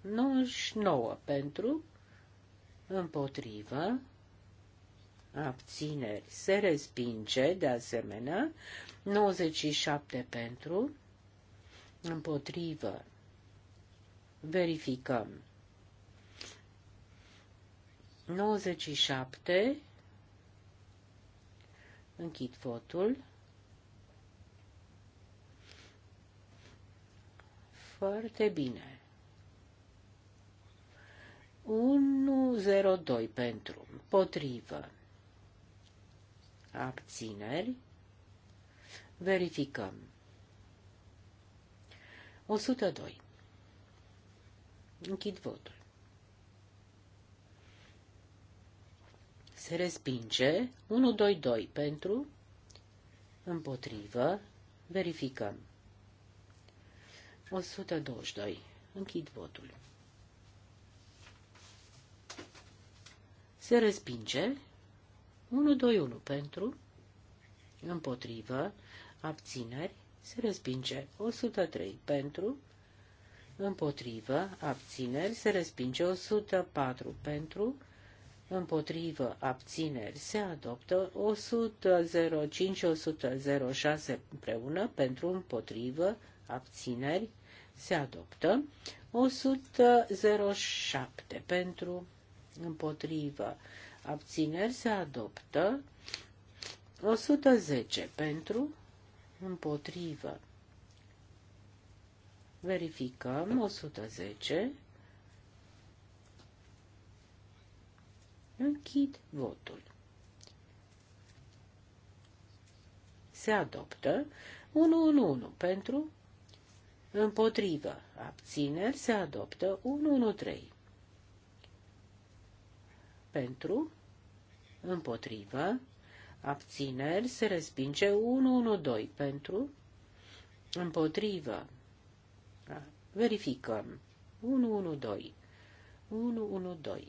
99 pentru, împotrivă abțineri se respinge, de asemenea, 97 pentru, împotrivă, verificăm. 97, închid votul, foarte bine. 102 pentru, potrivă abțineri. Verificăm. 102. Închid votul. Se respinge 122 pentru, împotrivă, verificăm. 122. Închid votul. Se respinge 121 pentru, împotrivă, abțineri, se respinge 103 pentru, împotrivă, abțineri, se respinge 104 pentru, împotrivă, abțineri, se adoptă 105-106 împreună pentru, împotrivă, abțineri, se adoptă 107 pentru, împotrivă, abțineri se adoptă. 110 pentru, împotrivă. Verificăm 110. Închid votul. Se adoptă 111 pentru, împotrivă, abțineri, se adoptă 113 pentru, împotrivă, abțineri, se respinge 112 pentru, împotrivă. Da. Verificăm. 112. 112.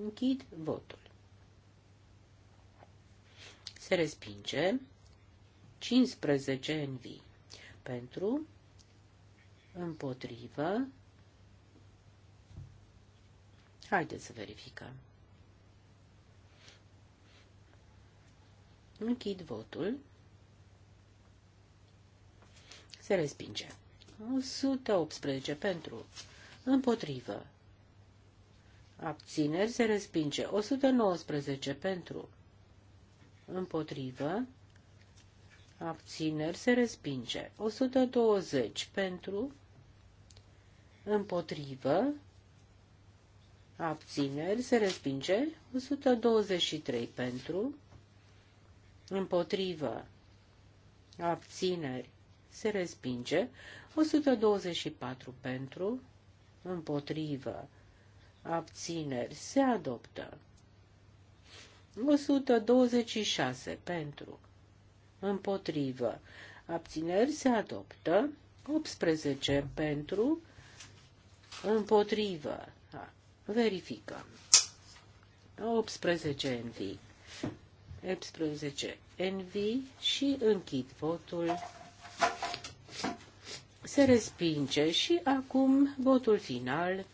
Închid votul. Se respinge 15 în vii. Pentru, împotrivă, Haideți să verificăm. Închid votul. Se respinge. 118 pentru. Împotrivă. Abțineri se respinge. 119 pentru. Împotrivă. Abțineri se respinge. 120 pentru. Împotrivă abțineri, se respinge. 123 pentru, împotrivă, abțineri, se respinge. 124 pentru, împotrivă, abțineri, se adoptă. 126 pentru, împotrivă, abțineri, se adoptă. 18 pentru, împotrivă, Verificăm. 18 NV. 18 NV și închid votul. Se respinge și acum votul final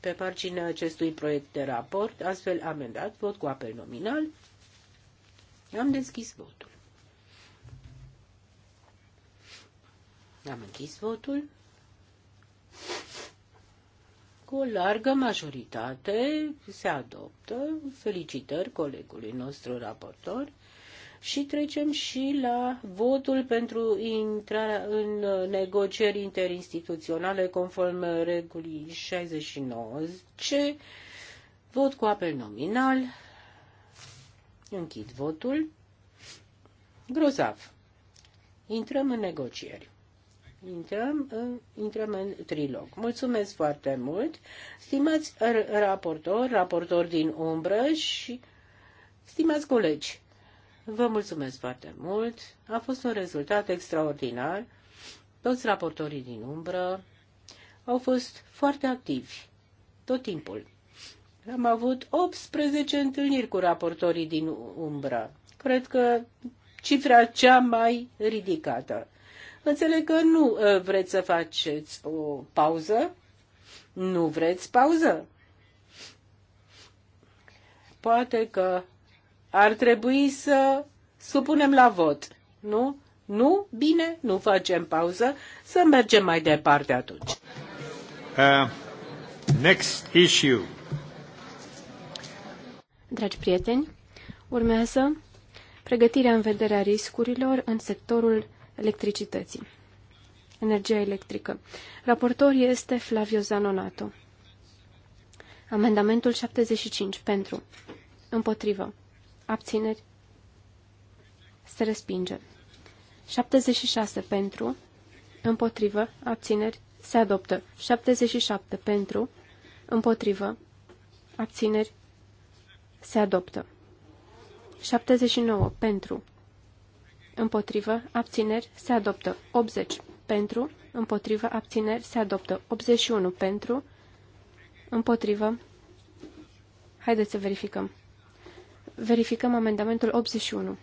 pe marginea acestui proiect de raport, astfel amendat, vot cu apel nominal. Am deschis votul. Am închis votul cu o largă majoritate se adoptă. Felicitări colegului nostru raportor. Și trecem și la votul pentru intrarea în negocieri interinstituționale conform regulii 69. Ce vot cu apel nominal. Închid votul. Grozav. Intrăm în negocieri intrăm, intrăm în trilog. Mulțumesc foarte mult, stimați raportor, raportor din umbră și stimați colegi. Vă mulțumesc foarte mult. A fost un rezultat extraordinar. Toți raportorii din umbră au fost foarte activi tot timpul. Am avut 18 întâlniri cu raportorii din umbră. Cred că cifra cea mai ridicată. Înțeleg că nu ă, vreți să faceți o pauză. Nu vreți pauză. Poate că ar trebui să supunem la vot, nu? Nu? Bine, nu facem pauză, să mergem mai departe atunci. Uh, next issue. Dragi prieteni, urmează pregătirea în vederea riscurilor în sectorul electricității, energia electrică. Raportor este Flavio Zanonato. Amendamentul 75. Pentru. Împotrivă. Abțineri. Se respinge. 76. Pentru. Împotrivă. Abțineri. Se adoptă. 77. Pentru. Împotrivă. Abțineri. Se adoptă. 79. Pentru împotrivă, abțineri, se adoptă. 80 pentru, împotrivă, abțineri, se adoptă. 81 pentru, împotrivă. Haideți să verificăm. Verificăm amendamentul 81.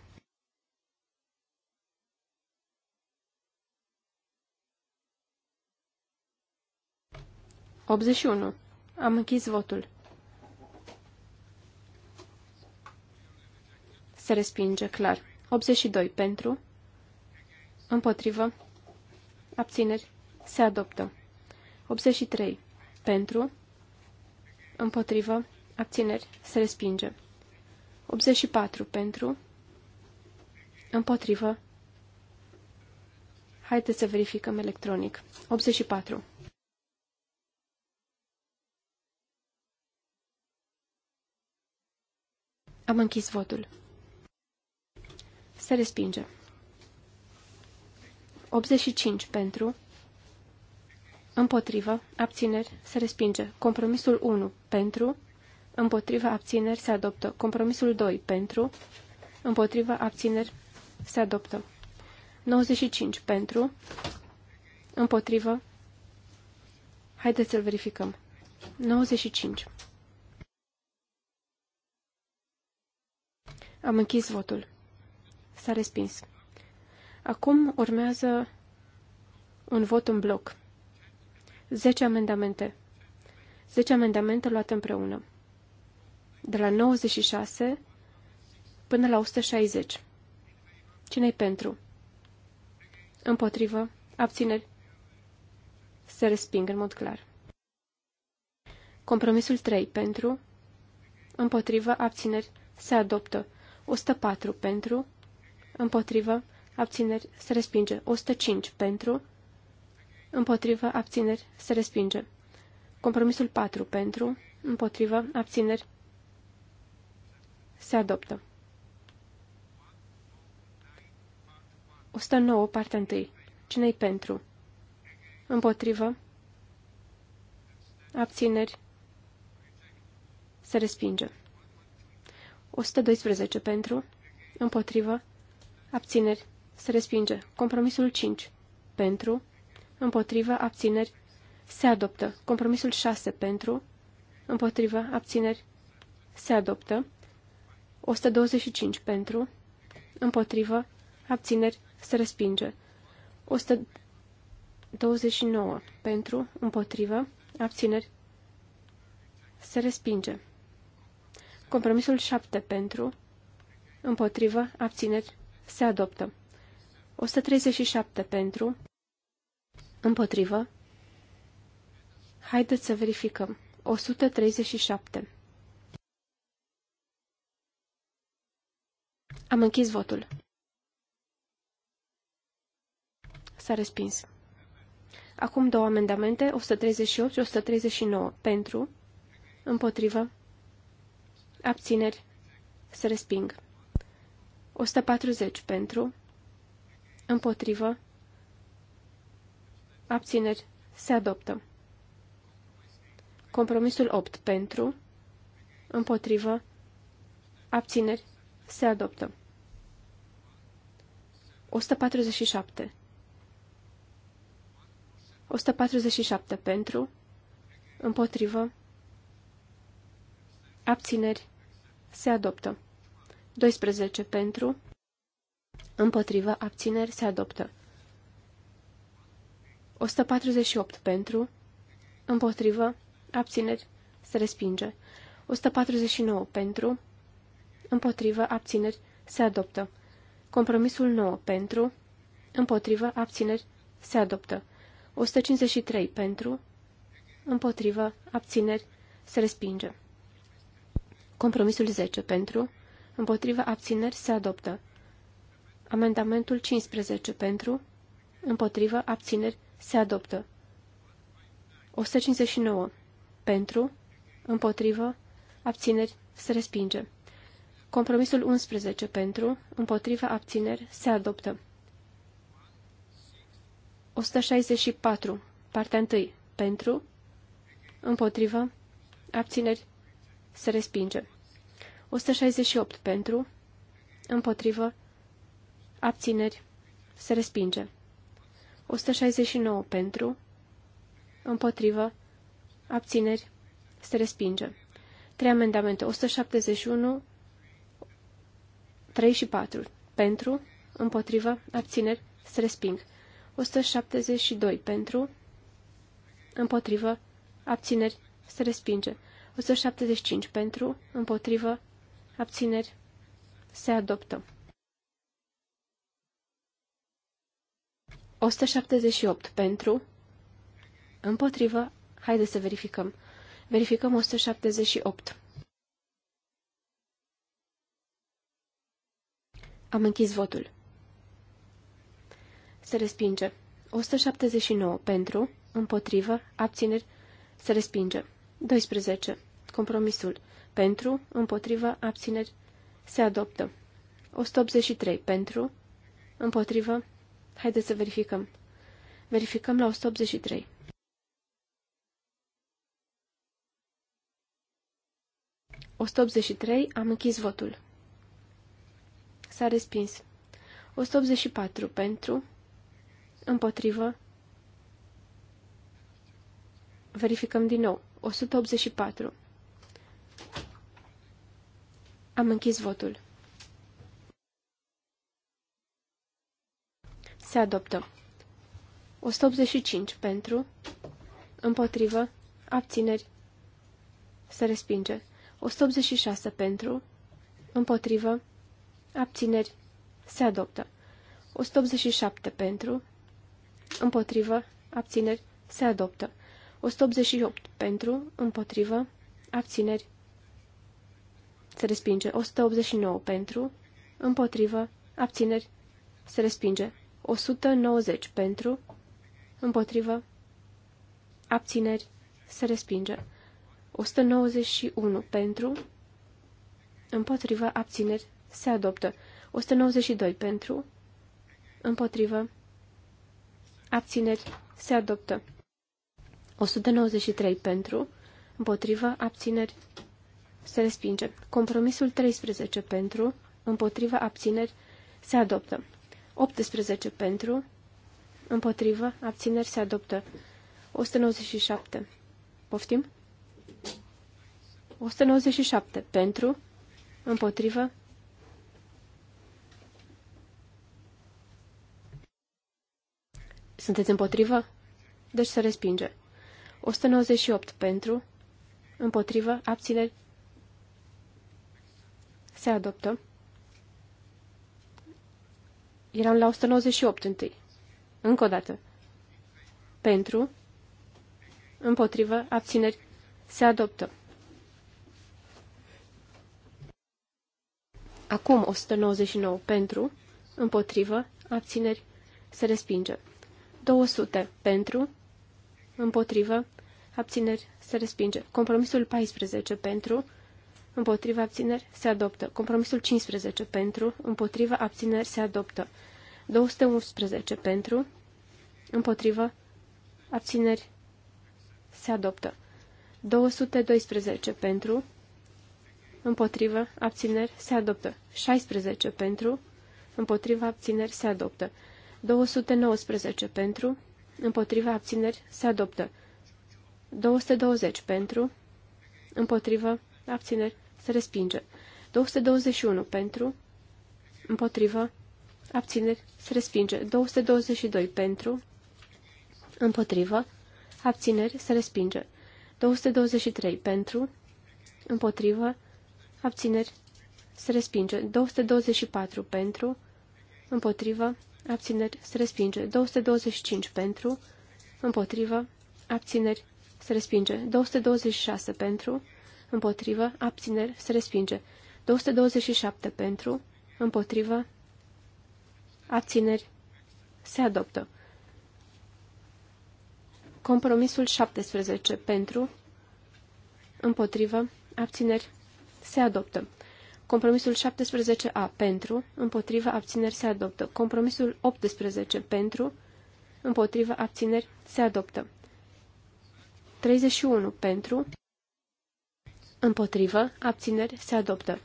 Optzeci Am închis votul. Se respinge, clar. 82 pentru, împotrivă, abțineri, se adoptă. 83 pentru, împotrivă, abțineri, se respinge. 84 pentru, împotrivă, haideți să verificăm electronic. 84. Am închis votul. Se respinge. 85 pentru. Împotrivă. Abțineri. Se respinge. Compromisul 1 pentru. Împotrivă. Abțineri. Se adoptă. Compromisul 2 pentru. Împotrivă. Abțineri. Se adoptă. 95 pentru. Împotrivă. Haideți să-l verificăm. 95. Am închis votul. S-a respins. Acum urmează un vot în bloc. Zece amendamente. Zece amendamente luate împreună. De la 96 până la 160. Cine-i pentru? Împotrivă. Abțineri. Se resping în mod clar. Compromisul 3. Pentru. Împotrivă. Abțineri. Se adoptă. 104. Pentru împotrivă, abțineri, se respinge. 105 pentru, împotrivă, abțineri, se respinge. Compromisul 4 pentru, împotrivă, abțineri, se adoptă. 109, partea 1. Cine-i pentru? Împotrivă? Abțineri? Se respinge. 112 pentru? Împotrivă? Abțineri. Se respinge. Compromisul 5. Pentru. Împotrivă. Abțineri. Se adoptă. Compromisul 6. Pentru. Împotrivă. Abțineri. Se adoptă. 125. Pentru. Împotrivă. Abțineri. Se respinge. 129. Pentru. Împotrivă. Abțineri. Se respinge. Compromisul 7. Pentru. Împotrivă. Abțineri se adoptă. 137 pentru. Împotrivă. Haideți să verificăm. 137. Am închis votul. S-a respins. Acum două amendamente, 138 și 139. Pentru. Împotrivă. Abțineri. Se resping. 140 pentru, împotrivă, abțineri, se adoptă. Compromisul 8 pentru, împotrivă, abțineri, se adoptă. 147 147 pentru, împotrivă, abțineri, se adoptă. 12 pentru, împotrivă, abțineri, se adoptă. 148 pentru, împotrivă, abțineri, se respinge. 149 pentru, împotrivă, abțineri, se adoptă. Compromisul 9 pentru, împotrivă, abțineri, se adoptă. 153 pentru, împotrivă, abțineri, se respinge. Compromisul 10 pentru, împotriva abțineri se adoptă. Amendamentul 15 pentru, împotriva abțineri se adoptă. 159 pentru, împotrivă, abțineri se respinge. Compromisul 11 pentru, împotriva abțineri se adoptă. 164. Partea 1. Pentru, împotrivă, abțineri se respinge. 168 pentru, împotrivă, abțineri, se respinge. 169 pentru, împotrivă, abțineri, se respinge. Trei amendamente, 171, 3 și 4, pentru, împotrivă, abțineri, se resping. 172 pentru, împotrivă, abțineri, se respinge. 175 pentru, împotrivă, Abțineri. Se adoptă. 178 pentru. Împotrivă. Haideți să verificăm. Verificăm 178. Am închis votul. Se respinge. 179 pentru, împotrivă, abțineri, se respinge. 12. Compromisul pentru, împotrivă, abțineri, se adoptă. 183 pentru, împotrivă, haideți să verificăm. Verificăm la 183. O 183, am închis votul. S-a respins. 184 pentru, împotrivă, verificăm din nou, 184. Am închis votul. Se adoptă. 185 pentru, împotrivă, abțineri, se respinge. 186 pentru, împotrivă, abțineri, se adoptă. 187 pentru, împotrivă, abțineri, se adoptă. 188 pentru, împotrivă, abțineri, se respinge. 189 pentru, împotrivă, abțineri, se respinge. 190 pentru, împotrivă, abțineri, se respinge. 191 pentru, împotrivă, abțineri, se adoptă. 192 pentru, împotrivă, abțineri, se adoptă. 193 pentru, împotrivă, abțineri, se respinge. Compromisul 13 pentru, împotriva abțineri, se adoptă. 18 pentru, împotriva abțineri, se adoptă. 197. Poftim? 197 pentru, împotrivă, Sunteți împotrivă? Deci se respinge. 198 pentru, împotrivă, abțineri, se adoptă. Eram la 198 întâi. Încă o dată. Pentru. Împotrivă. Abțineri. Se adoptă. Acum 199 pentru, împotrivă, abțineri, se respinge. 200 pentru, împotrivă, abțineri, se respinge. Compromisul 14 pentru, împotriva abțineri se adoptă. Compromisul 15 pentru, împotriva abțineri se adoptă. 211 pentru, împotriva abțineri se adoptă. 212 pentru, Împotriva abțineri, se adoptă. 16 pentru, Împotriva abțineri, se adoptă. 219 pentru, Împotriva abțineri, se adoptă. 220 pentru, împotrivă, abțineri, se respinge. 221 pentru, împotrivă, abțineri, se respinge. 222 pentru, împotrivă, abțineri, se respinge. 223 pentru, împotrivă, abțineri, se respinge. 224 pentru, împotrivă, abțineri, se respinge. 225 pentru, împotrivă, abțineri, se respinge. 226 pentru, împotrivă, abțineri, se respinge. 227 pentru, împotrivă, abțineri, se adoptă. Compromisul 17 pentru, împotrivă, abțineri, se adoptă. Compromisul 17A pentru, împotrivă, abțineri, se adoptă. Compromisul 18 pentru, împotrivă, abțineri, se adoptă. 31 pentru, Împotrivă. Abțineri. Se adoptă.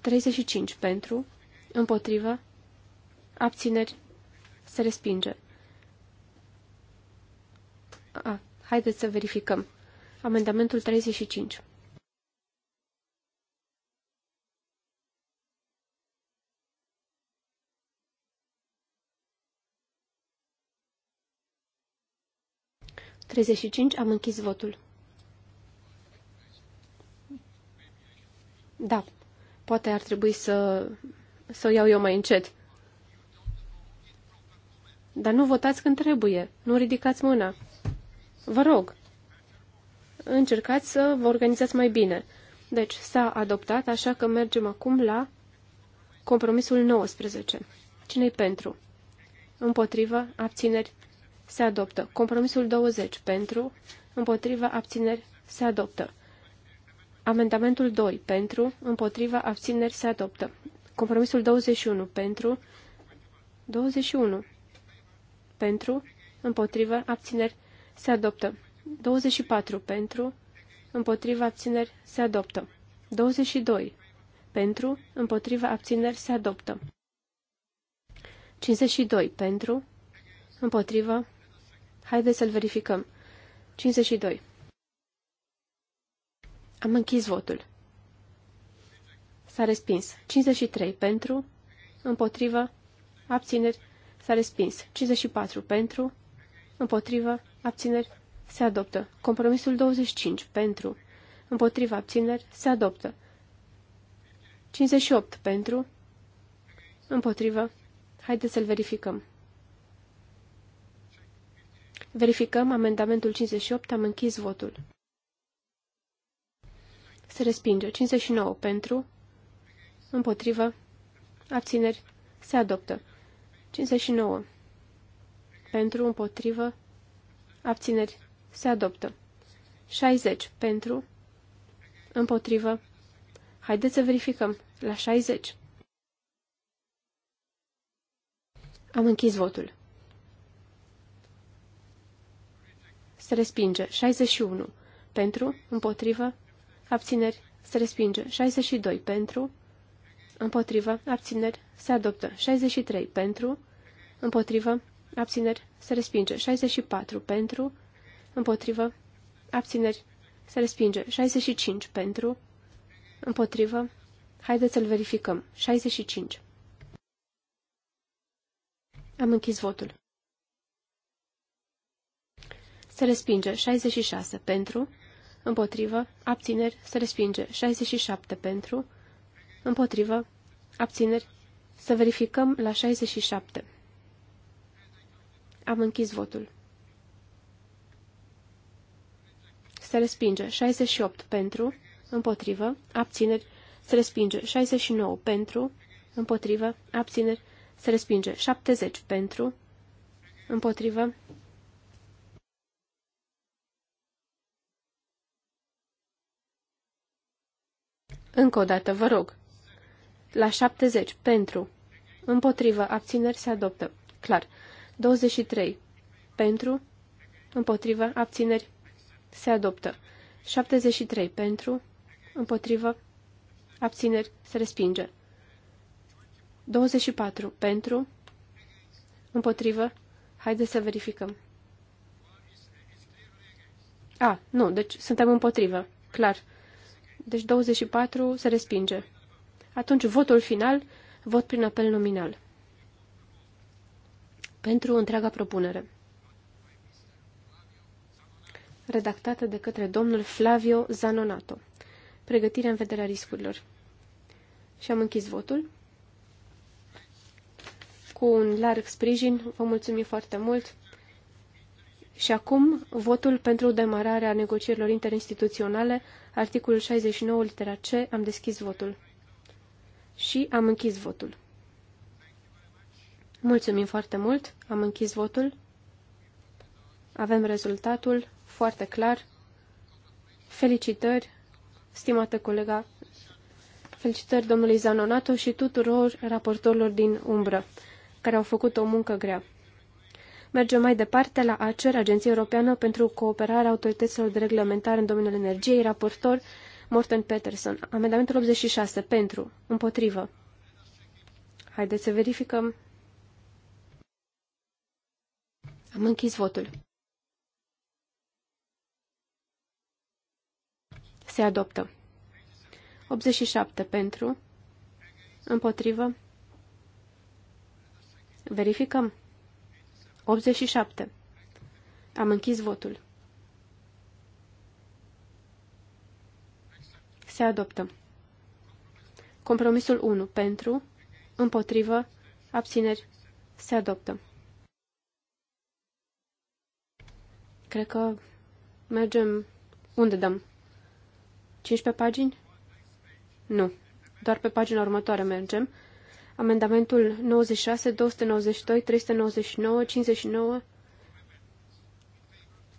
35. Pentru. Împotrivă. Abțineri. Se respinge. A, haideți să verificăm. Amendamentul 35. Treizeci și cinci. Am închis votul. Da, poate ar trebui să, să o iau eu mai încet. Dar nu votați când trebuie. Nu ridicați mâna. Vă rog. Încercați să vă organizați mai bine. Deci s-a adoptat, așa că mergem acum la compromisul 19. Cine-i pentru? Împotrivă, abțineri, se adoptă. Compromisul 20. Pentru, împotrivă, abțineri, se adoptă. Amendamentul 2. Pentru, împotriva, abțineri se adoptă. Compromisul 21. Pentru, 21. Pentru, împotriva, abțineri se adoptă. 24. Pentru, împotriva, abțineri se adoptă. 22. Pentru, împotriva, abțineri se adoptă. 52. Pentru, împotriva, haideți să-l verificăm. 52. Am închis votul. S-a respins. 53 pentru, împotrivă, abțineri, s-a respins. 54 pentru, împotrivă, abțineri, se adoptă. Compromisul 25 pentru, împotrivă, abțineri, se adoptă. 58 pentru, împotrivă, haideți să-l verificăm. Verificăm amendamentul 58, am închis votul. Se respinge. 59 pentru. Împotrivă. Abțineri. Se adoptă. 59 pentru. Împotrivă. Abțineri. Se adoptă. 60 pentru. Împotrivă. Haideți să verificăm. La 60. Am închis votul. Se respinge. 61. Pentru, împotrivă, abțineri, se respinge. 62 pentru, împotrivă, abțineri, se adoptă. 63 pentru, împotrivă, abțineri, se respinge. 64 pentru, împotrivă, abțineri, se respinge. 65 pentru, împotrivă, haideți să-l verificăm. 65. Am închis votul. Se respinge 66 pentru, împotrivă, abțineri, se respinge. 67 pentru, împotrivă, abțineri, să verificăm la 67. Am închis votul. Se respinge. 68 pentru, împotrivă, abțineri, se respinge. 69 pentru, împotrivă, abțineri, se respinge. 70 pentru, împotrivă, Încă o dată, vă rog. La 70. Pentru. Împotrivă. Abțineri se adoptă. Clar. 23. Pentru. Împotrivă. Abțineri se adoptă. 73. Pentru. Împotrivă. Abțineri se respinge. 24. Pentru. Împotrivă. Haideți să verificăm. A, nu, deci suntem împotrivă. Clar. Deci 24 se respinge. Atunci votul final, vot prin apel nominal. Pentru întreaga propunere. Redactată de către domnul Flavio Zanonato. Pregătirea în vederea riscurilor. Și am închis votul. Cu un larg sprijin, vă mulțumim foarte mult. Și acum, votul pentru demararea negocierilor interinstituționale, articolul 69, litera C, am deschis votul. Și am închis votul. Mulțumim foarte mult, am închis votul. Avem rezultatul foarte clar. Felicitări, stimată colega, felicitări domnului Zanonato și tuturor raportorilor din umbră, care au făcut o muncă grea. Mergem mai departe la ACER, Agenția Europeană pentru Cooperarea Autorităților de Reglementare în domeniul energiei, raportor Morten Peterson. Amendamentul 86. Pentru. Împotrivă. Haideți să verificăm. Am închis votul. Se adoptă. 87 pentru. Împotrivă. Verificăm. 87. Am închis votul. Se adoptă. Compromisul 1. Pentru, împotrivă, abțineri, se adoptă. Cred că mergem... Unde dăm? 15 pagini? Nu. Doar pe pagina următoare mergem amendamentul 96, 292, 399, 59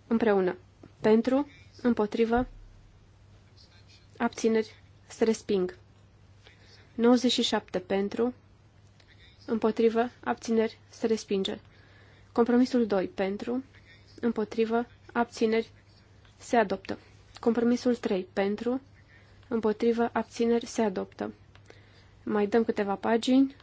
împreună. Pentru, împotrivă, abțineri, se resping. 97 pentru, împotrivă, abțineri, se respinge. Compromisul 2 pentru, împotrivă, abțineri, se adoptă. Compromisul 3 pentru, împotrivă, abțineri, se adoptă. Mai dăm câteva pagini.